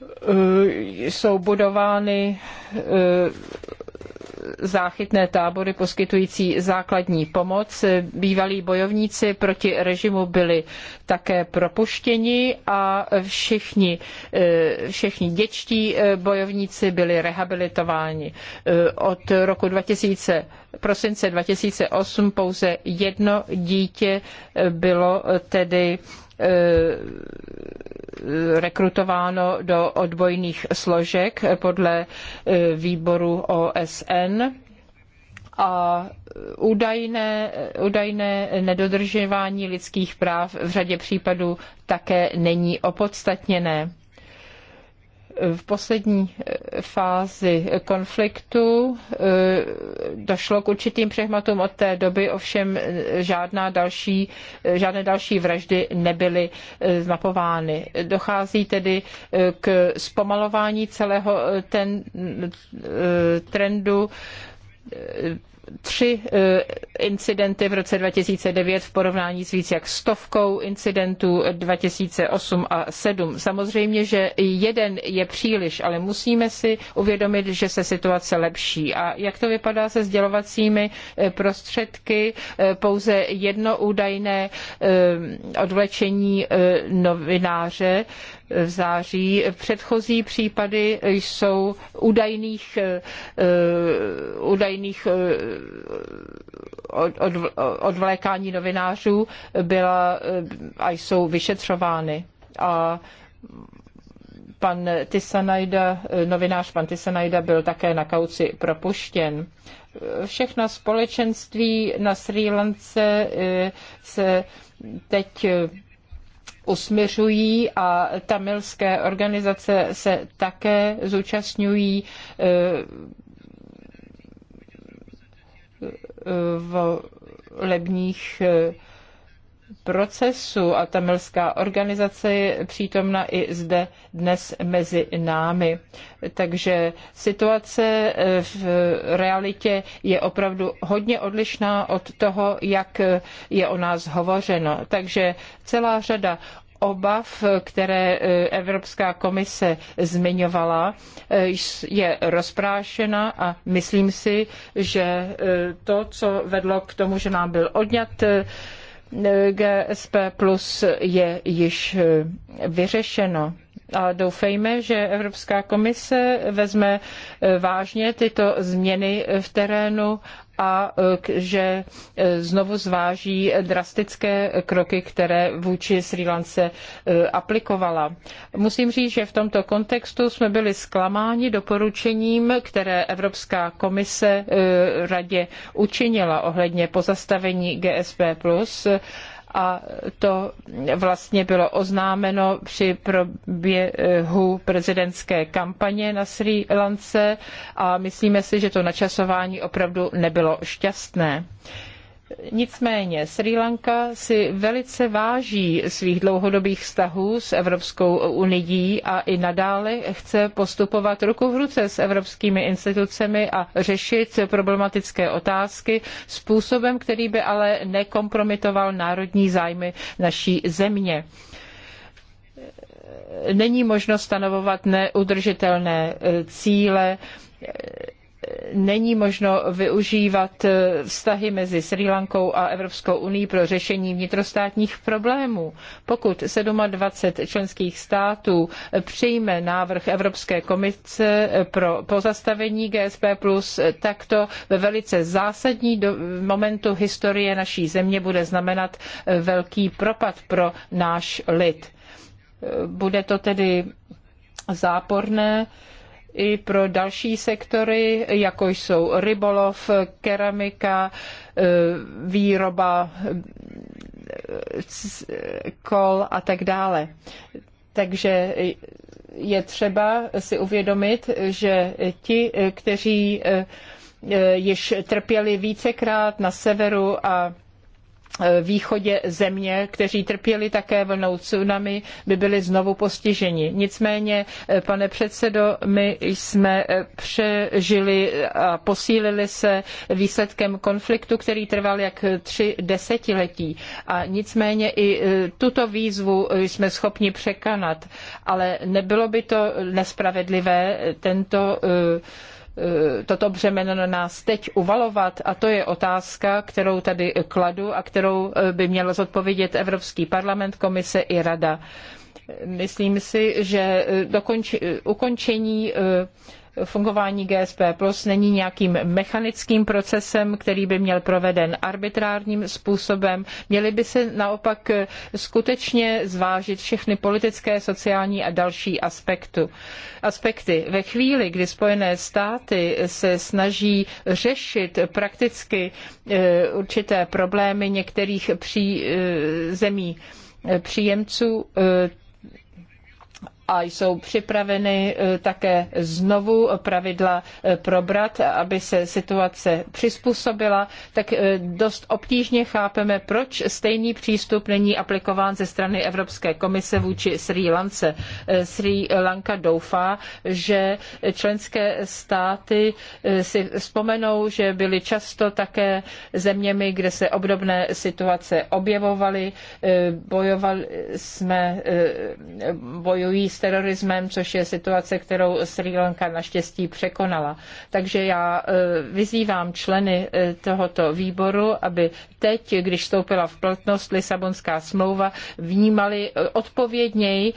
Speaker 4: Eh, jsou budovány eh, záchytné tábory poskytující základní pomoc. Bývalí bojovníci proti režimu byli také propuštěni a všichni, eh, všichni děčtí eh, bojovníci byli rehabilitováni. Eh, od roku 2000, prosince 2008 pouze jedno dítě bylo tedy Eh, rekrutováno do odbojných složek podle eh, výboru OSN a údajné, údajné nedodržování lidských práv v řadě případů také není opodstatněné v poslední eh, fázi konfliktu eh, došlo k určitým přehmatům od té doby, ovšem eh, žádná další, žádné další vraždy nebyly zmapovány. Dochází tedy k zpomalování celého ten, trendu tři eh, incidenty v roce 2009 v porovnání s víc jak stovkou incidentů 2008 a 2007. Samozřejmě, že jeden je příliš, ale musíme si uvědomit, že se situace lepší. A jak to vypadá se sdělovacími eh, prostředky? Eh, pouze jedno údajné odvlečení novináře v září. Předchozí případy jsou údajných, eh, eh, údajných eh, od, od, odvlékání novinářů byla a jsou vyšetřovány. A pan Tisanajda, novinář pan Tisanajda byl také na kauci propuštěn. Všechna společenství na Sri Lance se teď usměřují a tamilské organizace se také zúčastňují eh, eh, v lebních eh, procesu a tamilská organizace je přítomna i zde dnes mezi námi. Takže situace v realitě je opravdu hodně odlišná od toho, jak je o nás hovořeno. Takže celá řada obav, které e, Evropská komise zmiňovala, e, je rozprášena a myslím si, že e, to, co vedlo k tomu, že nám byl odňat GSP je již vyřešeno. A doufejme, že Evropská komise vezme vážně tyto změny v terénu a e, že e, znovu zváží drastické kroky, které vůči Sri Lance e, aplikovala. Musím říct, že v tomto kontextu jsme byli zklamáni doporučením, které Evropská komise radě učinila ohledně pozastavení GSP a to vlastně bylo oznámeno při proběhu prezidentské kampaně na Sri Lance a myslíme si, že to načasování opravdu nebylo šťastné. Nicméně Sri Lanka si velice váží svých dlouhodobých vztahů s Evropskou unií a i nadále chce postupovat ruku v ruce s evropskými institucemi a řešit problematické otázky způsobem, který by ale nekompromitoval národní zájmy naší země není možno stanovovat neudržitelné cíle není možno využívat eh, vztahy mezi Sri Lankou a Evropskou unii pro řešení vnitrostátních problémů. Pokud 27 členských států eh, přijme návrh Evropské komise eh, pro pozastavení GSP+, tak to ve velice zásadní momentu historie naší země bude znamenat velký propad pro náš lid. Bude to tedy záporné, i pro další sektory, jako jsou rybolov, keramika, e, výroba e, kol a tak dále. Takže je třeba si uvědomit, že ti, kteří e, již trpěli vícekrát na severu a Eh, východě země, kteří trpěli také vlnou tsunami, by byli znovu postiženi. Nicméně, eh, pane předsedo, my jsme eh, přežili a posílili se výsledkem konfliktu, který trval jak tři desetiletí. A nicméně i tuto výzvu jsme schopni překonat, ale nebylo by to nespravedlivé tento uh, Eh, toto břemeno na nás teď uvalovat a to je otázka, kterou tady kladu a kterou eh, by měl zodpovědět Evropský parlament, komise i rada. Myslím si, že eh, dokonč, ukončení fungování GSP Plus není nějakým mechanickým procesem, který by měl proveden arbitrárním způsobem. Měly by se naopak eh, skutečně zvážit všechny politické, sociální a další aspektu. aspekty. Ve chvíli, kdy Spojené státy se snaží řešit prakticky eh, určité problémy některých pří, eh, zemí příjemců, a jsou připraveny eh, také znovu pravidla eh, probrat, aby se situace přizpůsobila, tak eh, dost obtížně chápeme, proč stejný přístup není aplikován ze strany Evropské komise vůči Sri Lance. Sri Lanka doufá, že členské státy si vzpomenou, že byly často také zeměmi, kde se obdobné situace objevovaly. Bojovali jsme, bojují s terorismem, což je situace, kterou Sri Lanka naštěstí překonala. Takže já eh, vyzývám členy eh, tohoto výboru, aby teď, když vstoupila v platnost Lisabonská smlouva, vnímali eh, odpovědněji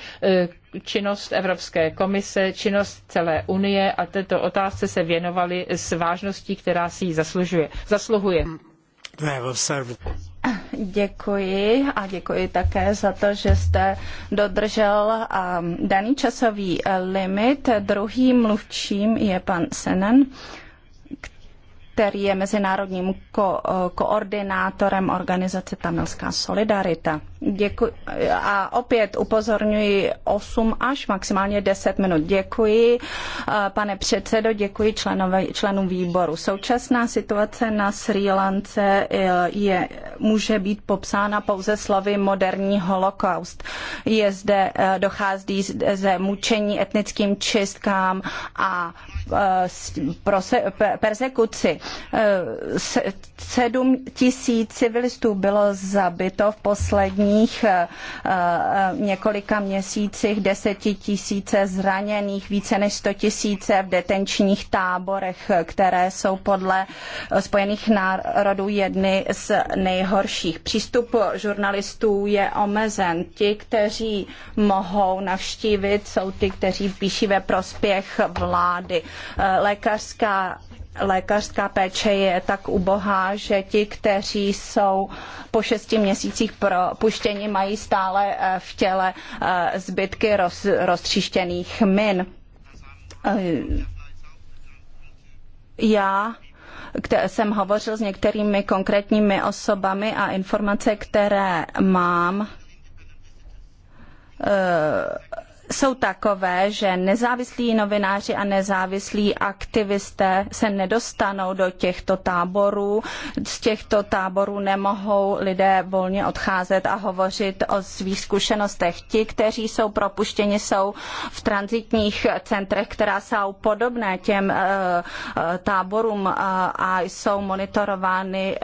Speaker 4: činnost Evropské komise, činnost celé Unie a této otázce se věnovali s vážností, která si ji zaslužuje. zasluhuje.
Speaker 2: Děkuji a děkuji také za to, že jste dodržel um, daný časový eh, limit. Druhým mluvčím je pan Senen, který je mezinárodním ko- eh, koordinátorem organizace Tamilská solidarita. Děkuji. A opět upozorňuji 8 až maximálně 10 minut. Děkuji, eh, pane předsedo, děkuji členové, členům výboru. Současná situace na Sri Lance eh, je, může být popsána pouze slovy moderní holokaust. Je zde, eh, dochází ze mučení etnickým čistkám a prose, persekuci. Sedm tisíc civilistů bylo zabito v poslední posledních eh, eh, několika měsících desetitisíce zraněných, více než 100 tisíce v detenčních táborech, které jsou podle Spojených národů jedny z nejhorších. Přístup žurnalistů je omezen. Ti, kteří mohou navštívit, jsou ty, kteří píší ve prospěch vlády. Eh, lékařská lékařská péče je tak ubohá, že ti, kteří jsou po šesti měsících propuštěni, mají stále eh, v těle eh, zbytky roz, roztříštěných min. Eh, já jsem hovořil s některými konkrétními osobami a informace, které mám, jsou takové, že nezávislí novináři a nezávislí aktivisté se nedostanou do těchto táborů. Z těchto táborů nemohou lidé volně odcházet a hovořit o svých zkušenostech. Ti, kteří jsou propuštěni, jsou v tranzitních centrech, která jsou podobné těm eh, eh, táborům eh, a jsou monitorovány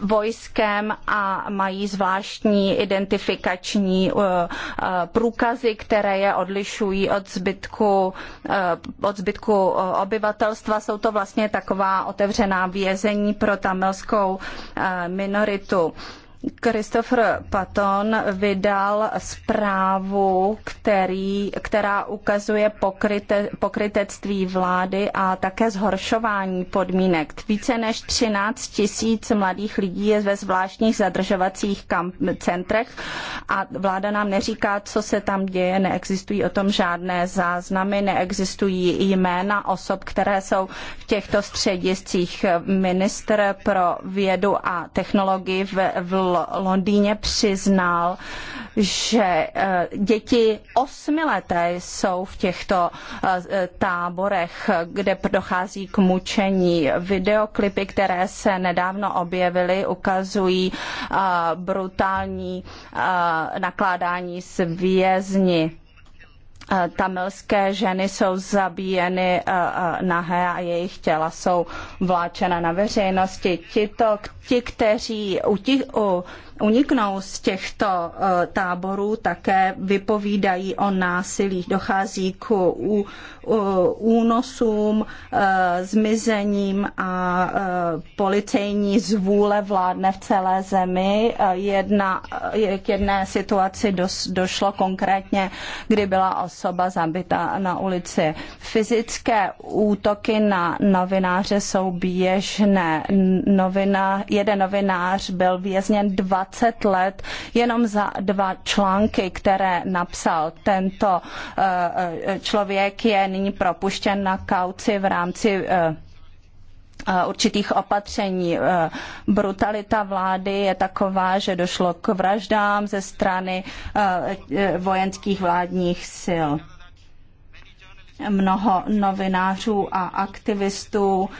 Speaker 2: vojskem a mají zvláštní identifikační eh, eh, průkazy, které je odlišují od zbytku, eh, od zbytku obyvatelstva. Jsou to vlastně taková otevřená vězení pro tamilskou minoritu. Christopher Patton vydal zprávu, který, která ukazuje pokryte, pokrytectví vlády a také zhoršování podmínek. Více než 13 tisíc mladých lidí je ve zvláštních zadržovacích kamp, centrech a vláda nám neříká, co se tam děje, neexistují o tom žádné záznamy, neexistují jména osob, které jsou v těchto střediscích. Minister pro vědu a technologii v, v Londýně přiznal, že eh, děti osmileté jsou v těchto eh, táborech, kde dochází k mučení. Videoklipy, které se nedávno objevily, ukazují eh, brutální nakládání s vězni Eh, tamilské ženy jsou zabíjeny eh, eh, nahé a jejich těla jsou vláčena na veřejnosti. Ti, to, ti kteří utich, uniknou z těchto eh, táborů, také vypovídají o násilí. Dochází k eh, únosům, eh, zmizením a policejní zvůle vládne v celé zemi. Jedna, k jedné situaci došlo konkrétně, kdy byla osoba zabita na ulici. Fyzické útoky na novináře jsou běžné. Novina, jeden novinář byl vězněn 20 20 let jenom za dva články, které napsal. Tento eh, eh, člověk je nyní propuštěn na kauci v rámci eh, určitých opatření. Brutalita vlády je taková, že došlo k vraždám ze strany vojenských vládních sil mnoho novinářů a aktivistů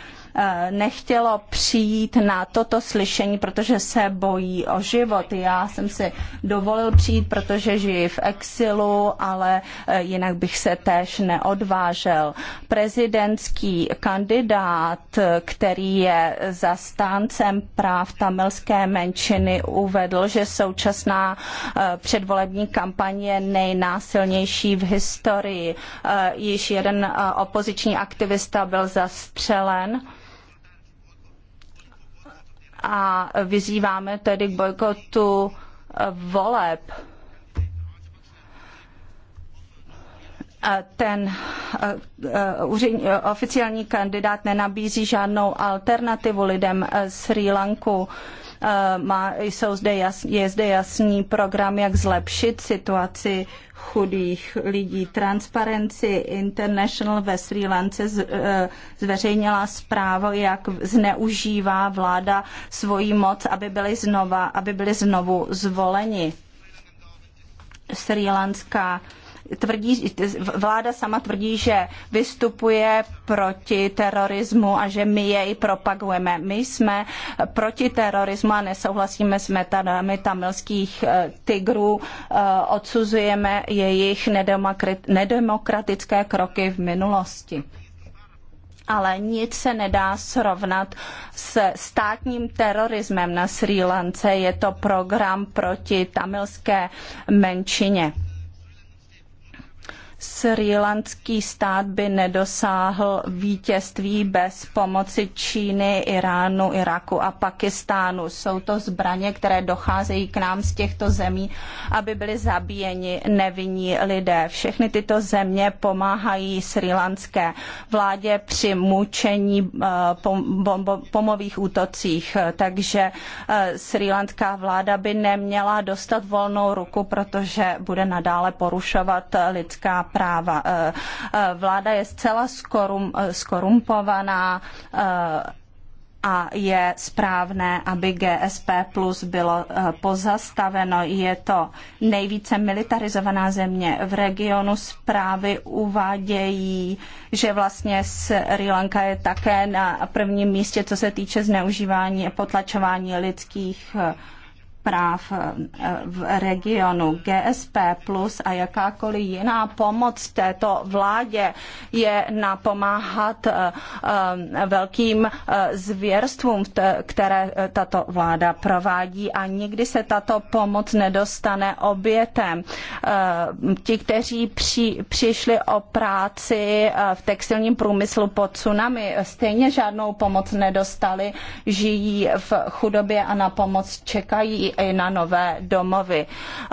Speaker 2: Eh, nechtělo přijít na toto slyšení, protože se bojí o život. Já jsem si dovolil přijít, protože žiji v exilu, ale eh, jinak bych se též neodvážel. Prezidentský kandidát, který je zastáncem práv tamilské menšiny, uvedl, že současná eh, předvolební kampaň je nejnásilnější v historii. Již jeden opoziční aktivista byl zastřelen a vyzýváme tedy k bojkotu eh, voleb. Eh, ten eh, oficiální kandidát nenabízí žádnou alternativu lidem Sri Lanku. Eh, má, jsou zde je zde jasný program, jak zlepšit situaci chudých lidí. Transparency International ve Sri Lance eh, zveřejnila zprávu, jak zneužívá vláda svoji moc, aby byli, znova, aby byli znovu zvoleni. Sri Lanka tvrdí, vláda sama tvrdí, že vystupuje proti terorismu a že my jej propagujeme. My jsme proti terorismu a nesouhlasíme s metadami tamilských eh, tigrů, eh, odsuzujeme jejich nedemokratické kroky v minulosti ale nic se nedá srovnat s státním terorismem na Sri Lance. Je to program proti tamilské menšině. Srilanský stát by nedosáhl vítězství bez pomoci Číny, Iránu, Iraku a Pakistánu. Jsou to zbraně, které docházejí k nám z těchto zemí, aby byly zabíjeni nevinní lidé. Všechny tyto země pomáhají srílanské vládě při mučení eh, pomových útocích, takže eh, srílanská vláda by neměla dostat volnou ruku, protože bude nadále porušovat lidská práva. Eh, eh, vláda je zcela skorum, eh, skorumpovaná a je správné, aby GSP Plus bylo pozastaveno. Je to nejvíce militarizovaná země v regionu. Zprávy uvádějí, že vlastně Sri Lanka je také na prvním místě, co se týče zneužívání a potlačování lidských práv eh, eh, v regionu. GSP plus a jakákoliv jiná pomoc této vládě je napomáhat eh, velkým zvěrstvům, které tato vláda provádí a nikdy se tato pomoc nedostane obětem. Ti, kteří při, přišli o práci v textilním průmyslu po tsunami, stejně žádnou pomoc nedostali, žijí v chudobě a na pomoc čekají i na nové domovy.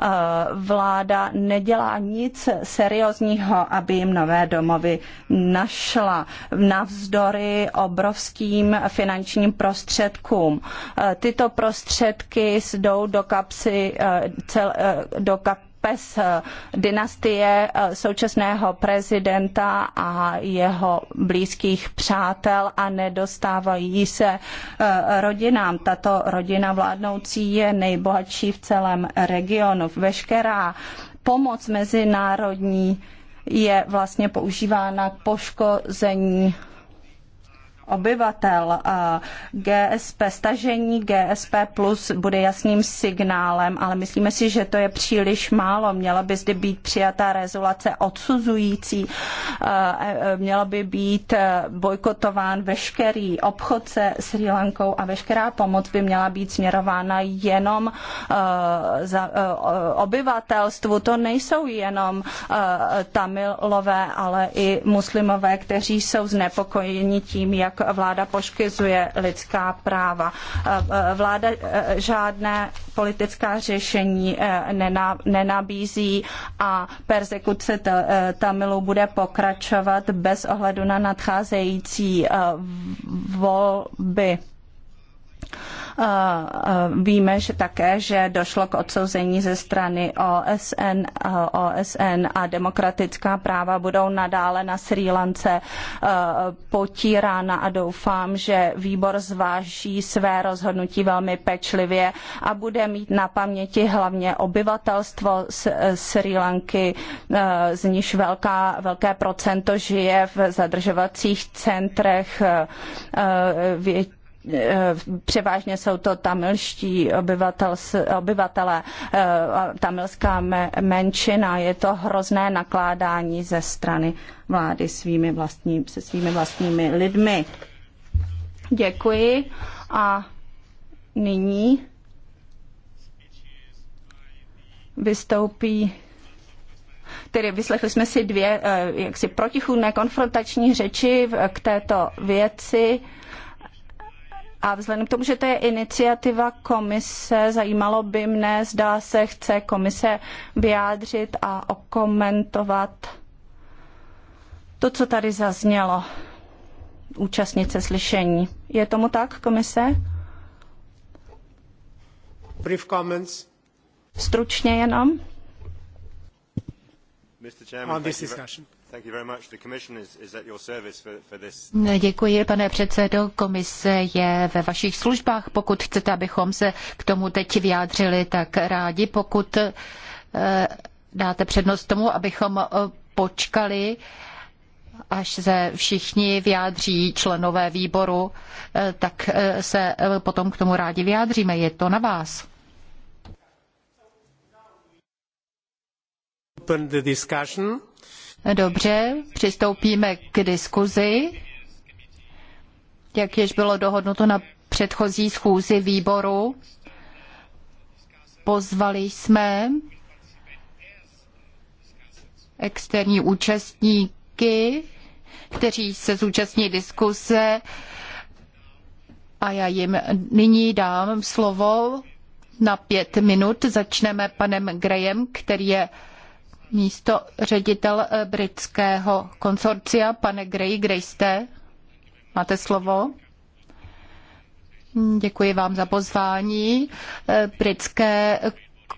Speaker 2: Eh, vláda nedělá nic seriózního, aby jim nové domovy našla navzdory obrovským finančním prostředkům. Eh, tyto prostředky jdou do kapsy, eh, do kapsy pes eh, dynastie eh, současného prezidenta a jeho blízkých přátel a nedostávají se eh, rodinám. Tato rodina vládnoucí je nejbohatší v celém regionu. Veškerá pomoc mezinárodní je vlastně používána k poškození obyvatel. GSP, stažení GSP plus bude jasným signálem, ale myslíme si, že to je příliš málo. Měla by zde být přijatá rezolace odsuzující, eh, eh, měla by být eh, bojkotován veškerý obchod se Sri Lankou a veškerá pomoc by měla být směrována jenom za obyvatelstvu. To nejsou jenom tamilové, ale i muslimové, kteří jsou znepokojeni tím, jak jak vláda poškizuje lidská práva. Vláda žádné politická řešení eh, nenabízí a persekuce eh, Tamilů bude pokračovat bez ohledu na nadcházející eh, volby. Eh, eh, víme že také, že došlo k odsouzení ze strany OSN, eh, OSN a demokratická práva budou nadále na Sri Lance potírána a doufám, že výbor zváží své rozhodnutí velmi pečlivě a bude mít na paměti hlavně obyvatelstvo Sri Lanky, z níž velká, velké procento žije v zadržovacích centrech. Vě, Eh, převážně jsou to tamilští obyvatel, obyvatelé, eh, tamilská menšina. Je to hrozné nakládání ze strany vlády svými vlastní, se svými vlastními lidmi. Děkuji a nyní vystoupí tedy vyslechli jsme si dvě eh, jaksi protichůdné konfrontační řeči k této věci. A vzhledem k tomu, že to je iniciativa komise, zajímalo by mne, zdá se, chce komise vyjádřit a okomentovat to, co tady zaznělo účastnice slyšení. Je tomu tak, komise?
Speaker 1: Brief comments.
Speaker 2: Stručně jenom.
Speaker 1: On this discussion.
Speaker 5: Děkuji, pane předsedo. Komise je ve vašich službách. Pokud chcete, abychom se k tomu teď vyjádřili, tak rádi. Pokud eh, dáte přednost tomu, abychom eh, počkali, až se všichni vyjádří členové výboru, eh, tak se potom k tomu rádi vyjádříme. Je to na vás.
Speaker 1: Open the discussion.
Speaker 5: Dobře, přistoupíme k diskuzi. Jak již bylo dohodnuto na předchozí schůzi výboru, pozvali jsme externí účastníky, kteří se zúčastní diskuse a já jim nyní dám slovo na pět minut. Začneme panem Grejem, který je místo ředitel eh, britského konsorcia. Pane Gray, kde jste? Máte slovo? Děkuji vám za pozvání. Eh, britské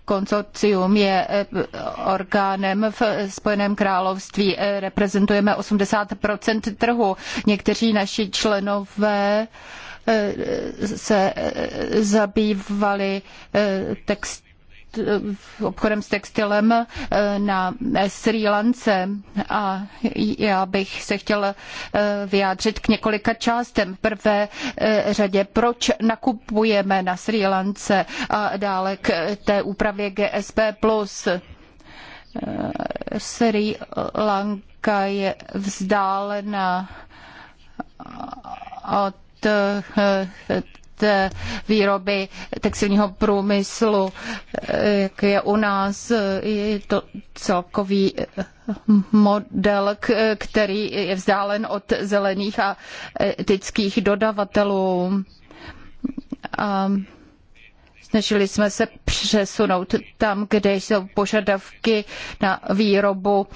Speaker 5: konsorcium je eh, orgánem v Spojeném království. Reprezentujeme 80 trhu. Někteří naši členové se zabývali text obchodem s textilem eh, na eh, Sri Lance a já bych se chtěla eh, vyjádřit k několika částem. V prvé řadě, proč nakupujeme na Sri Lance a dále k té úpravě GSP+. Sri Lanka je vzdálena od Eh, výroby textilního průmyslu, eh, jak je u nás. Eh, je to celkový model, který je vzdálen od zelených a etických dodavatelů. A Snažili jsme se přesunout tam, kde jsou požadavky na výrobu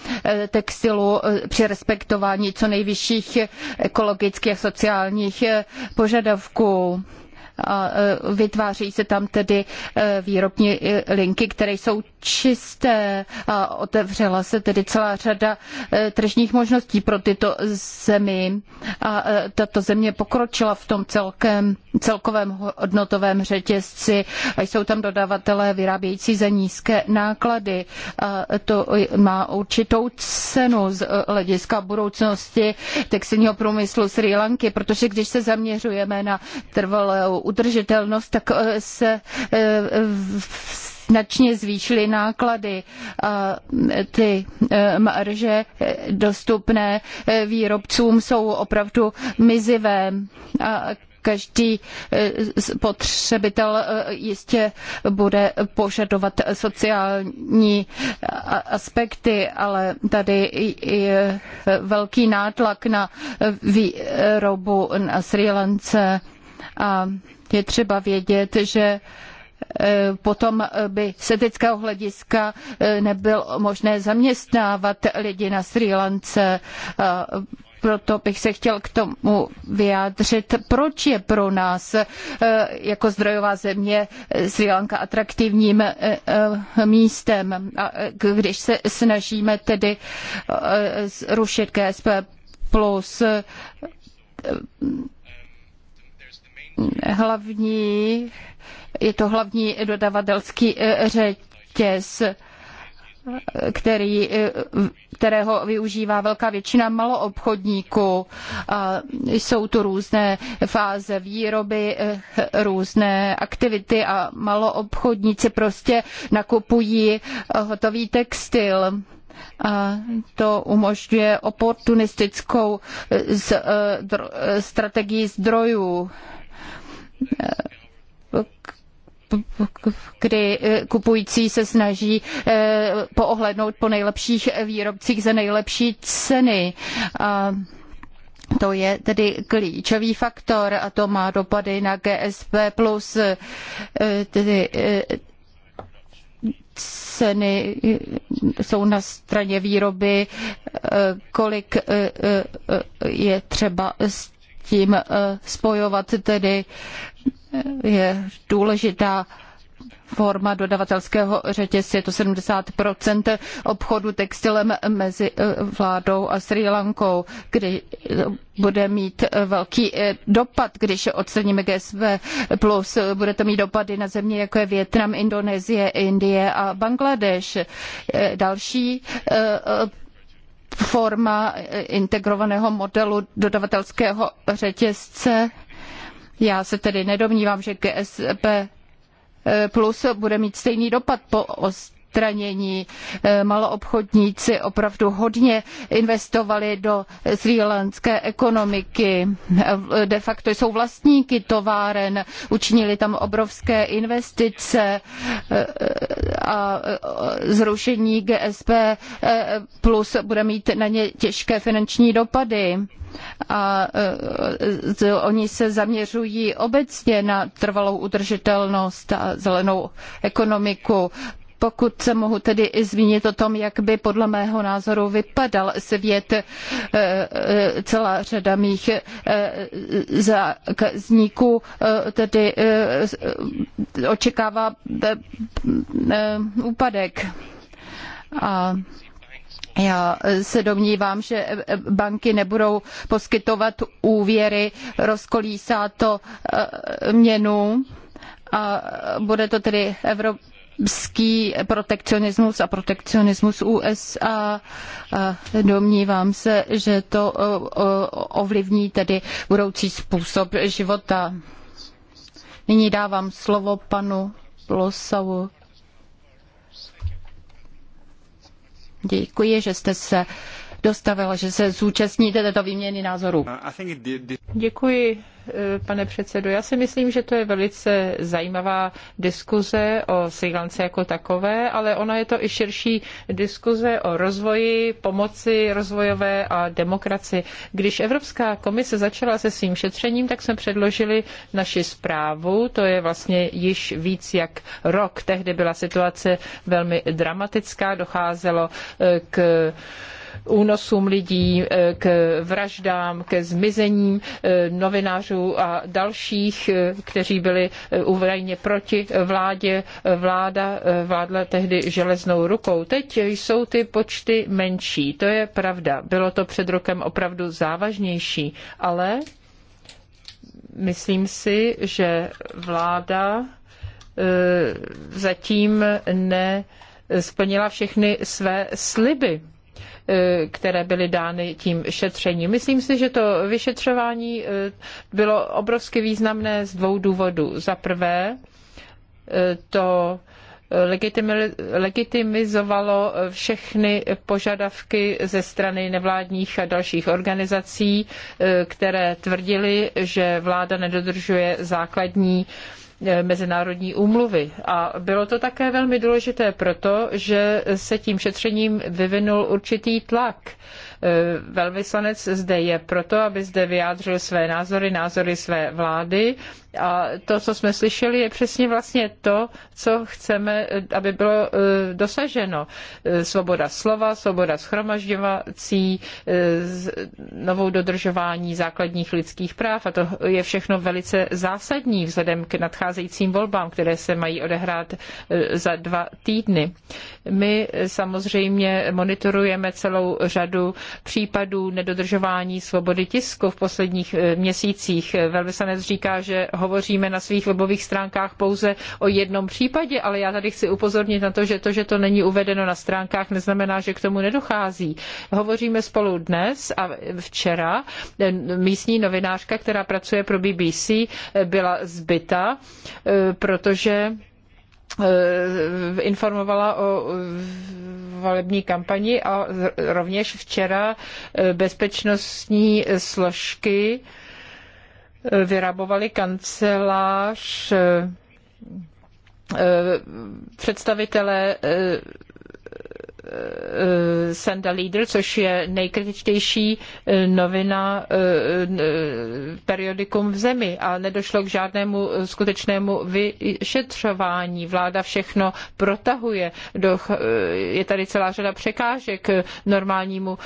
Speaker 5: textilu při respektování co nejvyšších ekologických a sociálních požadavků a e, vytváří se tam tedy e, výrobní e, linky, které jsou čisté a otevřela se tedy celá řada tržních možností pro tyto zemi a tato země pokročila v tom celkem, celkovém hodnotovém řetězci a jsou tam dodavatelé vyrábějící za nízké náklady. A to má určitou cenu z hlediska budoucnosti textilního průmyslu Sri Lanky, protože když se zaměřujeme na trvalou udržitelnost, tak eh, se eh, značně zvýšily náklady a ty eh, marže dostupné výrobcům jsou opravdu mizivé. A každý spotřebitel jistě bude požadovat sociální aspekty, ale tady je velký nátlak na výrobu na Sri Lance a je třeba vědět, že e, potom by z etického hlediska e, nebylo možné zaměstnávat lidi na Sri Lance. Proto bych se chtěl k tomu vyjádřit, proč je pro nás e, jako zdrojová země Sri Lanka atraktivním místem, když se snažíme tedy zrušit GSP plus hlavní, je to hlavní dodavatelský eh, řetěz který, eh, kterého využívá velká většina maloobchodníků. A jsou tu různé fáze výroby, eh, různé aktivity a maloobchodníci prostě nakupují hotový textil. A to umožňuje oportunistickou strategii zdrojů kdy eh, kupující se snaží eh, poohlednout po nejlepších výrobcích za nejlepší ceny. A to je tedy klíčový faktor a to má dopady na GSP plus eh, tedy ceny jsou na straně výroby, kolik je třeba tím eh, spojovat, tedy eh, je důležitá forma dodavatelského řetězce. Je to 70 obchodu textilem mezi eh, vládou a Sri Lankou, kdy bude mít velký dopad, když odstraníme GSV+. Plus bude to mít dopady na země, jako je Vietnam, Indonésie, Indie a Bangladeš. Další forma integrovaného modelu dodavatelského řetězce. Já se tedy nedomnívám, že GSP plus bude mít stejný dopad po ostatní odstranění. Eh, maloobchodníci opravdu hodně investovali do srílanské ekonomiky. Eh, de facto jsou vlastníky továren, učinili tam obrovské investice eh, a zrušení GSP plus bude mít na ně těžké finanční dopady a oni se zaměřují obecně na trvalou udržitelnost a zelenou ekonomiku. Pokud se mohu tedy zmínit o tom, jak by podle mého názoru vypadal svět, eh, eh, celá řada mých eh, zákazníků tedy očekává úpadek. A já se domnívám, že banky nebudou poskytovat úvěry, rozkolísá to měnu a bude to tedy Evropa evropský protekcionismus a protekcionismus USA. domnívám se, že to ovlivní tedy budoucí způsob života. Nyní dávám slovo panu Losavu. Děkuji, že jste se dostavila, že se zúčastníte této výměny názorů.
Speaker 4: Uh,
Speaker 5: Děkuji, uh, pane předsedo. Já si
Speaker 4: myslím, že to je velice zajímavá diskuze o Sri jako takové, ale ona je to i širší diskuze o rozvoji, pomoci rozvojové a demokraci. Když Evropská komise začala se svým šetřením, tak jsme předložili naši zprávu. To je vlastně již víc jak rok. Tehdy byla situace velmi dramatická, docházelo eh, k únosům lidí, eh, k vraždám, ke zmizením eh, novinářů a dalších, eh, kteří byli údajně proti vládě. Vláda vládla tehdy železnou rukou. Teď jsou ty počty menší, to je pravda. Bylo to před rokem opravdu závažnější, ale myslím si, že vláda zatím nesplnila všechny své sliby E, které byly dány tím šetřením. Myslím si, že to vyšetřování e, bylo obrovsky významné z dvou důvodů. Za prvé, e, to legitimizovalo všechny požadavky ze strany nevládních a dalších organizací, které tvrdily, že vláda nedodržuje základní Eh, mezinárodní úmluvy. A bylo to také velmi důležité proto, že se tím šetřením vyvinul určitý tlak. Eh, velvyslanec zde je proto, aby zde vyjádřil své názory, názory své vlády a to, co jsme slyšeli, je přesně vlastně to, co chceme, aby bylo e, dosaženo. E, svoboda slova, svoboda schromažďovací, e, novou dodržování základních lidských práv. A to je všechno velice zásadní vzhledem k nadcházejícím volbám, které se mají odehrát za dva týdny. My samozřejmě monitorujeme celou řadu případů nedodržování svobody tisku v posledních měsících. Velvyslanec říká, že hovoříme na svých webových stránkách pouze o jednom případě, ale já tady chci upozornit na to, že to, že to není uvedeno na stránkách, neznamená, že k tomu nedochází. Hovoříme spolu dnes a včera místní novinářka, která pracuje pro BBC, byla zbyta, protože eh, informovala o volební kampani a rovněž včera eh, bezpečnostní složky vyrabovali kancelář eh, eh, představitelé eh, Eh, Sunday Leader, což je nejkritičtější eh, novina, eh, periodikum v zemi a nedošlo k žádnému skutečnému vyšetřování. Vláda všechno protahuje, je tady celá řada překážek normálnímu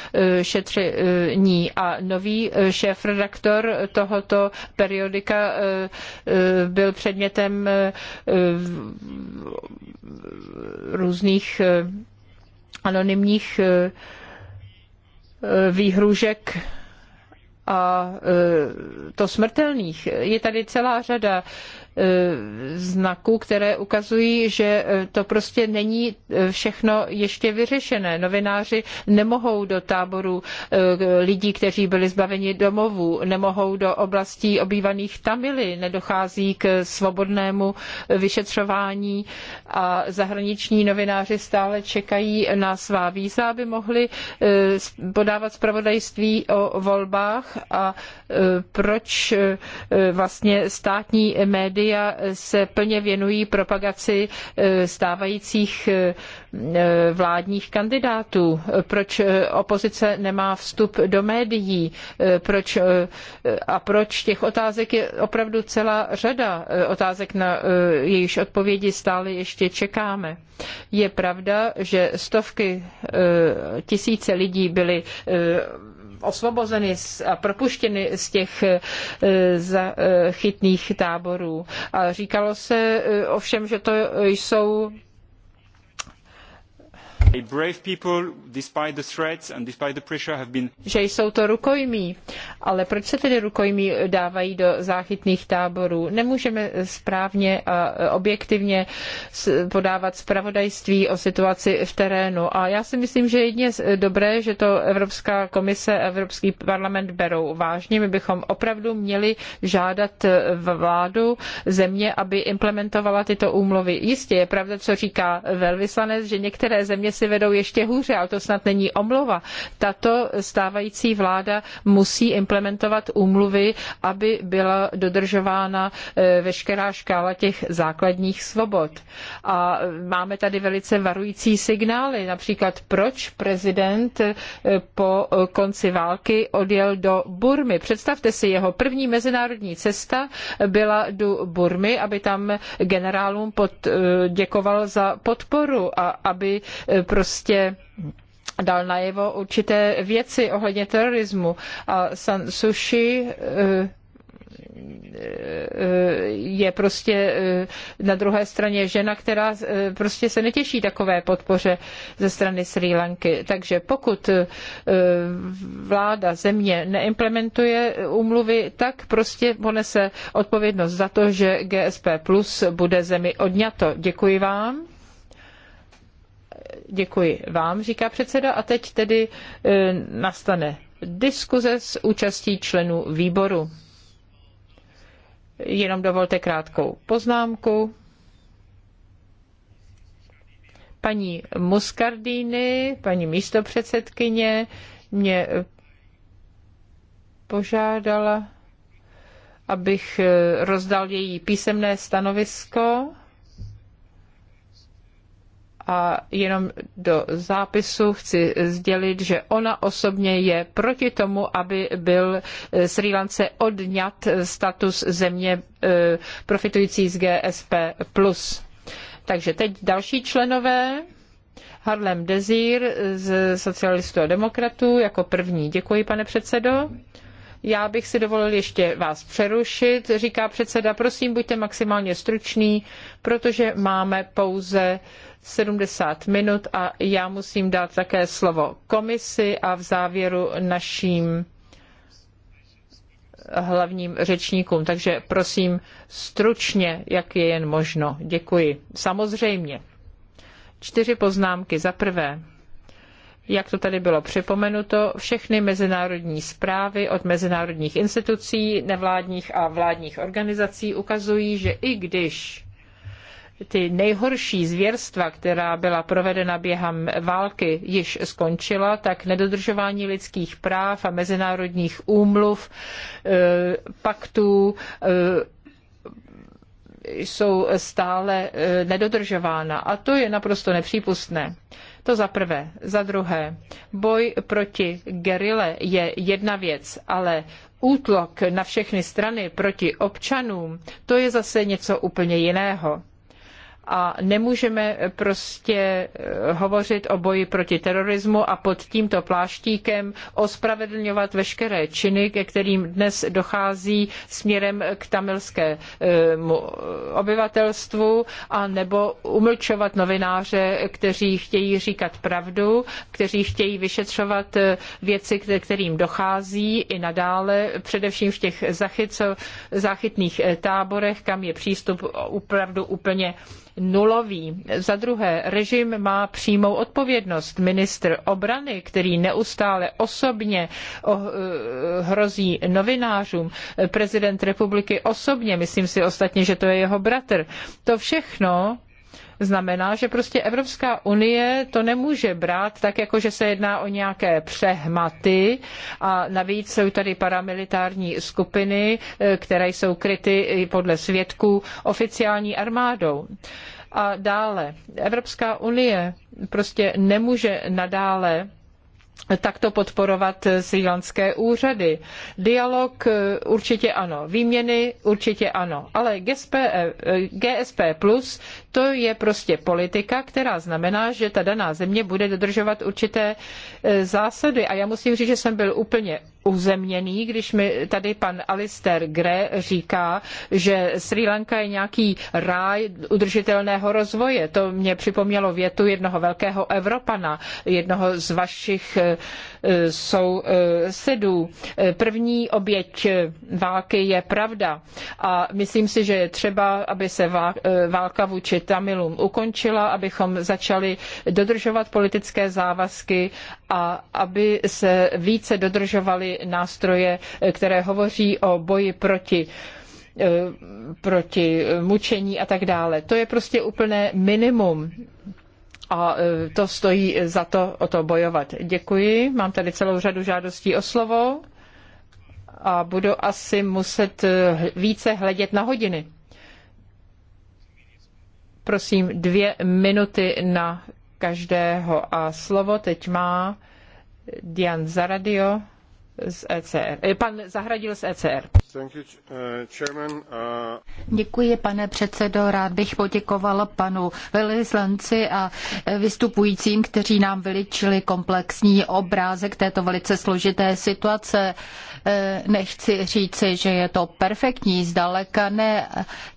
Speaker 4: šetření a nový šéf-redaktor tohoto periodika byl předmětem různých anonymních eh, eh, výhružek a eh, to smrtelných. Je tady celá řada Eh, znaků, které ukazují, že eh, to prostě není eh, všechno ještě vyřešené. Novináři nemohou do táboru lidí, kteří byli zbaveni domovů, nemohou do oblastí obývaných Tamily, nedochází k svobodnému vyšetřování a zahraniční novináři stále čekají na svá víza, aby mohli podávat zpravodajství o volbách a proč vlastně státní média média se plně věnují propagaci eh, stávajících eh, eh, vládních kandidátů, proč opozice nemá vstup do médií, proč a proč těch otázek je opravdu celá řada otázek, na jejíž odpovědi stále ještě čekáme. Je pravda, že stovky tisíce lidí byly osvobozeny a propuštěny z těch e, e, chytných táborů. A říkalo se e, ovšem, že to jsou že jsou to rukojmí. Ale proč se tedy rukojmí dávají do záchytných táborů? Nemůžeme správně a objektivně podávat zpravodajství o situaci v terénu. A já si myslím, že jedině dobré, že to Evropská komise a Evropský parlament berou vážně. My bychom opravdu měli žádat vládu země, aby implementovala tyto úmluvy. Jistě je pravda, co říká velvyslanec, že některé země si si vedou ještě hůře, ale to snad není omlova. Tato stávající vláda musí implementovat úmluvy, aby byla dodržována eh, veškerá škála těch základních svobod. A máme tady velice varující signály, například proč prezident eh, po konci války odjel do Burmy. Představte si, jeho první mezinárodní cesta byla do Burmy, aby tam generálům pod, děkoval za podporu a aby eh, prostě dal najevo určité věci ohledně terorismu. A San Sushi eh, eh, je prostě eh, na druhé straně žena, která prostě se netěší takové podpoře ze strany Sri Lanky. Takže pokud vláda země neimplementuje úmluvy, tak prostě ponese odpovědnost za to, že GSP Plus bude zemi odňato. Děkuji vám. Děkuji vám, říká předseda. A teď tedy eh, nastane diskuze s účastí členů výboru. Jenom dovolte krátkou poznámku. Paní Muscardini, paní místopředsedkyně, mě požádala, abych eh, rozdal její písemné stanovisko a jenom do zápisu chci sdělit, že ona osobně je proti tomu, aby byl eh, Sri Lance odňat eh, status země eh, profitující z GSP+. Takže teď další členové. Harlem Desir z socialistů a demokratů jako první. Děkuji, pane předsedo. Já bych si dovolil ještě vás přerušit, říká předseda. Prosím, buďte maximálně stručný, protože máme pouze 70 minut a já musím dát také slovo komisi a v závěru naším hlavním řečníkům. Takže prosím stručně, jak je jen možno. Děkuji. Samozřejmě. Čtyři poznámky. Za prvé, jak to tady bylo připomenuto, všechny mezinárodní zprávy od mezinárodních institucí, nevládních a vládních organizací ukazují, že i když ty nejhorší zvěrstva, která byla provedena během války, již skončila, tak nedodržování lidských práv a mezinárodních úmluv, e, paktů, e, jsou stále e, nedodržována. A to je naprosto nepřípustné. To za prvé. Za druhé, boj proti gerile je jedna věc, ale útlok na všechny strany proti občanům, to je zase něco úplně jiného a nemůžeme prostě eh, hovořit o boji proti terorismu a pod tímto pláštíkem ospravedlňovat veškeré činy, ke kterým dnes dochází směrem k tamilskému eh, obyvatelstvu a nebo umlčovat novináře, kteří chtějí říkat pravdu, kteří chtějí vyšetřovat eh, věci, ke kterým dochází i nadále, především v těch záchytných táborech, kam je přístup opravdu úplně nulový. Za druhé, režim má přímou odpovědnost. Ministr obrany, který neustále osobně oh, eh, hrozí novinářům, prezident republiky osobně, myslím si ostatně, že to je jeho bratr. To všechno znamená, že prostě Evropská unie to nemůže brát tak, jako že se jedná o nějaké přehmaty a navíc jsou tady paramilitární skupiny, eh, které jsou kryty podle svědků oficiální armádou. A dále, Evropská unie prostě nemůže nadále takto podporovat eh, sýlanské úřady. Dialog eh, určitě ano, výměny určitě ano, ale GSP, eh, GSP plus to je prostě politika, která znamená, že ta daná země bude dodržovat určité zásady. A já musím říct, že jsem byl úplně uzemněný, když mi tady pan Alister Gre říká, že Sri Lanka je nějaký ráj udržitelného rozvoje. To mě připomnělo větu jednoho velkého Evropana, jednoho z vašich uh, sousedů. Eh, První oběť války je pravda a myslím si, že je třeba, aby se eh, válka vůči Tamilům ukončila, abychom začali dodržovat politické závazky a aby se více dodržovaly nástroje, eh, které hovoří o boji proti proti mučení a tak dále. To je prostě úplné minimum a e, to stojí za to o to bojovat. Děkuji, mám tady celou řadu žádostí o slovo a budu asi muset e, více hledět na hodiny. Prosím, dvě minuty na každého a slovo teď má Dian Zaradio z ECR. E, pan Zahradil z ECR. Uh, uh,
Speaker 5: Děkuji, pane předsedo. Rád bych poděkoval panu velvyslanci a vystupujícím, kteří nám vyličili komplexní obrázek této velice složité situace. Eh, nechci říci, že je to perfektní, zdaleka ne.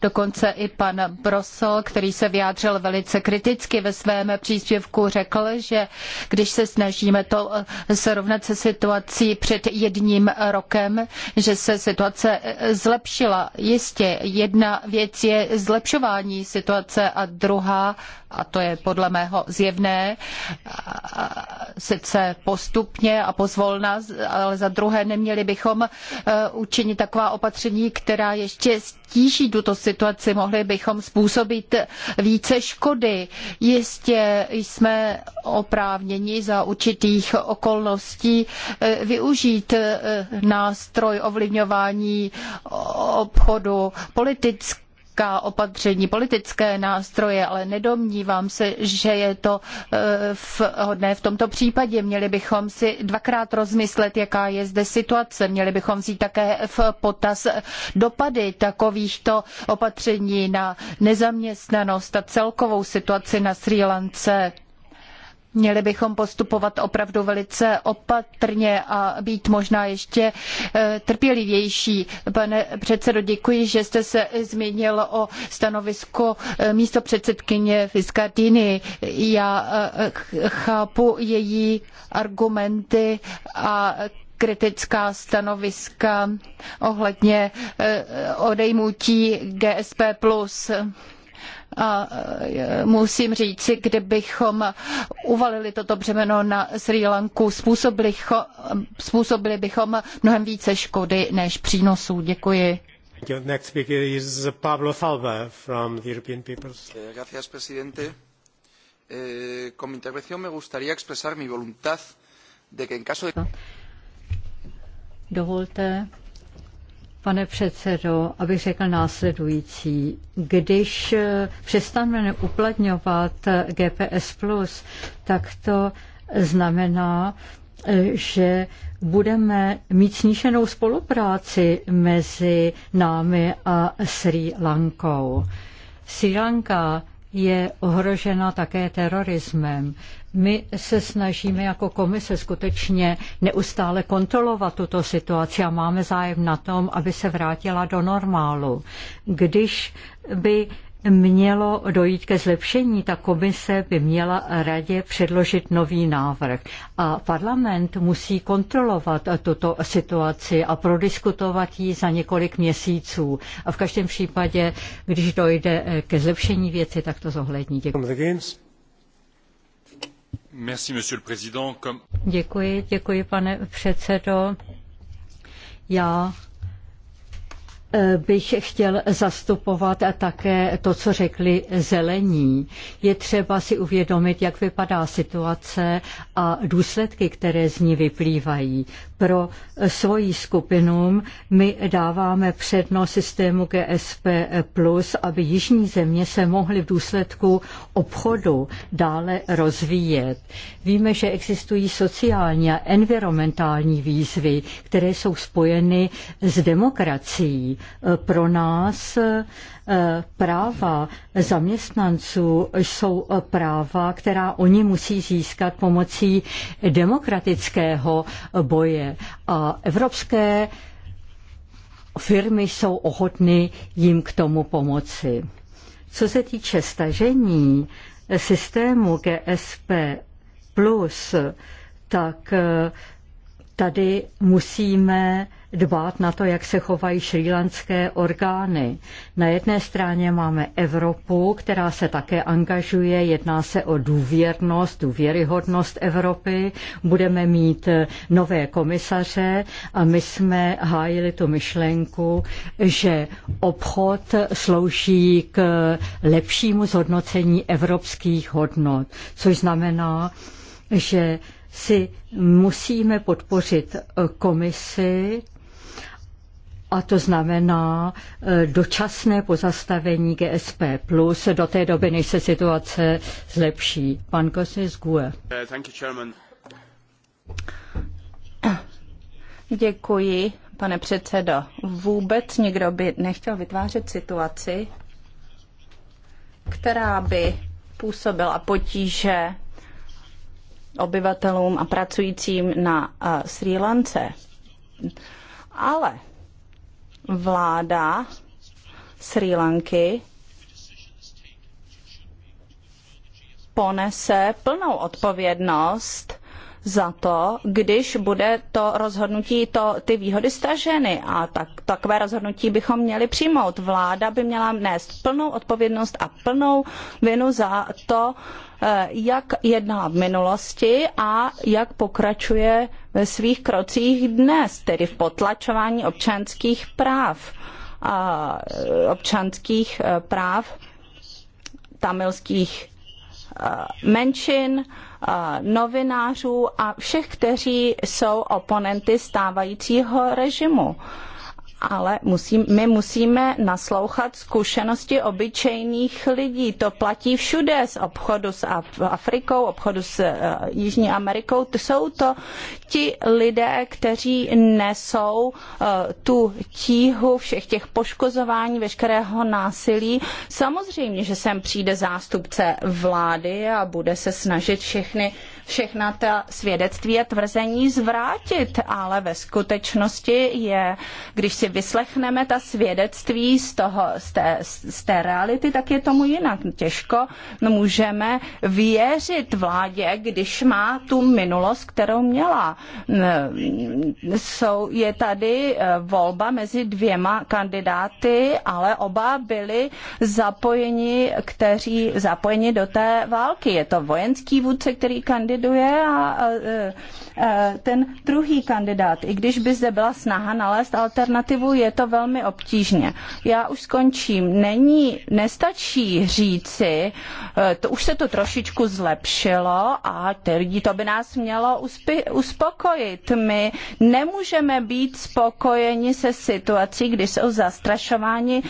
Speaker 5: Dokonce i pan Brosel, který se vyjádřil velice kriticky ve svém příspěvku, řekl, že když se snažíme to eh, srovnat se situací před jedním rokem, že se situace situace zlepšila. Jistě, jedna věc je zlepšování situace a druhá a to je podle mého zjevné, sice postupně a pozvolna, ale za druhé neměli bychom eh, učinit taková opatření, která ještě stíží tuto situaci. Mohli bychom způsobit více škody. Jistě jsme oprávněni za určitých okolností eh, využít eh, nástroj ovlivňování obchodu politicky ekonomická opatření, politické nástroje, ale nedomnívám se, že je to eh, vhodné v tomto případě. Měli bychom si dvakrát rozmyslet, jaká je zde situace. Měli bychom vzít také v potaz dopady takovýchto opatření na nezaměstnanost a celkovou situaci na Sri Lance. Měli bychom postupovat opravdu velice opatrně a být možná ještě eh, trpělivější. Pane předsedo, děkuji, že jste se zmínil o stanovisku eh, místo předsedkyně Viscardini. Já eh, chápu její argumenty a kritická stanoviska ohledně odejmutí GSP a e, musím říci, kdybychom uvalili toto břemeno na Sri Lanku, způsobili, cho, způsobili bychom mnohem více škody než přínosů. Děkuji.
Speaker 1: Next speaker is Pablo Salva from the European People's.
Speaker 3: Eh, gracias, presidente. Eh, con mi intervención me gustaría expresar mi voluntad de que en caso de... Dovolte, pane předsedo, abych řekl následující. Když přestaneme uplatňovat GPS+, tak to znamená, že budeme mít sníženou spolupráci mezi námi a Sri Lankou. Sri Lanka je ohrožena také terorismem. My se snažíme jako komise skutečně neustále kontrolovat tuto situaci a máme zájem na tom, aby se vrátila do normálu. Když by mělo dojít ke zlepšení, ta komise by měla radě předložit nový návrh. A parlament musí kontrolovat tuto situaci a prodiskutovat ji za několik měsíců. A v každém případě, když dojde ke zlepšení věci, tak to zohlední. Děkuji. Děkuji, děkuji, pane předsedo. Já bych chtěl zastupovat také to, co řekli zelení. Je třeba si uvědomit, jak vypadá situace a důsledky, které z ní vyplývají pro svoji skupinu my dáváme přednost systému GSP+, aby jižní země se mohly v důsledku obchodu dále rozvíjet. Víme, že existují sociální a environmentální výzvy, které jsou spojeny s demokracií. Pro nás práva zaměstnanců jsou práva, která oni musí získat pomocí demokratického boje. A evropské firmy jsou ochotny jim k tomu pomoci. Co se týče stažení systému GSP+, plus, tak eh, tady musíme dbát na to, jak se chovají šrýlanské orgány. Na jedné straně máme Evropu, která se také angažuje, jedná se o důvěrnost, důvěryhodnost Evropy, budeme mít eh, nové komisaře a my jsme hájili tu myšlenku, že obchod slouží k eh, lepšímu zhodnocení evropských hodnot, což znamená, že si musíme podpořit eh, komisi a to znamená eh, dočasné pozastavení GSP plus do té doby, než se situace zlepší. Pan Kosis z GUE.
Speaker 2: Děkuji, pane předsedo. Vůbec nikdo by nechtěl vytvářet situaci, která by působila potíže obyvatelům a pracujícím na eh, Sri Lance. Ale vláda Sri Lanky ponese plnou odpovědnost za to, když bude to rozhodnutí, to, ty výhody staženy. A tak, takové rozhodnutí bychom měli přijmout. Vláda by měla nést plnou odpovědnost a plnou vinu za to, eh, jak jednala v minulosti a jak pokračuje ve svých krocích dnes, tedy v potlačování občanských práv. A eh, občanských eh, práv tamilských eh, menšin, novinářů a všech, kteří jsou oponenty stávajícího režimu ale musím, my musíme naslouchat zkušenosti obyčejných lidí. To platí všude z obchodu s Afrikou, obchodu s uh, Jižní Amerikou. To jsou to ti lidé, kteří nesou uh, tu tíhu všech těch poškozování, veškerého násilí. Samozřejmě, že sem přijde zástupce vlády a bude se snažit všechny uh, všechna ta svědectví a tvrzení zvrátit, ale ve skutečnosti je, když si vyslechneme ta svědectví z, toho, z, té, z té reality, tak je tomu jinak. Těžko můžeme věřit vládě, když má tu minulost, kterou měla. Jsou, je tady eh, volba mezi dvěma kandidáty, ale oba byli zapojeni, kteří zapojeni do té války. Je to vojenský vůdce, který kandidát kandiduje a e, e, ten druhý kandidát. I když by zde byla snaha nalézt alternativu, je to velmi obtížně. Já už skončím. Není, nestačí říci, e, to už se to trošičku zlepšilo a ty lidi, to by nás mělo uspí, uspokojit. My nemůžeme být spokojeni se situací, kdy jsou zastrašováni,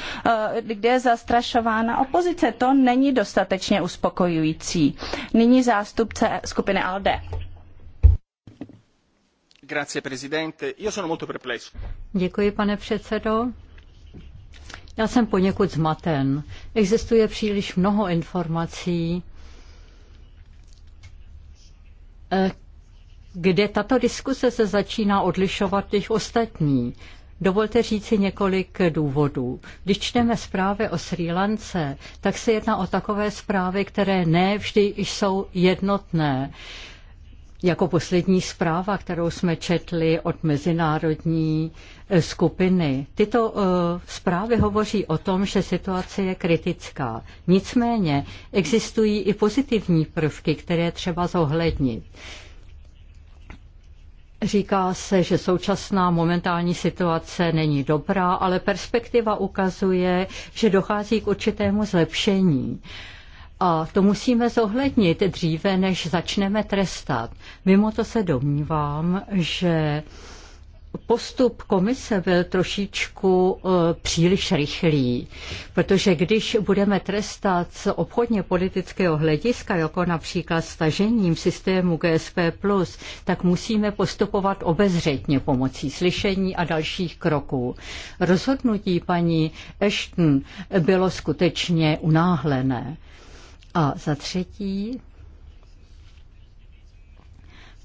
Speaker 2: kde je zastrašována opozice. To není dostatečně uspokojující. Nyní zástupce
Speaker 3: skupiny ALDE.
Speaker 1: Grazie, Io sono molto perplesso.
Speaker 3: Děkuji, pane předsedo. Já jsem poněkud zmaten. Existuje příliš mnoho informací, eh, kde tato diskuse se začíná odlišovat těch ostatní. Dovolte říci několik důvodů. Když čteme zprávy o Sri Lance, tak se jedná o takové zprávy, které ne vždy jsou jednotné. Jako poslední zpráva, kterou jsme četli od mezinárodní eh, skupiny. Tyto uh, zprávy hovoří o tom, že situace je kritická. Nicméně existují i pozitivní prvky, které třeba zohlednit. Uh, Říká se, že současná momentální situace není dobrá, ale perspektiva ukazuje, že dochází k určitému zlepšení. A to musíme zohlednit dříve, než začneme trestat. Mimo to se domnívám, že postup komise byl trošičku e, příliš rychlý, protože když budeme trestat z obchodně politického hlediska, jako například stažením systému GSP+, tak musíme postupovat obezřetně pomocí slyšení a dalších kroků. Rozhodnutí paní Ashton bylo skutečně unáhlené. A za třetí,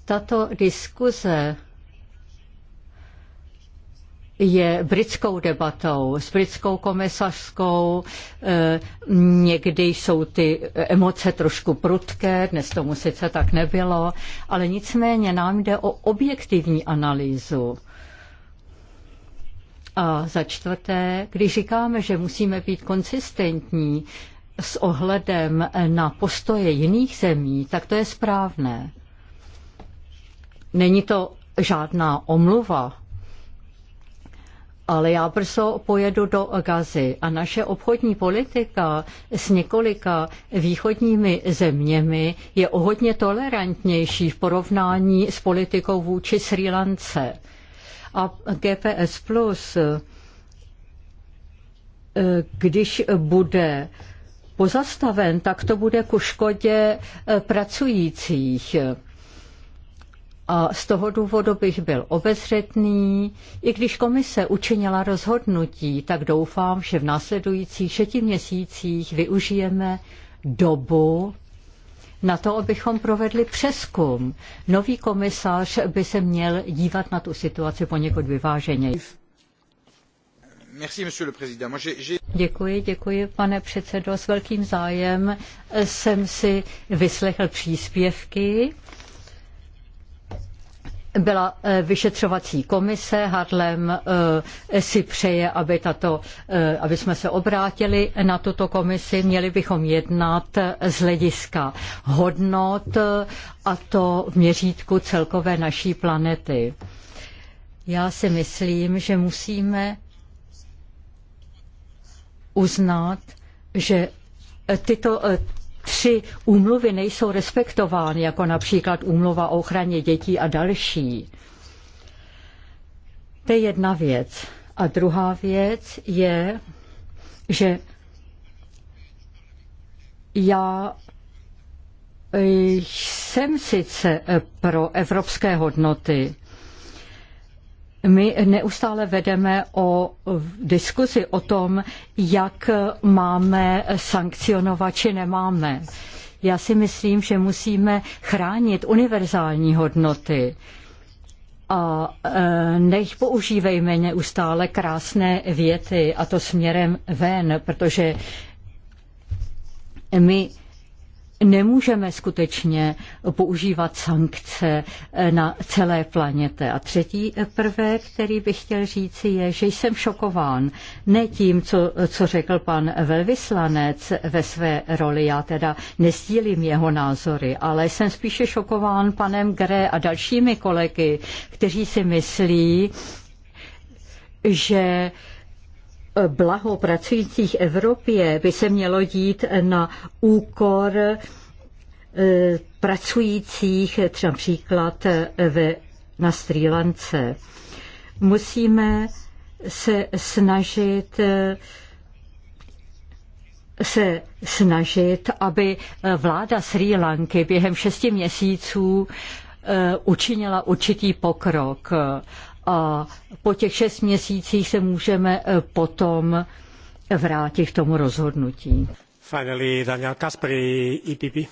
Speaker 3: tato diskuze je britskou debatou, s britskou komisařskou. Eh, někdy jsou ty emoce trošku prudké, dnes tomu sice tak nebylo, ale nicméně nám jde o objektivní analýzu. A za čtvrté, když říkáme, že musíme být konsistentní s ohledem na postoje jiných zemí, tak to je správné. Není to žádná omluva ale já brzo pojedu do Gazy a naše obchodní politika s několika východními zeměmi je o hodně tolerantnější v porovnání s politikou vůči Sri Lance. A GPS Plus, eh, když bude pozastaven, tak to bude ku škodě eh, pracujících a z toho důvodu bych byl obezřetný. I když komise učinila rozhodnutí, tak doufám, že v následujících šesti měsících využijeme dobu na to, abychom provedli přeskum. Nový komisař by se měl dívat na tu situaci poněkud vyváženěji. Děkuji, děkuji, pane předsedo. S velkým zájem jsem si vyslechl příspěvky byla eh, vyšetřovací komise. Harlem eh, si přeje, aby, tato, eh, aby jsme se obrátili na tuto komisi. Měli bychom jednat z hlediska hodnot a to v měřítku celkové naší planety. Já si myslím, že musíme uznat, že tyto tři úmluvy nejsou respektovány, jako například úmluva o ochraně dětí a další. To je jedna věc. A druhá věc je, že já jsem sice pro evropské hodnoty, my neustále vedeme o diskuzi o tom, jak máme sankcionovat či nemáme. Já si myslím, že musíme chránit univerzální hodnoty a e, nech používejme neustále krásné věty a to směrem ven, protože my nemůžeme skutečně používat sankce eh, na celé planetě. A třetí eh, prvek, který bych chtěl říci, je, že jsem šokován. Ne tím, co, co řekl pan velvyslanec ve své roli, já teda nestílím jeho názory, ale jsem spíše šokován panem Gre a dalšími kolegy, kteří si myslí, že blaho pracujících Evropě by se mělo dít na úkor e, pracujících třeba příklad e, ve, na Sri Lance. Musíme se snažit e, se snažit, aby vláda Sri Lanky během šesti měsíců učinila určitý pokrok a po těch šest měsících se můžeme e, potom vrátit k tomu rozhodnutí.
Speaker 1: Finally, Daniel Kaspery, IPP. E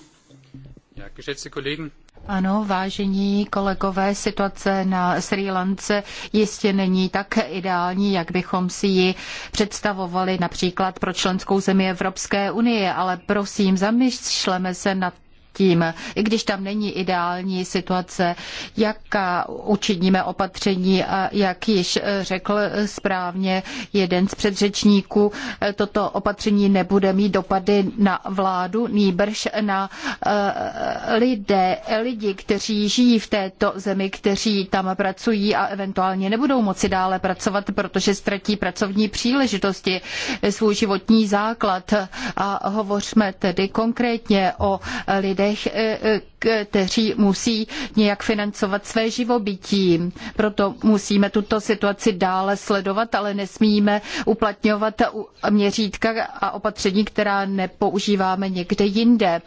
Speaker 1: ja, geschätzte Kollegen,
Speaker 5: ano, vážení kolegové, situace na Sri Lance jistě není tak ideální, jak bychom si ji představovali například pro členskou zemi Evropské unie, ale prosím, zamýšleme se nad tím, i když tam není ideální situace, jaká učiníme opatření a jak již řekl správně jeden z předřečníků, toto opatření nebude mít dopady na vládu, nýbrž na eh, lidé, lidi, kteří žijí v této zemi, kteří tam pracují a eventuálně nebudou moci dále pracovat, protože ztratí pracovní příležitosti, eh, svůj životní základ. A hovořme tedy konkrétně o lidech, lidech, eh, eh, kteří musí nějak financovat své živobytí. Proto musíme tuto situaci dále sledovat, ale nesmíme uplatňovat měřítka a opatření, která nepoužíváme někde jinde.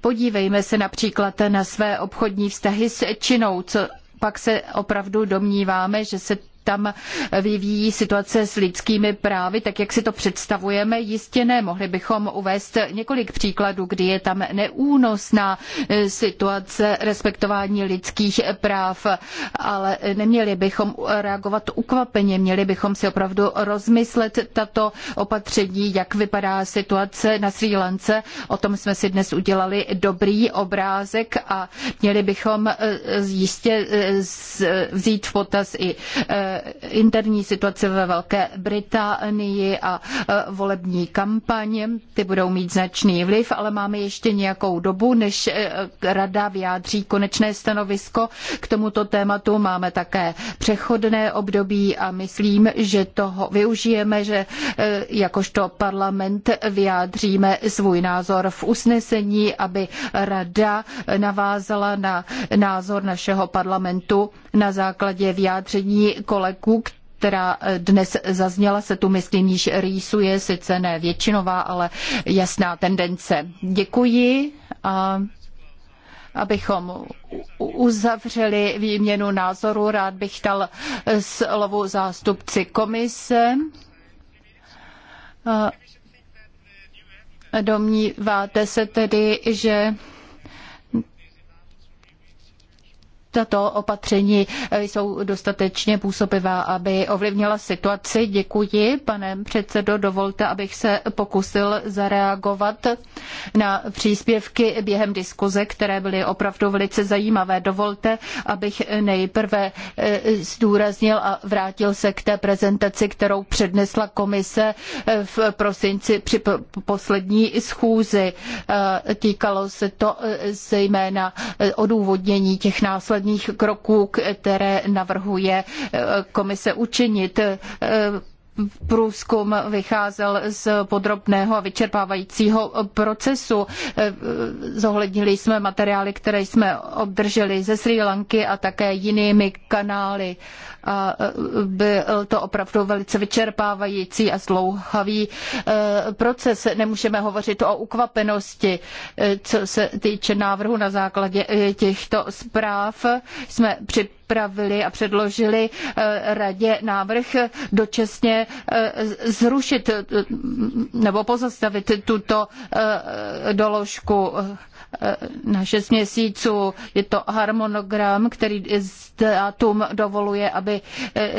Speaker 5: Podívejme se například na své obchodní vztahy s Čínou, co pak se opravdu domníváme, že se tam vyvíjí situace s lidskými právy, tak jak si to představujeme, jistě ne. Mohli bychom uvést několik příkladů, kdy je tam neúnosná eh, situace respektování lidských práv, ale neměli bychom reagovat ukvapeně, měli bychom si opravdu rozmyslet tato opatření, jak vypadá situace na Sri Lance. O tom jsme si dnes udělali dobrý obrázek a měli bychom eh, jistě eh, vzít v potaz i interní situace ve Velké Británii a e, volební kampaně. Ty budou mít značný vliv, ale máme ještě nějakou dobu, než e, rada vyjádří konečné stanovisko k tomuto tématu. Máme také přechodné období a myslím, že toho využijeme, že e, jakožto parlament vyjádříme svůj názor v usnesení, aby rada navázala na názor našeho parlamentu na základě vyjádření kolegů, která dnes zazněla, se tu, myslím, již rýsuje, sice ne většinová, ale jasná tendence. Děkuji a abychom uzavřeli výměnu názoru, rád bych dal slovo zástupci komise. Domníváte se tedy, že tato opatření eh, jsou dostatečně působivá, aby ovlivnila situaci. Děkuji, pane předsedo. Dovolte, abych se pokusil zareagovat na příspěvky během diskuze, které byly opravdu velice zajímavé. Dovolte, abych nejprve eh, zdůraznil a vrátil se k té prezentaci, kterou přednesla komise eh, v prosinci při poslední schůzi. Týkalo se to zejména odůvodnění těch následků zásadních kroků, které navrhuje eh, komise učinit. Eh, průzkum vycházel z podrobného a vyčerpávajícího procesu. Zohlednili jsme materiály, které jsme obdrželi ze Sri Lanky a také jinými kanály. A byl to opravdu velice vyčerpávající a zdlouhavý e, proces. Nemůžeme hovořit o ukvapenosti, e, co se týče návrhu na základě e, těchto zpráv. Jsme připraveni připravili a předložili eh, radě návrh dočasně eh, zrušit eh, nebo pozastavit tuto doložku na 6 měsíců. Je to harmonogram, který státům dovoluje, aby eh,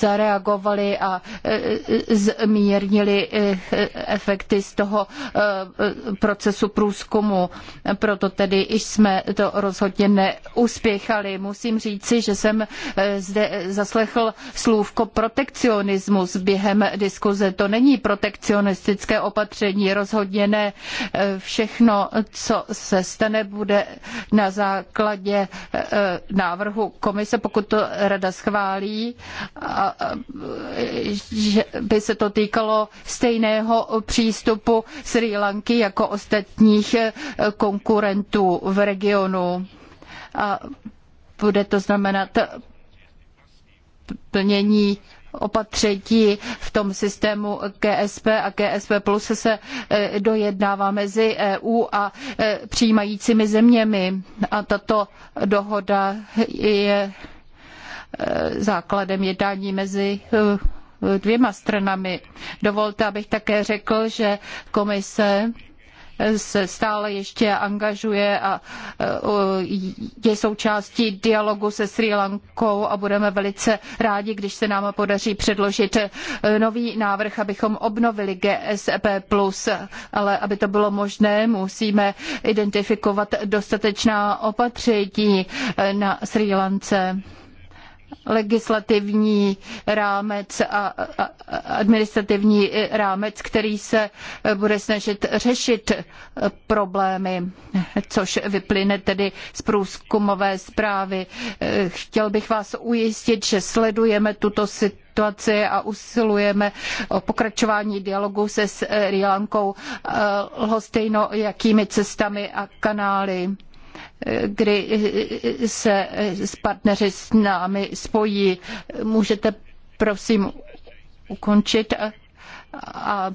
Speaker 5: zareagovali a eh, zmírnili eh, efekty z toho procesu průzkumu. Proto tedy jsme to rozhodně neuspěchali. Musím říci, že jsem zde zaslechl slůvko protekcionismus během diskuze. To není protekcionistické opatření, rozhodně ne. Všechno, co se stane, bude na základě eh, návrhu komise, pokud to rada schválí, a, že by se to týkalo stejného přístupu Sri Lanky jako ostatních eh, konkurentů v regionu. A bude to znamenat plnění opatření v tom systému GSP a GSP Plus se e, dojednává mezi EU a e, přijímajícími zeměmi. A tato dohoda je e, základem jednání mezi dvěma stranami. Dovolte, abych také řekl, že komise se stále ještě angažuje a eh, je součástí dialogu se Sri Lankou a budeme velice rádi, když se nám podaří předložit eh, nový návrh, abychom obnovili GSP+, ale aby to bylo možné, musíme identifikovat dostatečná opatření eh, na Sri Lance legislativní rámec a administrativní rámec, který se bude snažit řešit problémy, což vyplyne tedy z průzkumové zprávy. Chtěl bych vás ujistit, že sledujeme tuto situaci a usilujeme o pokračování dialogu se Sri Lankou, eh, lhostejno jakými cestami a kanály kdy se s partneři s námi spojí. Můžete prosím ukončit a, a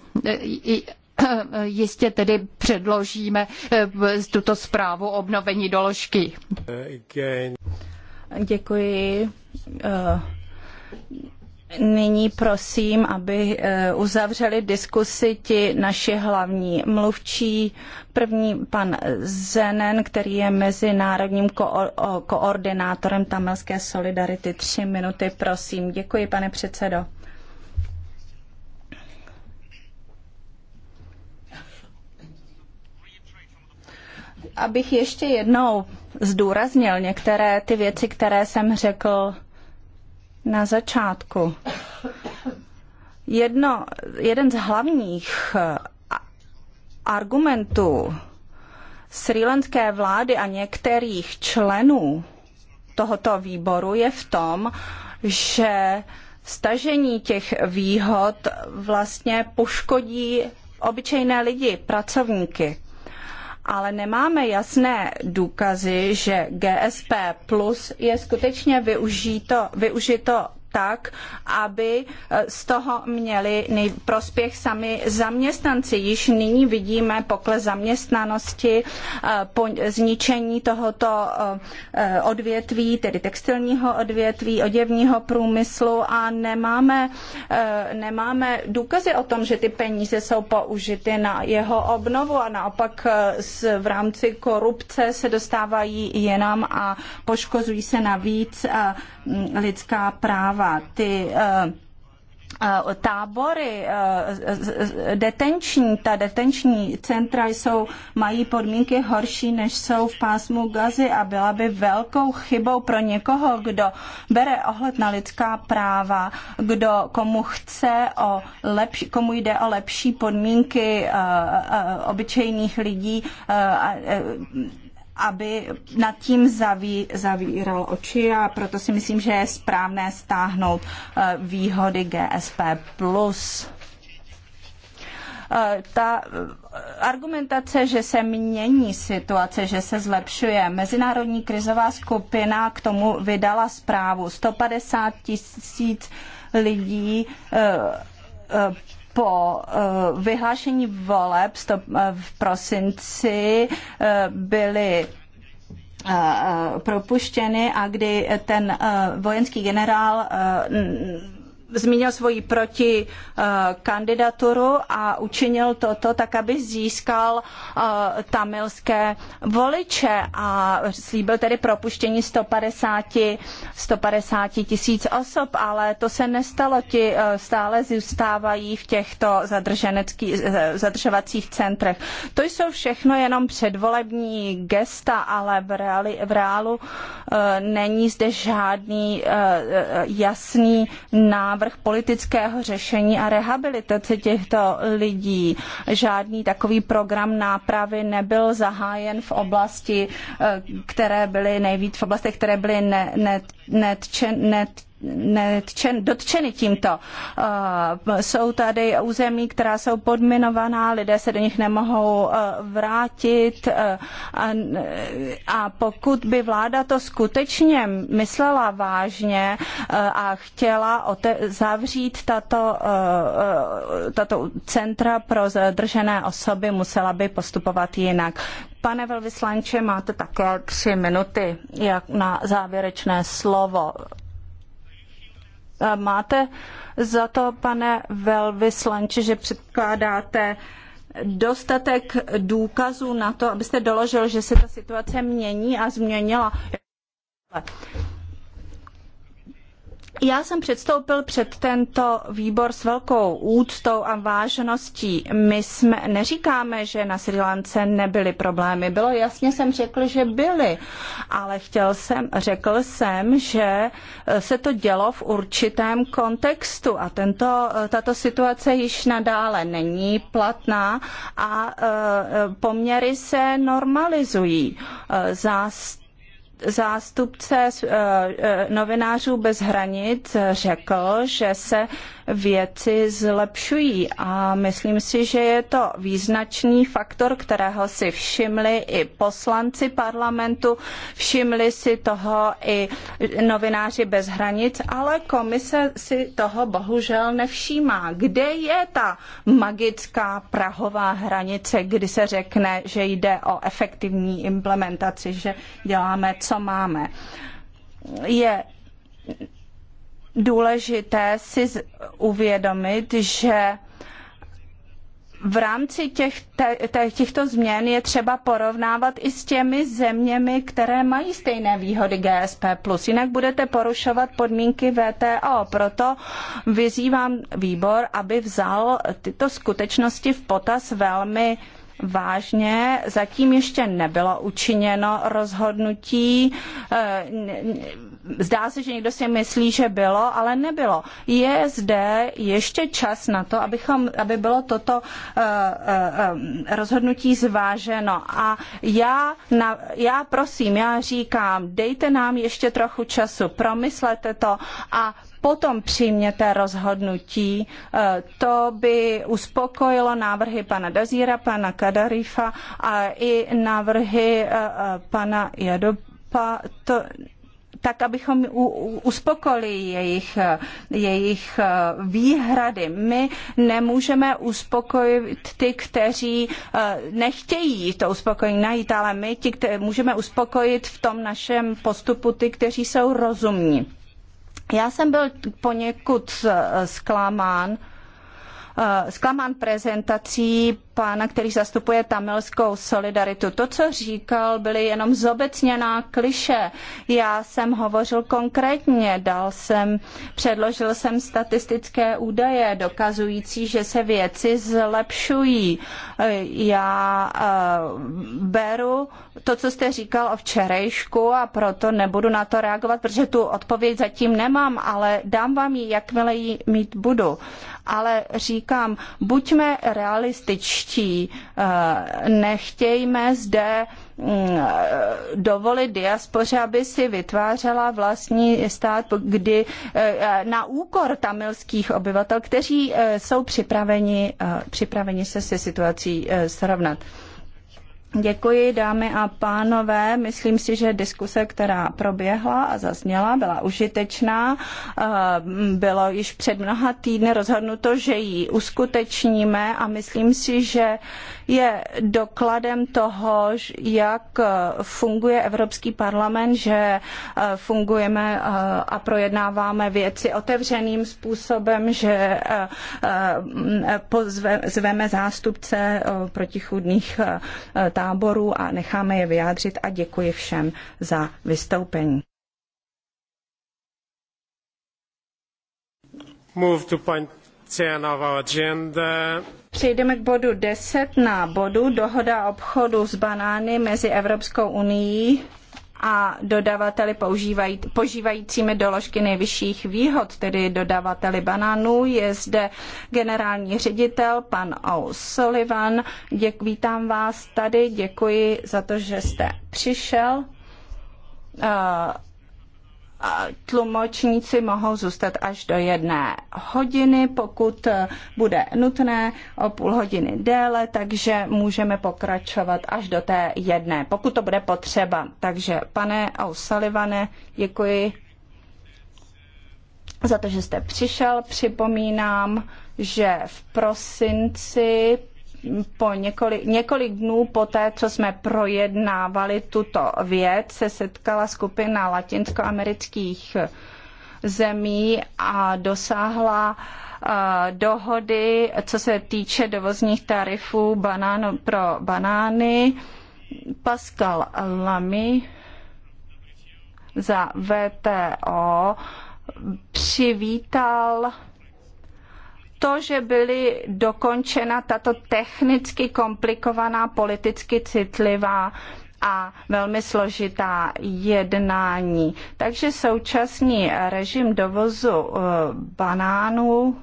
Speaker 5: jistě tedy předložíme e, tuto zprávu obnovení doložky.
Speaker 2: Děkuji. E, Nyní prosím, aby eh, uzavřeli diskusi ti naši hlavní mluvčí. První pan Zenen, který je mezinárodním ko- koordinátorem tamilské solidarity. Tři minuty, prosím. Děkuji, pane předsedo. Abych ještě jednou zdůraznil některé ty věci, které jsem řekl na začátku. Jedno, jeden z hlavních eh, argumentů srílenské vlády a některých členů tohoto výboru je v tom, že stažení těch výhod vlastně poškodí obyčejné lidi, pracovníky ale nemáme jasné důkazy, že GSP plus je skutečně využito, využito tak, aby eh, z toho měli prospěch sami zaměstnanci. Již nyní vidíme pokles zaměstnanosti, eh, zničení tohoto eh, odvětví, tedy textilního odvětví, oděvního průmyslu a nemáme, nemáme důkazy o tom, že ty peníze jsou použity na jeho obnovu a naopak v rámci korupce se dostávají jinam a poškozují se navíc lidská práva práva, ty eh, eh, tábory, eh, detenční, ta detenční centra jsou, mají podmínky horší, než jsou v pásmu gazy a byla by velkou chybou pro někoho, kdo bere ohled na lidská práva, kdo komu chce o lepši, komu jde o lepší podmínky obyčejných lidí, aby nad tím zaví, zavíral oči a proto si myslím, že je správné stáhnout eh, výhody GSP+. Eh, ta eh, argumentace, že se mění situace, že se zlepšuje. Mezinárodní krizová skupina k tomu vydala zprávu. 150 tisíc lidí po eh, vyhlášení voleb v eh, prosinci eh, byly propuštěny a kdy ten vojenský generál zmínil svoji proti eh, kandidaturu a učinil toto tak, aby získal eh, tamilské voliče a slíbil tedy propuštění 150, 150 tisíc osob, ale to se nestalo. Ti eh, stále zůstávají v těchto zadržovacích centrech. To jsou všechno jenom předvolební gesta, ale v, reáli, v reálu není zde žádný jasný návrh návrh politického řešení a rehabilitace těchto lidí. Žádný takový program nápravy nebyl zahájen v oblasti, eh, které byly nejvíc, v oblastech, které byly net, net, net, net netčen, dotčeny tímto. Eh, jsou tady území, která jsou podminovaná, lidé se do nich nemohou eh, vrátit eh, a, a pokud by vláda to skutečně myslela vážně a chtěla zavřít tato, tato centra pro zadržené osoby, musela by postupovat jinak. Pane velvyslanče, máte také tři minuty jak na závěrečné slovo. Máte za to, pane velvyslanče, že předkládáte dostatek důkazů na to, abyste doložil, že se ta situace mění a změnila. Já jsem předstoupil před tento výbor s velkou úctou a vážností. My jsme, neříkáme, že na Sri Lance nebyly problémy. Bylo jasně, jsem řekl, že byly, ale chtěl jsem, řekl jsem, že eh, se to dělo v určitém kontextu a tento, eh, tato situace již nadále není platná a eh, poměry se normalizují. Zást zástupce eh, eh, novinářů bez hranic řekl, že se věci zlepšují a myslím si, že je to význačný faktor, kterého si všimli i poslanci parlamentu, všimli si toho i novináři bez hranic, ale komise si toho bohužel nevšímá. Kde je ta magická prahová hranice, kdy se řekne, že jde o efektivní implementaci, že děláme, co máme? Je důležité si uvědomit, že v rámci těch, te, těchto změn je třeba porovnávat i s těmi zeměmi, které mají stejné výhody GSP+. Jinak budete porušovat podmínky VTO. Proto vyzývám výbor, aby vzal tyto skutečnosti v potaz velmi vážně. Zatím ještě nebylo učiněno rozhodnutí. Eh, Zdá se, že někdo si myslí, že bylo, ale nebylo. Je zde ještě čas na to, abychom, aby bylo toto uh, uh, rozhodnutí zváženo. A já, na, já prosím, já říkám, dejte nám ještě trochu času, promyslete to a potom přijměte rozhodnutí. To by uspokojilo návrhy pana Dazíra, pana Kadarifa a i návrhy pana Jadopa. To tak abychom uspokojili jejich, jejich eh, výhrady. My nemůžeme uspokojit ty, kteří eh, nechtějí to uspokojení najít, ale my ti, kteří můžeme uspokojit v tom našem postupu ty, kteří jsou rozumní. Já jsem byl poněkud eh, zklamán, Eh, zklamán prezentací pána, který zastupuje tamilskou solidaritu. To, co říkal, byly jenom zobecněná kliše. Já jsem hovořil konkrétně, dal jsem, předložil jsem statistické údaje dokazující, že se věci zlepšují. Eh, já eh, beru to, co jste říkal o včerejšku a proto nebudu na to reagovat, protože tu odpověď zatím nemám, ale dám vám ji, jakmile ji mít budu ale říkám, buďme realističtí, eh, nechtějme zde mm, dovolit diaspoře, aby si vytvářela vlastní stát kdy, eh, na úkor tamilských obyvatel, kteří eh, jsou připraveni, připraveni se se situací srovnat. Děkuji, dámy a pánové. Myslím si, že diskuse, která proběhla a zazněla, byla užitečná. Eh, bylo již před mnoha týdny rozhodnuto, že ji uskutečníme a myslím si, že je dokladem toho, jak eh, funguje Evropský parlament, že eh, fungujeme eh, a projednáváme věci otevřeným způsobem, že zveme zástupce protichudných táborů a necháme je vyjádřit a děkuji všem za vystoupení. Move
Speaker 1: to point 10 of our agenda.
Speaker 2: Přejdeme k bodu 10 na bodu dohoda obchodu s banány mezi Evropskou unii a dodavateli používají, požívajícími doložky nejvyšších výhod, tedy dodavateli banánů. Je zde generální ředitel, pan O'Sullivan. Děk, vítám vás tady, děkuji za to, že jste přišel. Uh, tlumočníci mohou zůstat až do jedné hodiny, pokud bude nutné o půl hodiny déle, takže můžeme pokračovat až do té jedné, pokud to bude potřeba. Takže pane O'Sullivane, děkuji za to, že jste přišel. Připomínám, že v prosinci po několik, několik dnů poté, co jsme projednávali tuto věc, se setkala skupina latinskoamerických zemí a dosáhla eh, dohody, co se týče dovozních tarifů banán, pro banány. Pascal Lamy za VTO přivítal to, že byly dokončena tato technicky komplikovaná, politicky citlivá a velmi složitá jednání. Takže současný režim dovozu eh, banánů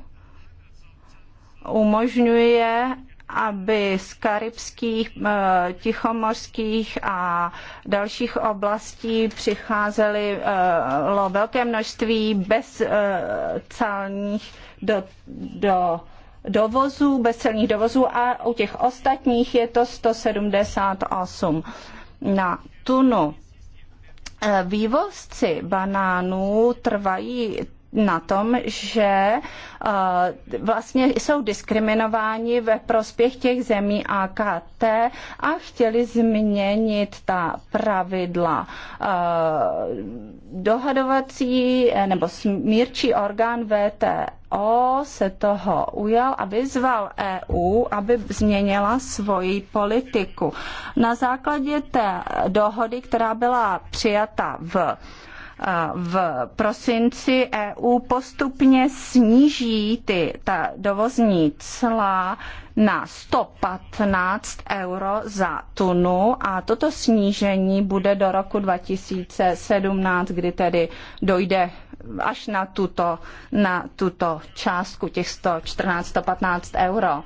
Speaker 2: umožňuje aby z karibských, eh, tichomorských a dalších oblastí přicházely eh, velké množství bez celních do, do dovozů, bezcelních dovozů a u těch ostatních je to 178 na tunu e, vývozci banánů trvají na tom, že eh, vlastně jsou diskriminováni ve prospěch těch zemí AKT a chtěli změnit ta pravidla. Eh, dohadovací eh, nebo smírčí orgán VTO se toho ujal a vyzval EU, aby změnila svoji politiku. Na základě té dohody, která byla přijata v v prosinci EU postupně sníží ty, ta dovozní cla na 115 euro za tunu a toto snížení bude do roku 2017, kdy tedy dojde až na tuto, na tuto částku těch 114-115 euro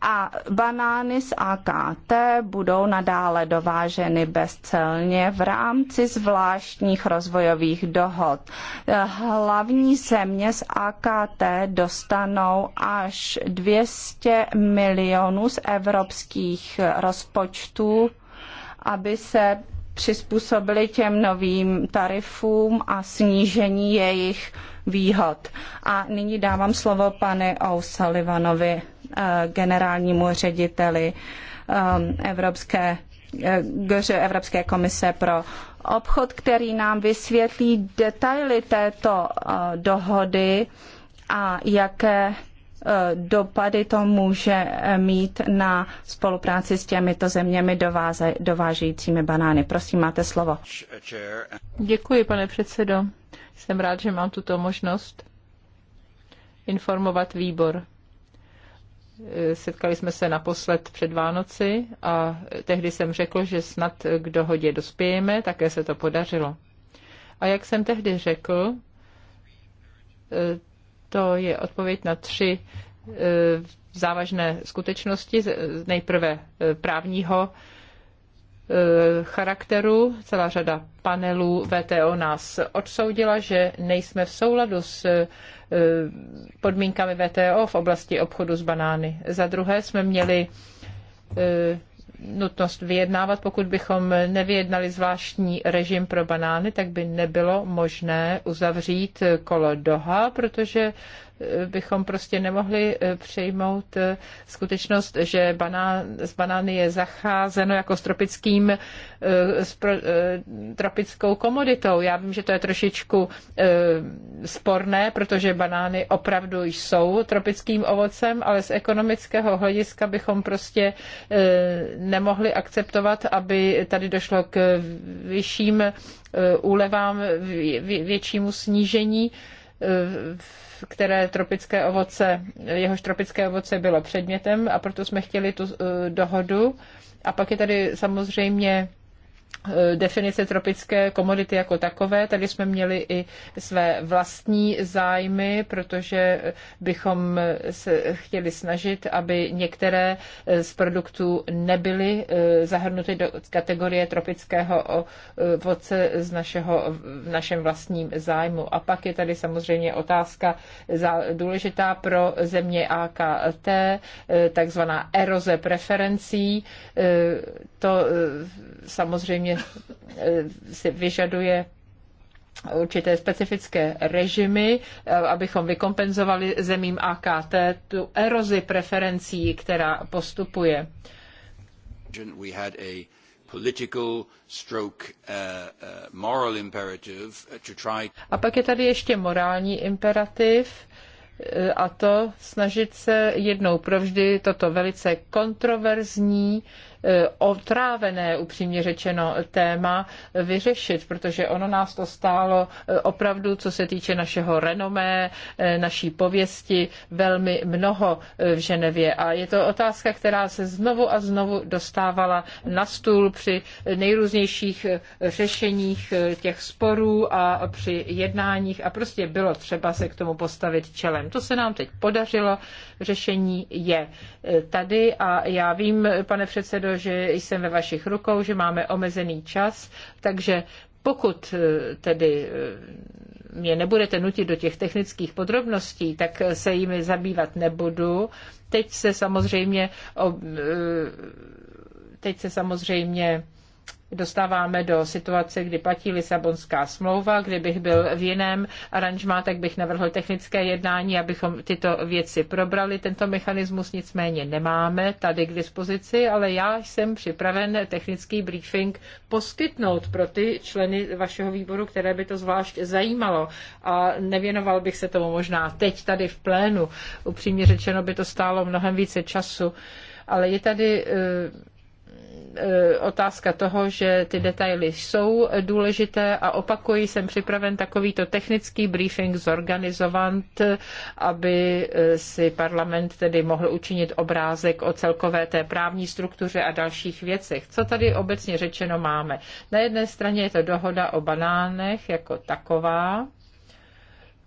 Speaker 2: a banány z AKT budou nadále dováženy bezcelně v rámci zvláštních rozvojových dohod. Hlavní země z AKT dostanou až 200 milionů z evropských rozpočtů, aby se přizpůsobili těm novým tarifům a snížení jejich výhod. A nyní dávám slovo panu O'Sullivanovi. Eh, generálnímu řediteli eh, Evropské, eh, Evropské komise pro obchod, který nám vysvětlí detaily této dohody a jaké dopady to může mít na spolupráci s těmito zeměmi dováze, dovážejícími banány. Prosím, máte slovo. Děkuji, pane předsedo. Jsem rád, že mám tuto možnost
Speaker 4: informovat výbor. Setkali jsme se naposled před Vánoci a tehdy jsem řekl, že snad k dohodě dospějeme, také se to podařilo. A jak jsem tehdy řekl, e, to je odpověď na tři e, závažné skutečnosti. Nejprve e, právního E, charakteru. Celá řada panelů VTO nás odsoudila, že nejsme v souladu s e, podmínkami VTO v oblasti obchodu s banány. Za druhé jsme měli e, nutnost vyjednávat. Pokud bychom nevyjednali zvláštní režim pro banány, tak by nebylo možné uzavřít kolo Doha, protože bychom prostě nemohli eh, přejmout eh, skutečnost, že banán, z banány je zacházeno jako s, tropickým, eh, s pro, tropickou komoditou. Já vím, že to je trošičku sporné, protože banány opravdu jsou tropickým ovocem, ale z ekonomického hlediska bychom prostě nemohli akceptovat, aby tady došlo k vyšším úlevám, většímu snížení v které tropické ovoce, jehož tropické ovoce bylo předmětem a proto jsme chtěli tu eh, dohodu. A pak je tady samozřejmě Eh, definice tropické komodity jako takové. Tady jsme měli i své vlastní zájmy, protože bychom se chtěli snažit, aby některé eh, z produktů nebyly eh, zahrnuty do kategorie tropického ovoce z našeho, v našem vlastním zájmu. A pak je tady samozřejmě otázka důležitá pro země AKT, takzvaná eroze preferencí. To samozřejmě samozřejmě eh, si vyžaduje určité specifické režimy, eh, abychom vykompenzovali zemím AKT tu erozi preferencí, která postupuje. A pak je tady ještě morální imperativ, eh, a to snažit se jednou provždy toto velice kontroverzní E, otrávené, upřímně řečeno, téma vyřešit, protože ono nás to stálo e, opravdu, co se týče našeho renomé, e, naší pověsti, velmi mnoho v Ženevě. A je to otázka, která se znovu a znovu dostávala na stůl při nejrůznějších řešeních těch sporů a při jednáních a prostě bylo třeba se k tomu postavit čelem. To se nám teď podařilo, řešení je tady a já vím, pane předsedo, že jsem ve vašich rukou, že máme omezený čas, takže pokud eh, tedy eh, mě nebudete nutit do těch technických podrobností, tak se jimi zabývat nebudu. Teď se samozřejmě, eh, teď se samozřejmě dostáváme do situace, kdy platí Lisabonská smlouva. Kdybych byl v jiném aranžmá, tak bych navrhl technické jednání, abychom tyto věci probrali. Tento mechanismus nicméně nemáme tady k dispozici, ale já jsem připraven technický briefing poskytnout pro ty členy vašeho výboru, které by to zvlášť zajímalo. A nevěnoval bych se tomu možná teď tady v plénu. Upřímně řečeno by to stálo mnohem více času. Ale je tady eh, Eh, otázka toho, že ty detaily jsou důležité a opakuji, jsem připraven takovýto technický briefing zorganizovat, aby eh, si parlament tedy mohl učinit obrázek o celkové té právní struktuře a dalších věcech. Co tady obecně řečeno máme? Na jedné straně je to dohoda o banánech jako taková,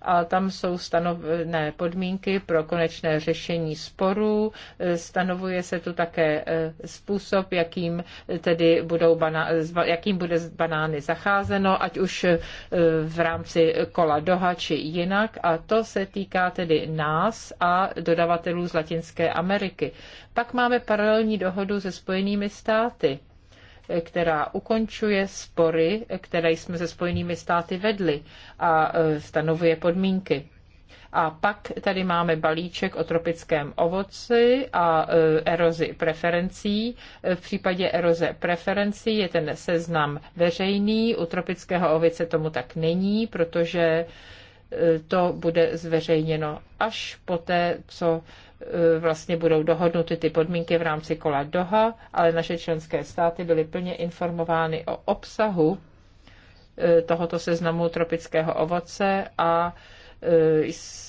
Speaker 4: a tam jsou stanovené podmínky pro konečné řešení sporů. Stanovuje se tu také e, způsob, jakým tedy budou bana- jakým bude s banány zacházeno, ať už e, v rámci kola Doha či jinak. A to se týká tedy nás a dodavatelů z Latinské Ameriky. Pak máme paralelní dohodu se Spojenými státy která ukončuje spory, které jsme se Spojenými státy vedli a e, stanovuje podmínky. A pak tady máme balíček o tropickém ovoci a e, erozi preferencí. E, v případě eroze preferencí je ten seznam veřejný, u tropického ovoce tomu tak není, protože to bude zveřejněno až poté, co E, vlastně budou dohodnuty ty podmínky v rámci kola Doha, ale naše členské státy byly plně informovány o obsahu e, tohoto seznamu tropického ovoce a e,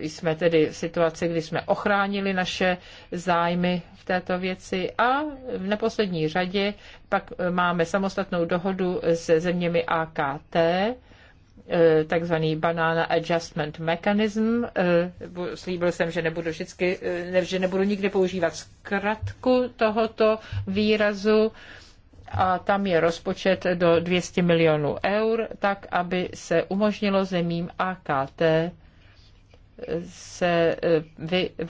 Speaker 4: jsme tedy v situaci, kdy jsme ochránili naše zájmy v této věci a v neposlední řadě pak máme samostatnou dohodu se zeměmi AKT, Eh, takzvaný Banana Adjustment Mechanism. Eh, slíbil jsem, že nebudu, vždycky, eh, že nebudu nikdy používat zkratku tohoto výrazu a tam je rozpočet do 200 milionů eur, tak aby se umožnilo zemím AKT se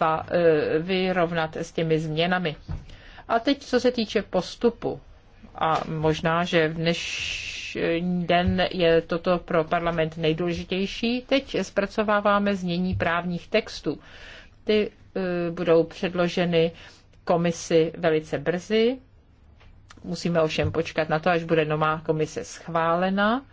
Speaker 4: va, vyrovnat s těmi změnami. A teď, co se týče postupu, a možná, že v dnešní den je toto pro parlament nejdůležitější. Teď zpracováváme znění právních textů. Ty e, budou předloženy komisi velice brzy. Musíme ovšem počkat na to, až bude nová komise schválena.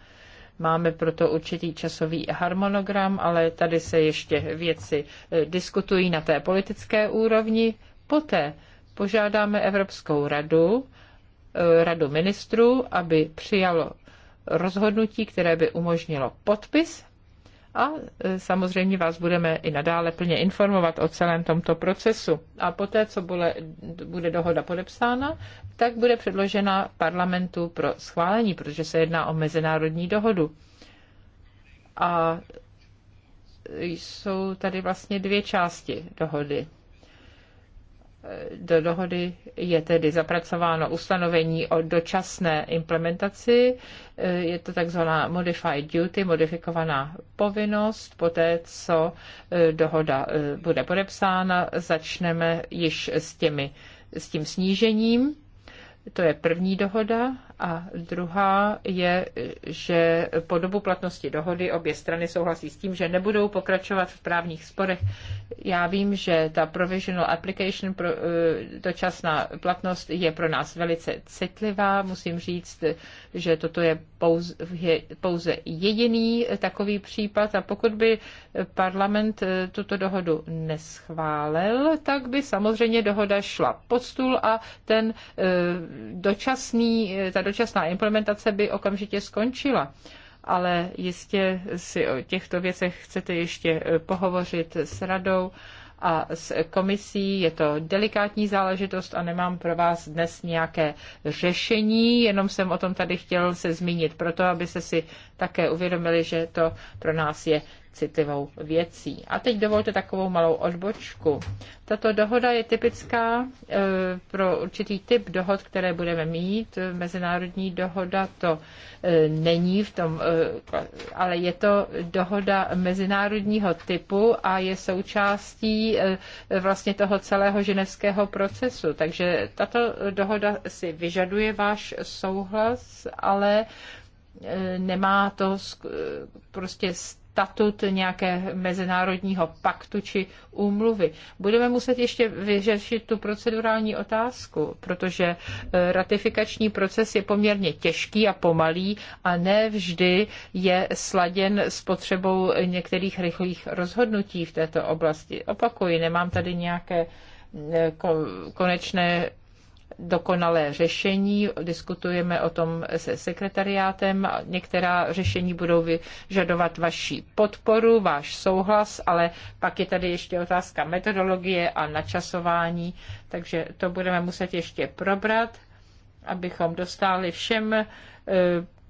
Speaker 4: Máme proto určitý časový harmonogram, ale tady se ještě věci e, diskutují na té politické úrovni. Poté požádáme Evropskou radu, e, radu ministrů, aby přijalo rozhodnutí, které by umožnilo podpis a e, samozřejmě vás budeme i nadále plně informovat o celém tomto procesu. A poté, co bude, bude dohoda podepsána, tak bude předložena parlamentu pro schválení, protože se jedná o mezinárodní dohodu. A jsou tady vlastně dvě části dohody do dohody je tedy zapracováno ustanovení o dočasné implementaci. Je to takzvaná modified duty, modifikovaná povinnost. Poté, co e, dohoda e, bude podepsána, začneme již s, těmi, s tím snížením. To je první dohoda. A druhá je, že po dobu platnosti dohody obě strany souhlasí s tím, že nebudou pokračovat v právních sporech. Já vím, že ta provisional application, pro, dočasná eh, platnost je pro nás velice citlivá. Musím říct, že toto je pouze, je pouze jediný takový případ a pokud by parlament eh, tuto dohodu neschválil, tak by samozřejmě dohoda šla pod stůl a ten eh, dočasný, ta dočasná implementace by okamžitě skončila. Ale jistě si o těchto věcech chcete ještě eh, pohovořit s radou a s komisí. Je to delikátní záležitost a nemám pro vás dnes nějaké řešení, jenom jsem o tom tady chtěl se zmínit, proto abyste si také uvědomili, že to pro nás je citlivou věcí. A teď dovolte takovou malou odbočku. Tato dohoda je typická e, pro určitý typ dohod, které budeme mít. Mezinárodní dohoda to e, není v tom, e, ale je to dohoda mezinárodního typu a je součástí vlastně toho celého ženevského procesu. Takže tato dohoda si vyžaduje váš souhlas, ale nemá to prostě statut nějaké mezinárodního paktu či úmluvy. Budeme muset ještě vyřešit tu procedurální otázku, protože e, ratifikační proces je poměrně těžký a pomalý a ne vždy je sladěn s potřebou některých rychlých rozhodnutí v této oblasti. Opakuji, nemám tady nějaké e, konečné dokonalé řešení. Diskutujeme o tom se sekretariátem. Některá řešení budou vyžadovat vaši podporu, váš souhlas, ale pak je tady ještě otázka metodologie a načasování, takže to budeme muset ještě probrat, abychom dostali všem eh,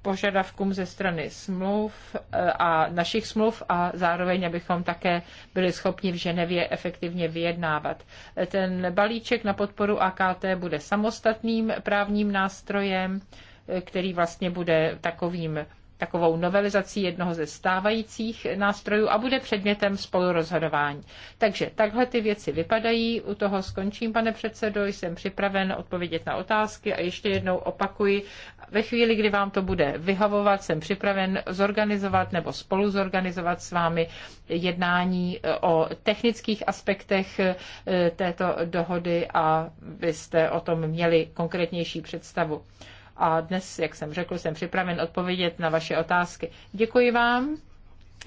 Speaker 4: požadavkům ze strany smluv e, a našich smluv a zároveň, abychom také byli schopni v Ženevě efektivně vyjednávat. E, ten balíček na podporu AKT bude samostatným právním nástrojem, e, který vlastně bude takovým takovou novelizací jednoho ze stávajících nástrojů a bude předmětem spolurozhodování. Takže takhle ty věci vypadají. U toho skončím, pane předsedo, jsem připraven odpovědět na otázky a ještě jednou opakuji, ve chvíli, kdy vám to bude vyhovovat, jsem připraven zorganizovat nebo spolu zorganizovat s vámi jednání e, o technických aspektech e, této dohody a byste o tom měli konkrétnější představu a dnes, jak jsem řekl, jsem připraven odpovědět na vaše otázky. Děkuji vám.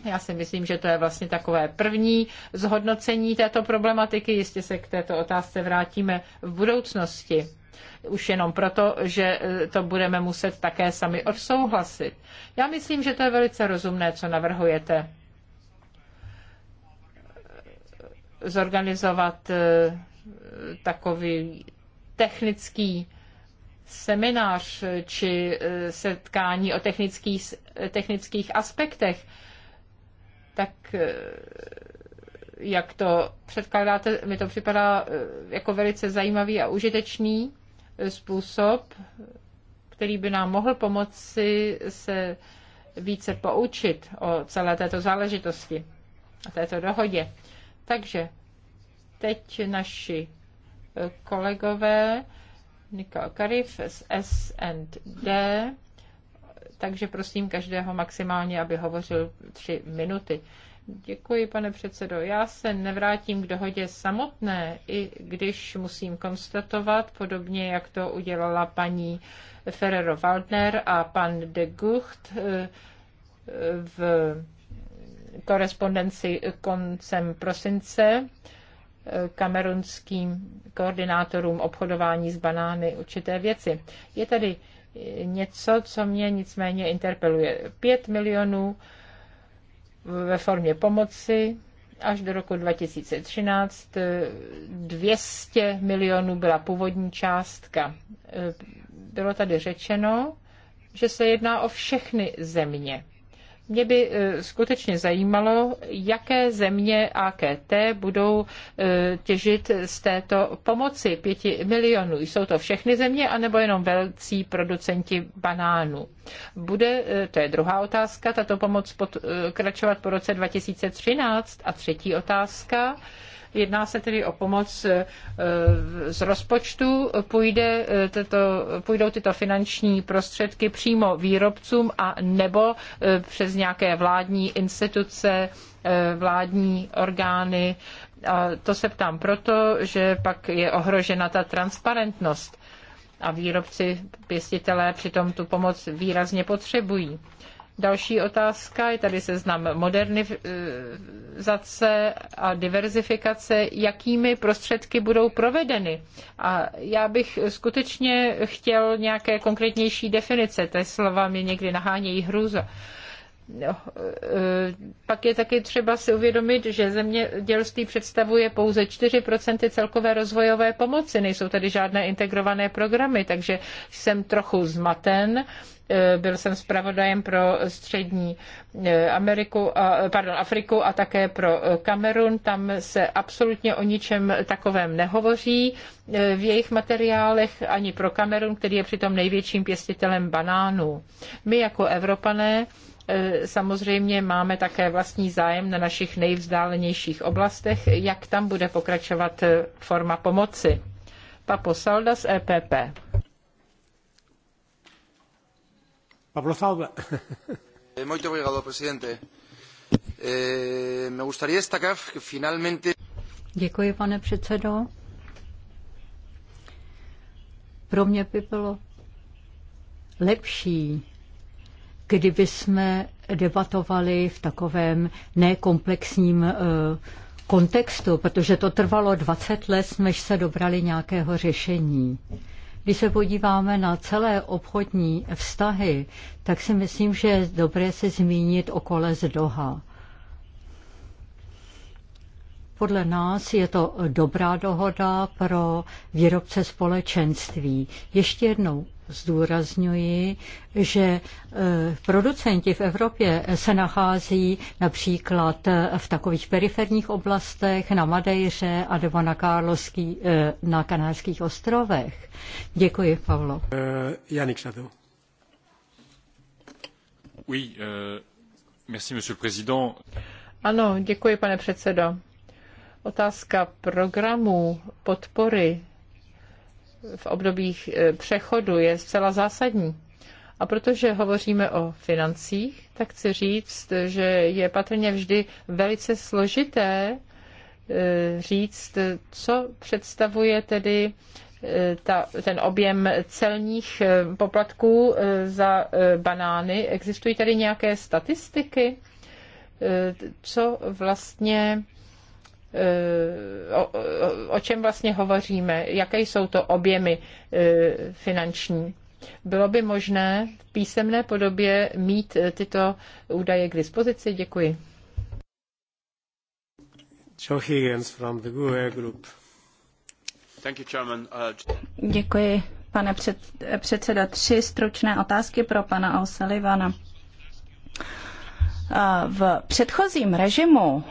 Speaker 4: Já si myslím, že to je vlastně takové první zhodnocení této problematiky. Jistě se k této otázce vrátíme v budoucnosti. Už jenom proto, že eh, to budeme muset také sami odsouhlasit. Já myslím, že to je velice rozumné, co navrhujete. Zorganizovat eh, takový technický seminář či e, setkání o technických, technických aspektech, tak e, jak to předkládáte, mi to připadá e, jako velice zajímavý a užitečný způsob, který by nám mohl pomoci se více poučit o celé této záležitosti, o této dohodě. Takže teď naši kolegové Nikol Karif z S&D. Takže prosím každého maximálně, aby hovořil tři minuty. Děkuji, pane předsedo. Já se nevrátím k dohodě samotné, i když musím konstatovat, podobně jak to udělala paní Ferrero-Waldner a pan de Gucht eh, v korespondenci koncem prosince, kamerunským koordinátorům obchodování s banány určité věci. Je tady něco, co mě nicméně interpeluje. Pět milionů ve formě pomoci až do roku 2013 200 milionů byla původní částka. Bylo tady řečeno, že se jedná o všechny země. Mě by e, skutečně zajímalo, jaké země AKT budou e, těžit z této pomoci pěti milionů. Jsou to všechny země, anebo jenom velcí producenti banánů? Bude, e, to je druhá otázka, tato pomoc pokračovat po roce 2013? A třetí otázka, Jedná se tedy o pomoc eh, z rozpočtu. Půjde eh, tato, půjdou tyto finanční prostředky přímo výrobcům a nebo eh, přes nějaké vládní instituce, vládní orgány. A to se ptám proto, že pak je ohrožena ta transparentnost a výrobci, pěstitelé přitom tu pomoc výrazně potřebují. Další otázka je tady seznam modernizace a diverzifikace, jakými prostředky budou provedeny. A já bych skutečně chtěl nějaké konkrétnější definice, té slova mě někdy nahánějí hruza. No, eh, pak je taky třeba si uvědomit, že zemědělství představuje pouze 4% celkové rozvojové pomoci. Nejsou tady žádné integrované programy, takže jsem trochu zmaten. Eh, byl jsem zpravodajem pro střední eh, Ameriku, pardon, Afriku a také pro Kamerun. Tam se absolutně o ničem takovém nehovoří v jejich materiálech, ani pro Kamerun, který je přitom největším pěstitelem banánů. My jako Evropané Eh, samozřejmě máme také vlastní zájem na našich nejvzdálenějších oblastech, jak tam bude pokračovat eh, forma pomoci. Papo Salda z EPP. Pablo Salda.
Speaker 3: Muy obrigado, presidente. Eh, me gustaría destacar que finalmente... Děkuji, pane předsedo. Pro mě by bylo lepší, kdyby jsme debatovali v takovém nekomplexním eh, kontextu, protože to trvalo 20 let, než se dobrali nějakého řešení. Když se podíváme na celé obchodní vztahy, tak si myslím, že je dobré se zmínit o kole z Doha. Podle nás je to dobrá dohoda pro výrobce společenství. Ještě jednou zdůrazňuji, že e, producenti v Evropě se nachází například e, v takových periferních oblastech, na Madejře a nebo na, Karlovský, e, na Kanářských ostrovech. Děkuji, Pavlo. Uh,
Speaker 4: Janik Šadou.
Speaker 1: Oui, uh, merci, monsieur président.
Speaker 4: Ano, děkuji, pane předsedo. Otázka programu podpory v obdobích e, přechodu je zcela zásadní. A protože hovoříme o financích, tak chci říct, že je patrně vždy velice složité e, říct, co představuje tedy e, ta, ten objem celních poplatků za banány. Existují tady nějaké statistiky, co vlastně Eh, o, o čem vlastně hovoříme, jaké jsou to objemy eh, finanční. Bylo by možné v písemné podobě mít eh, tyto údaje k dispozici? Děkuji.
Speaker 1: from the GUE Group. Uh,
Speaker 2: Děkuji, pane před, předseda. Tři stručné otázky pro pana O'Sullivana. V předchozím režimu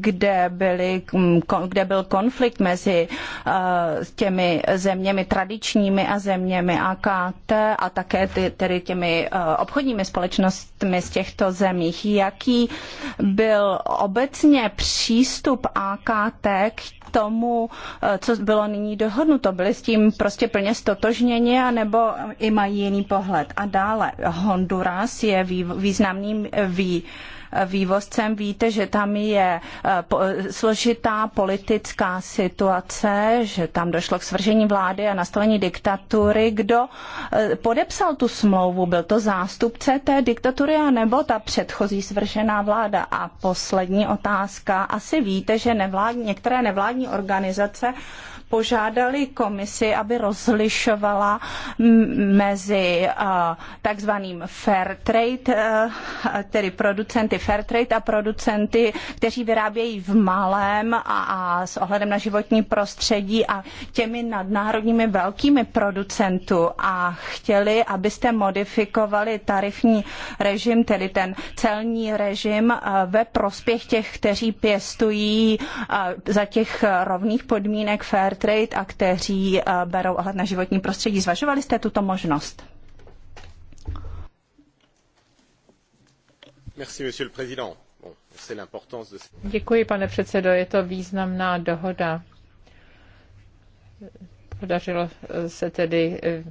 Speaker 2: kde, byly, mm, kde byl konflikt mezi eh, těmi zeměmi tradičními a zeměmi AKT a také tedy těmi eh, obchodními společnostmi z těchto zemích. Jaký byl obecně přístup AKT k tomu, eh, co bylo nyní dohodnuto? Byli s tím prostě plně stotožněni anebo i mají jiný pohled? A dále, Honduras je významným vý, vývozcem. Víte, že tam je eh, složitá politická situace, že tam došlo k svržení vlády a nastavení diktatury. Kdo eh, podepsal tu smlouvu? Byl to zástupce té diktatury a nebo ta předchozí svržená vláda? A poslední otázka. Asi víte, že nevládní, některé nevládní organizace požádali komisi, aby rozlišovala mezi eh, takzvaným fair trade, eh, tedy producenty fair trade a producenty, kteří vyrábějí v malém a, a s ohledem na životní prostředí a těmi nadnárodními velkými producentů a chtěli, abyste modifikovali tarifní režim, tedy ten celní režim eh, ve prospěch těch, kteří pěstují za těch rovných podmínek fair trade a kteří eh, berou ohled na životní prostředí. Zvažovali jste tuto možnost?
Speaker 1: Merci, monsieur le président. Děkuji,
Speaker 4: pane předsedo, je to významná dohoda. Podařilo eh, se tedy eh,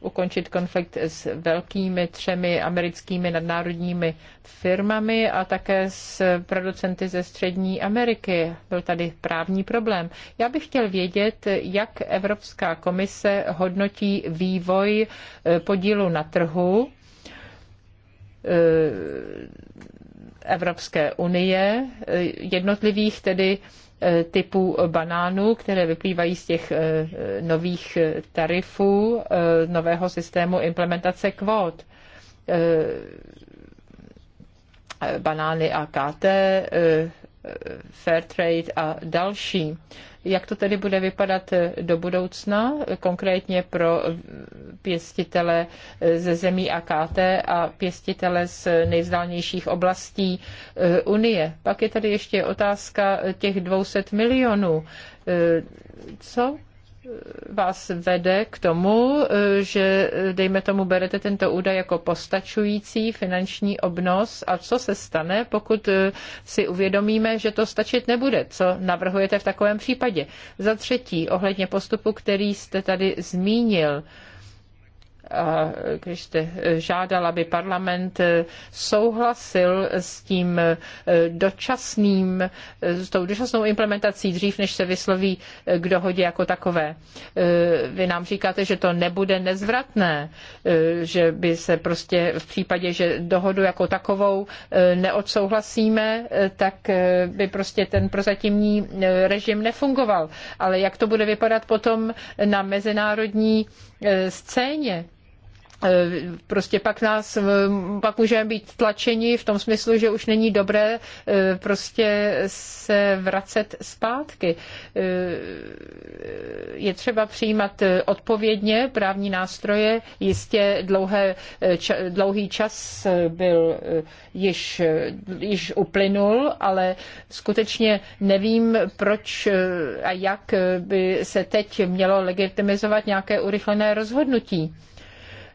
Speaker 4: ukončit konflikt s velkými třemi americkými nadnárodními firmami a také s producenty ze Střední Ameriky. Byl tady právní problém. Já bych chtěl vědět, jak Evropská komise hodnotí vývoj eh, podílu na trhu eh, Evropské unie, eh, jednotlivých tedy typů banánů, které vyplývají z těch eh, nových eh, tarifů, eh, nového systému implementace kvót banány AKT, Fairtrade a další. Jak to tedy bude vypadat eh, do budoucna, konkrétně pro eh, pěstitele eh, ze zemí AKT a pěstitele z nejvzdálnějších oblastí Unie? Pak je tady ještě otázka těch 200 milionů. Co vás vede k tomu, že dejme tomu berete tento údaj jako postačující finanční obnos a co se stane, pokud eh, si uvědomíme, že to stačit nebude, co navrhujete v takovém případě. Za třetí, ohledně postupu, který jste tady zmínil, a když jste žádal, aby parlament souhlasil s tím dočasným, s tou dočasnou implementací dřív, než se vysloví k dohodě jako takové. Vy nám říkáte, že to nebude nezvratné, že by se prostě v případě, že dohodu jako takovou neodsouhlasíme, tak by prostě ten prozatímní režim nefungoval. Ale jak to bude vypadat potom na mezinárodní scéně? Eh, prostě pak nás, eh, pak můžeme být tlačeni v tom smyslu, že už není dobré eh, prostě se vracet zpátky. Je třeba přijímat odpovědně právní nástroje. Jistě dlouhé, dlouhý čas byl již, již uplynul, ale skutečně nevím, proč a jak by se teď mělo legitimizovat nějaké urychlené rozhodnutí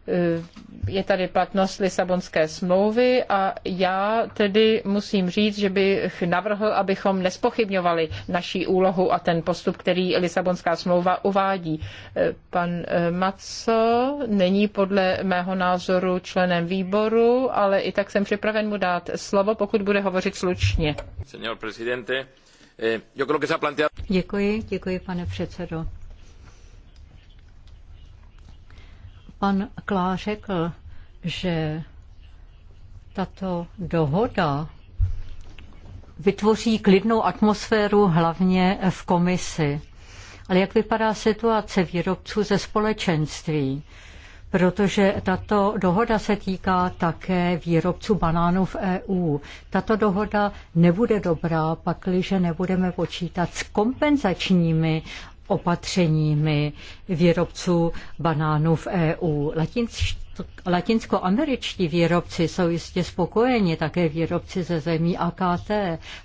Speaker 4: Eh, je tady platnost Lisabonské smlouvy a já tedy musím říct, že bych navrhl, abychom nespochybňovali naší úlohu a ten postup, který Lisabonská smlouva uvádí. Eh, pan eh, Maco není podle mého názoru členem výboru, ale i tak jsem připraven mu dát slovo, pokud bude hovořit slučně.
Speaker 3: Děkuji, děkuji pane předsedo. Pan Klá řekl, že tato dohoda vytvoří klidnou atmosféru hlavně v komisi. Ale jak vypadá situace výrobců ze společenství? Protože tato dohoda se týká také výrobců banánů v EU. Tato dohoda nebude dobrá, pakliže nebudeme počítat s kompenzačními opatřeními výrobců banánů v EU. Latinskoameričtí výrobci jsou jistě spokojeni, také výrobci ze zemí AKT,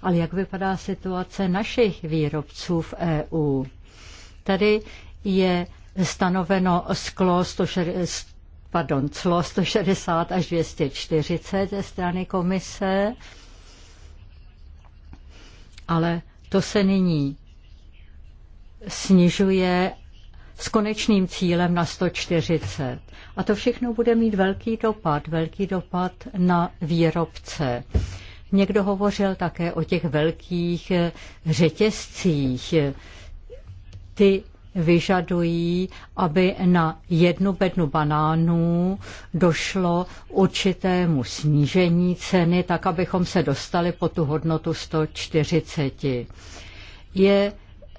Speaker 3: ale jak vypadá situace našich výrobců v EU? Tady je stanoveno sklo 160, pardon, clo 160 až 240 ze strany komise, ale to se nyní snižuje s konečným cílem na 140. A to všechno bude mít velký dopad, velký dopad na výrobce. Někdo hovořil také o těch velkých eh, řetězcích. Ty vyžadují, aby na jednu bednu banánů došlo určitému snížení ceny, tak abychom se dostali po tu hodnotu 140. Je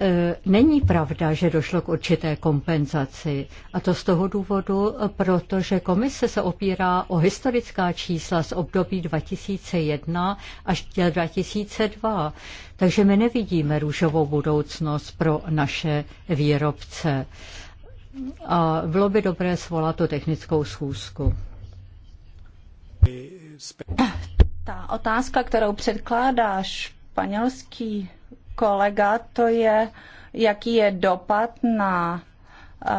Speaker 3: E, není pravda, že došlo k určité kompenzaci. A to z toho důvodu, protože komise se opírá o historická čísla z období 2001 až 2002. Takže my nevidíme růžovou budoucnost pro naše výrobce. A bylo by dobré svolat tu technickou schůzku. Ta otázka, kterou předkládáš, španělský
Speaker 2: kolega, to je, jaký je dopad na eh,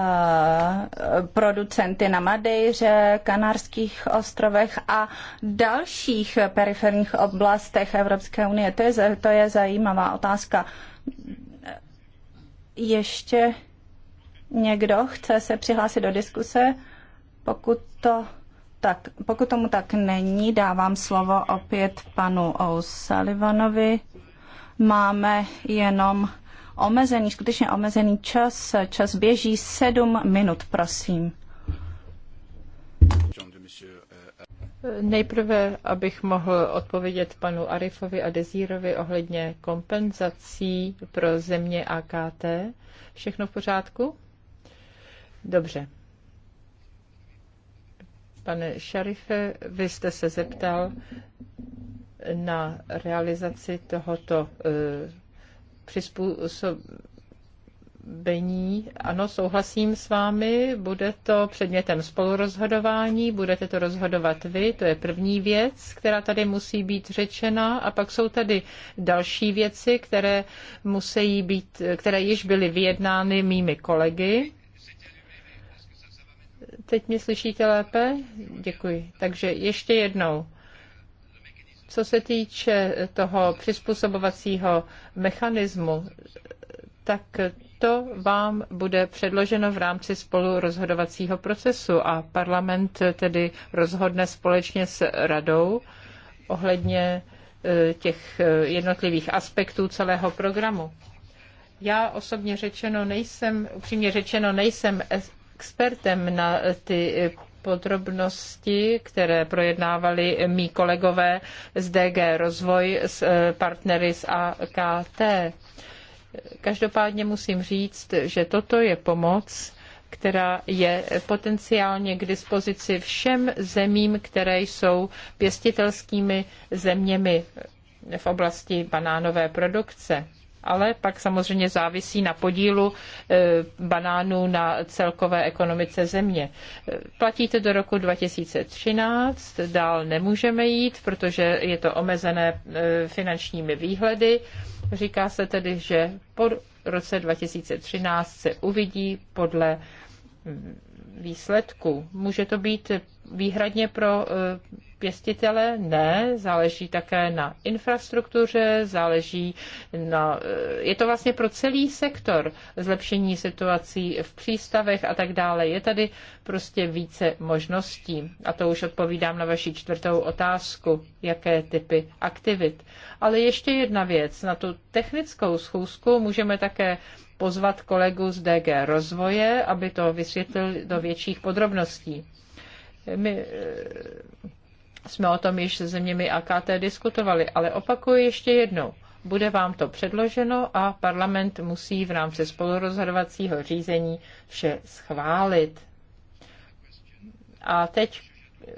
Speaker 2: producenty na Madejře, Kanárských ostrovech a dalších periferních oblastech Evropské unie. To je, to je zajímavá otázka. Ještě někdo chce se přihlásit do diskuse? Pokud, to, tak, pokud tomu tak není, dávám slovo opět panu O'Sullivanovi máme jenom omezený, skutečně omezený čas. Čas běží sedm minut, prosím.
Speaker 4: Nejprve, abych mohl odpovědět panu Arifovi a Dezírovi ohledně kompenzací pro země AKT. Všechno v pořádku? Dobře. Pane Šarife, vy jste se zeptal na realizaci tohoto eh, přizpůsobení. Ano, souhlasím s vámi, bude to předmětem spolurozhodování, budete to rozhodovat vy, to je první věc, která tady musí být řečena a pak jsou tady další věci, které musí být, které již byly vyjednány mými kolegy. Teď mě slyšíte lépe? Děkuji. Takže ještě jednou. Co se týče toho přizpůsobovacího mechanismu, tak to vám bude předloženo v rámci spolurozhodovacího procesu a parlament tedy rozhodne společně s radou ohledně e, těch e, jednotlivých aspektů celého programu. Já osobně řečeno nejsem, upřímně řečeno nejsem expertem na e, ty podrobnosti, které projednávali mý kolegové z DG Rozvoj s eh, partnery z AKT. Každopádně musím říct, že toto je pomoc, která je potenciálně k dispozici všem zemím, které jsou pěstitelskými zeměmi v oblasti banánové produkce ale pak samozřejmě závisí na podílu eh, banánů na celkové ekonomice země. Eh, Platíte do roku 2013, dál nemůžeme jít, protože je to omezené eh, finančními výhledy. Říká se tedy, že po roce 2013 se uvidí podle mm, výsledku. Může to být výhradně pro e, pěstitele? Ne, záleží také na infrastruktuře, záleží na... E, je to vlastně pro celý sektor zlepšení situací v přístavech a tak dále. Je tady prostě více možností. A to už odpovídám na vaši čtvrtou otázku, jaké typy aktivit. Ale ještě jedna věc. Na tu technickou schůzku můžeme také pozvat kolegu z DG rozvoje, aby to vysvětlil do větších podrobností. My e, jsme o tom již se zeměmi AKT diskutovali, ale opakuju ještě jednou. Bude vám to předloženo a parlament musí v rámci spolurozhodovacího řízení vše schválit. A teď e,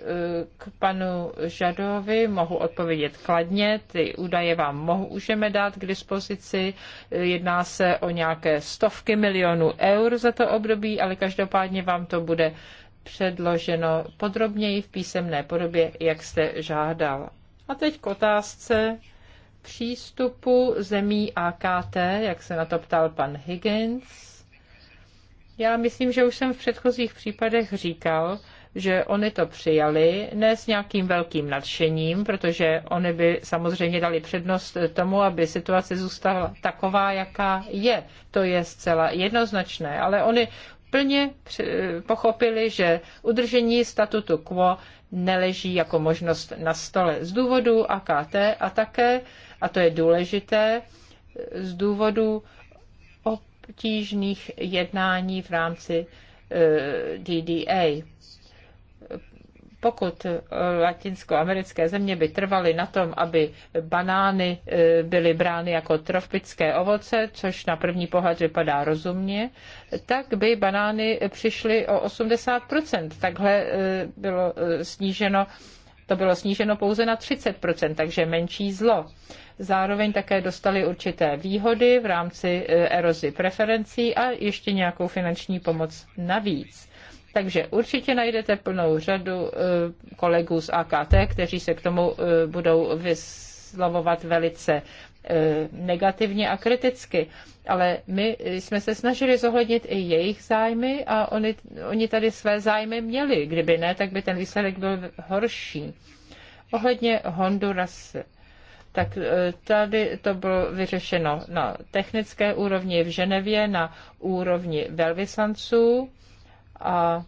Speaker 4: k panu Žadovi mohu odpovědět kladně. Ty údaje vám mohu, můžeme dát k dispozici. E, jedná se o nějaké stovky milionů eur za to období, ale každopádně vám to bude předloženo podrobněji v písemné podobě, jak jste žádal. A teď k otázce přístupu zemí AKT, jak se na to ptal pan Higgins. Já myslím, že už jsem v předchozích případech říkal, že oni to přijali, ne s nějakým velkým nadšením, protože oni by samozřejmě dali přednost tomu, aby situace zůstala taková, jaká je. To je zcela jednoznačné, ale oni plně pochopili, že udržení statutu quo neleží jako možnost na stole z důvodu AKT a také, a to je důležité, z důvodu obtížných jednání v rámci eh, DDA. Pokud eh, latinskoamerické země by trvaly na tom, aby banány eh, byly brány jako tropické ovoce, což na první pohled vypadá rozumně, tak by banány přišly o 80%. Takhle eh, bylo sníženo to bylo sníženo pouze na 30%, takže menší zlo. Zároveň také dostali určité výhody v rámci erozy preferencí a ještě nějakou finanční pomoc navíc. Takže určitě najdete plnou řadu eh, kolegů z AKT, kteří se k tomu eh, budou vyslovovat velice eh, negativně a kriticky. Ale my jsme se snažili zohlednit i jejich zájmy a oni, oni tady své zájmy měli. Kdyby ne, tak by ten výsledek byl horší. Ohledně Honduras, tak tady to bylo vyřešeno na technické úrovni v Ženevě, na úrovni velvyslanců a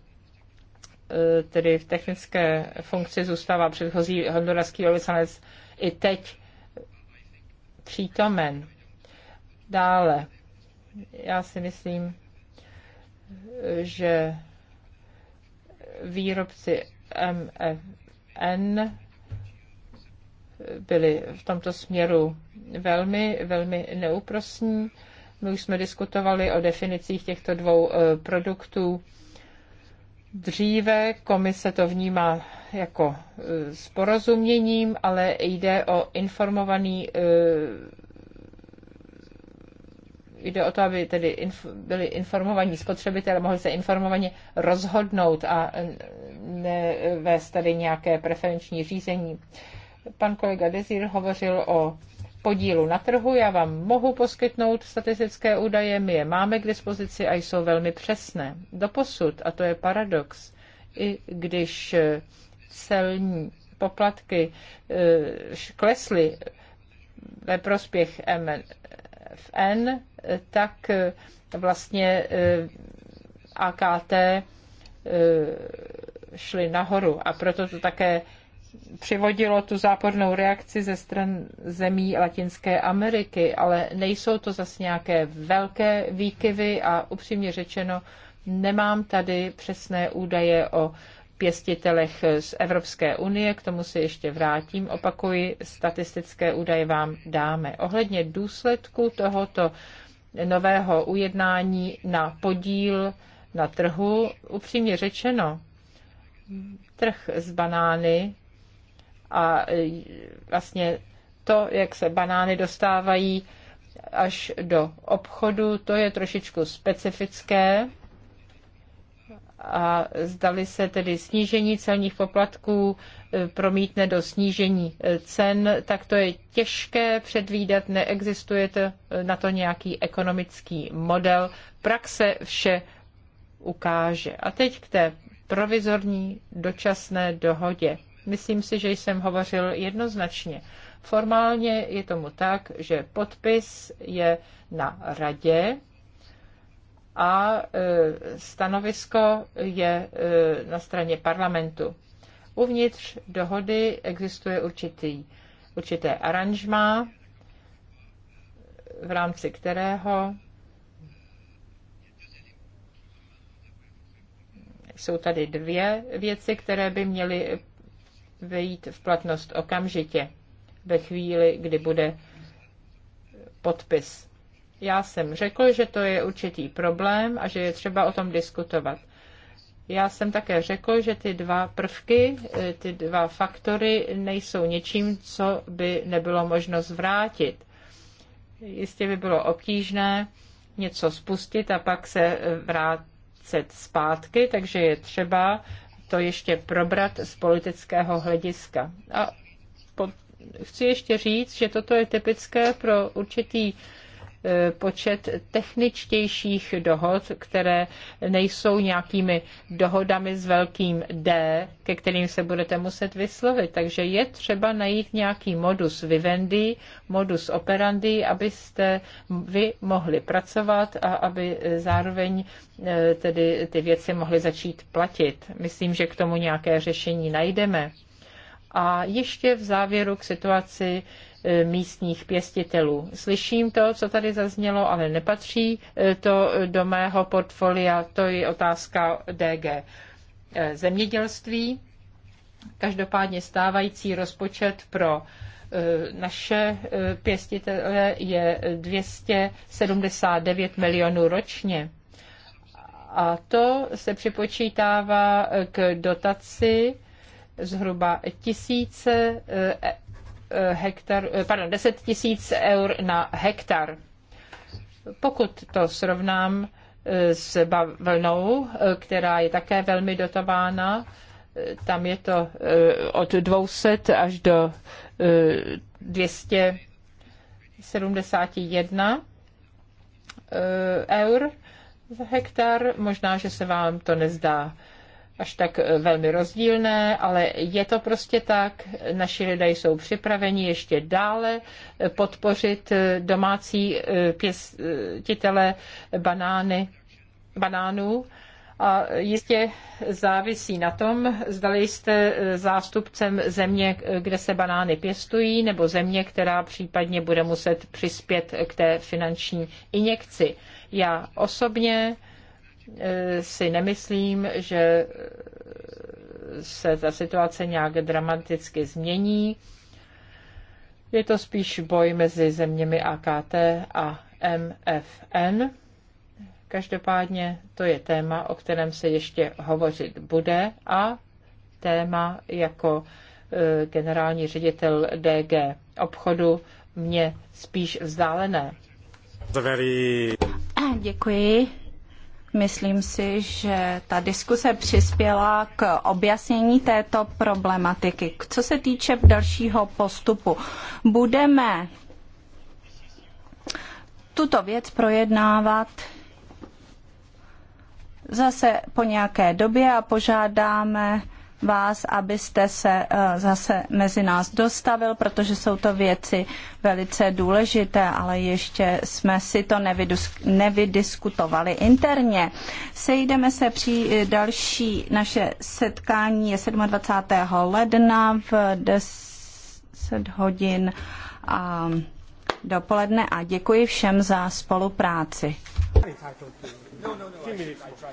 Speaker 4: e, tedy v technické funkci zůstává předchozí honduraský velvyslanec i teď přítomen. Dále, já si myslím, že výrobci MFN byli v tomto směru velmi, velmi neúprosní. My už jsme diskutovali o definicích těchto dvou e, produktů Dříve komise to vnímá jako e, s porozuměním, ale jde o informovaný e, jde o to, aby tedy inf- byli informovaní spotřebitelé, mohli se informovaně rozhodnout a e, nevést tady nějaké preferenční řízení. Pan kolega Dezír hovořil o podílu na trhu. Já vám mohu poskytnout statistické údaje, my je máme k dispozici a jsou velmi přesné. Doposud, a to je paradox, i když eh, celní poplatky eh, klesly ve prospěch MFN, eh, tak vlastně AKT šly nahoru a proto to také přivodilo tu zápornou reakci ze stran zemí Latinské Ameriky, ale nejsou to zase nějaké velké výkyvy a upřímně řečeno, nemám tady přesné údaje o pěstitelech z Evropské unie, k tomu se ještě vrátím. Opakuji, statistické údaje vám dáme. Ohledně důsledku tohoto nového ujednání na podíl na trhu, upřímně řečeno, trh z banány a e, vlastně to, jak se banány dostávají až do obchodu, to je trošičku specifické. A zdali se tedy snížení celních poplatků e, promítne do snížení e, cen, tak to je těžké předvídat, neexistuje to, na to nějaký ekonomický model. Praxe vše ukáže. A teď k té provizorní dočasné dohodě. Myslím si, že jsem hovořil jednoznačně. Formálně je tomu tak, že podpis je na radě a e, stanovisko je e, na straně parlamentu. Uvnitř dohody existuje určitý, určité aranžma, v rámci kterého jsou tady dvě věci, které by měly vejít v platnost okamžitě, ve chvíli, kdy bude podpis. Já jsem řekl, že to je určitý problém a že je třeba o tom diskutovat. Já jsem také řekl, že ty dva prvky, eh, ty dva faktory nejsou něčím, co by nebylo možno zvrátit. Jistě by bylo obtížné něco spustit a pak se vrátit zpátky, takže je třeba to ještě probrat z politického hlediska. A po, chci ještě říct, že toto je typické pro určitý E, počet techničtějších dohod, které nejsou nějakými dohodami s velkým D, ke kterým se budete muset vyslovit. Takže je třeba najít nějaký modus vivendi, modus operandi, abyste vy mohli pracovat a aby zároveň e, tedy ty věci mohly začít platit. Myslím, že k tomu nějaké řešení najdeme. A ještě v závěru k situaci E, místních pěstitelů. Slyším to, co tady zaznělo, ale nepatří e, to do mého portfolia. To je otázka DG e, zemědělství. Každopádně stávající rozpočet pro naše pěstitele je 279 milionů ročně. A to se připočítává k dotaci zhruba tisíce Eh, hektar, eh, pardon, 10 tisíc eur na hektar. Pokud to srovnám eh, s bavlnou, která je také velmi dotována, tam je to od 200 až do 271 eur za hektar. Možná, že se vám to nezdá až tak velmi rozdílné, ale je to prostě tak. Naši lidé jsou připraveni ještě dále podpořit domácí eh, pěstitele banány, banánů. A jistě závisí na tom, zdali jste eh, zástupcem země, kde se banány pěstují, nebo země, která případně bude muset přispět k té finanční injekci. Já osobně Eh, si nemyslím, že eh, se ta situace nějak dramaticky změní. Je to spíš boj mezi zeměmi AKT a MFN. Každopádně to je téma, o kterém se ještě hovořit bude a téma jako eh, generální ředitel DG obchodu mě spíš vzdálené.
Speaker 2: Děkuji. Myslím si, že ta diskuse přispěla k objasnění této problematiky. Co se týče dalšího postupu, budeme tuto věc projednávat zase po nějaké době a požádáme vás, abyste se eh, zase mezi nás dostavil, protože jsou to věci velice důležité, ale ještě jsme si to nevydiskutovali interně. Sejdeme se při eh, další naše setkání je 27. ledna v 10 hodin a dopoledne a děkuji všem za spolupráci.
Speaker 1: No, no, no,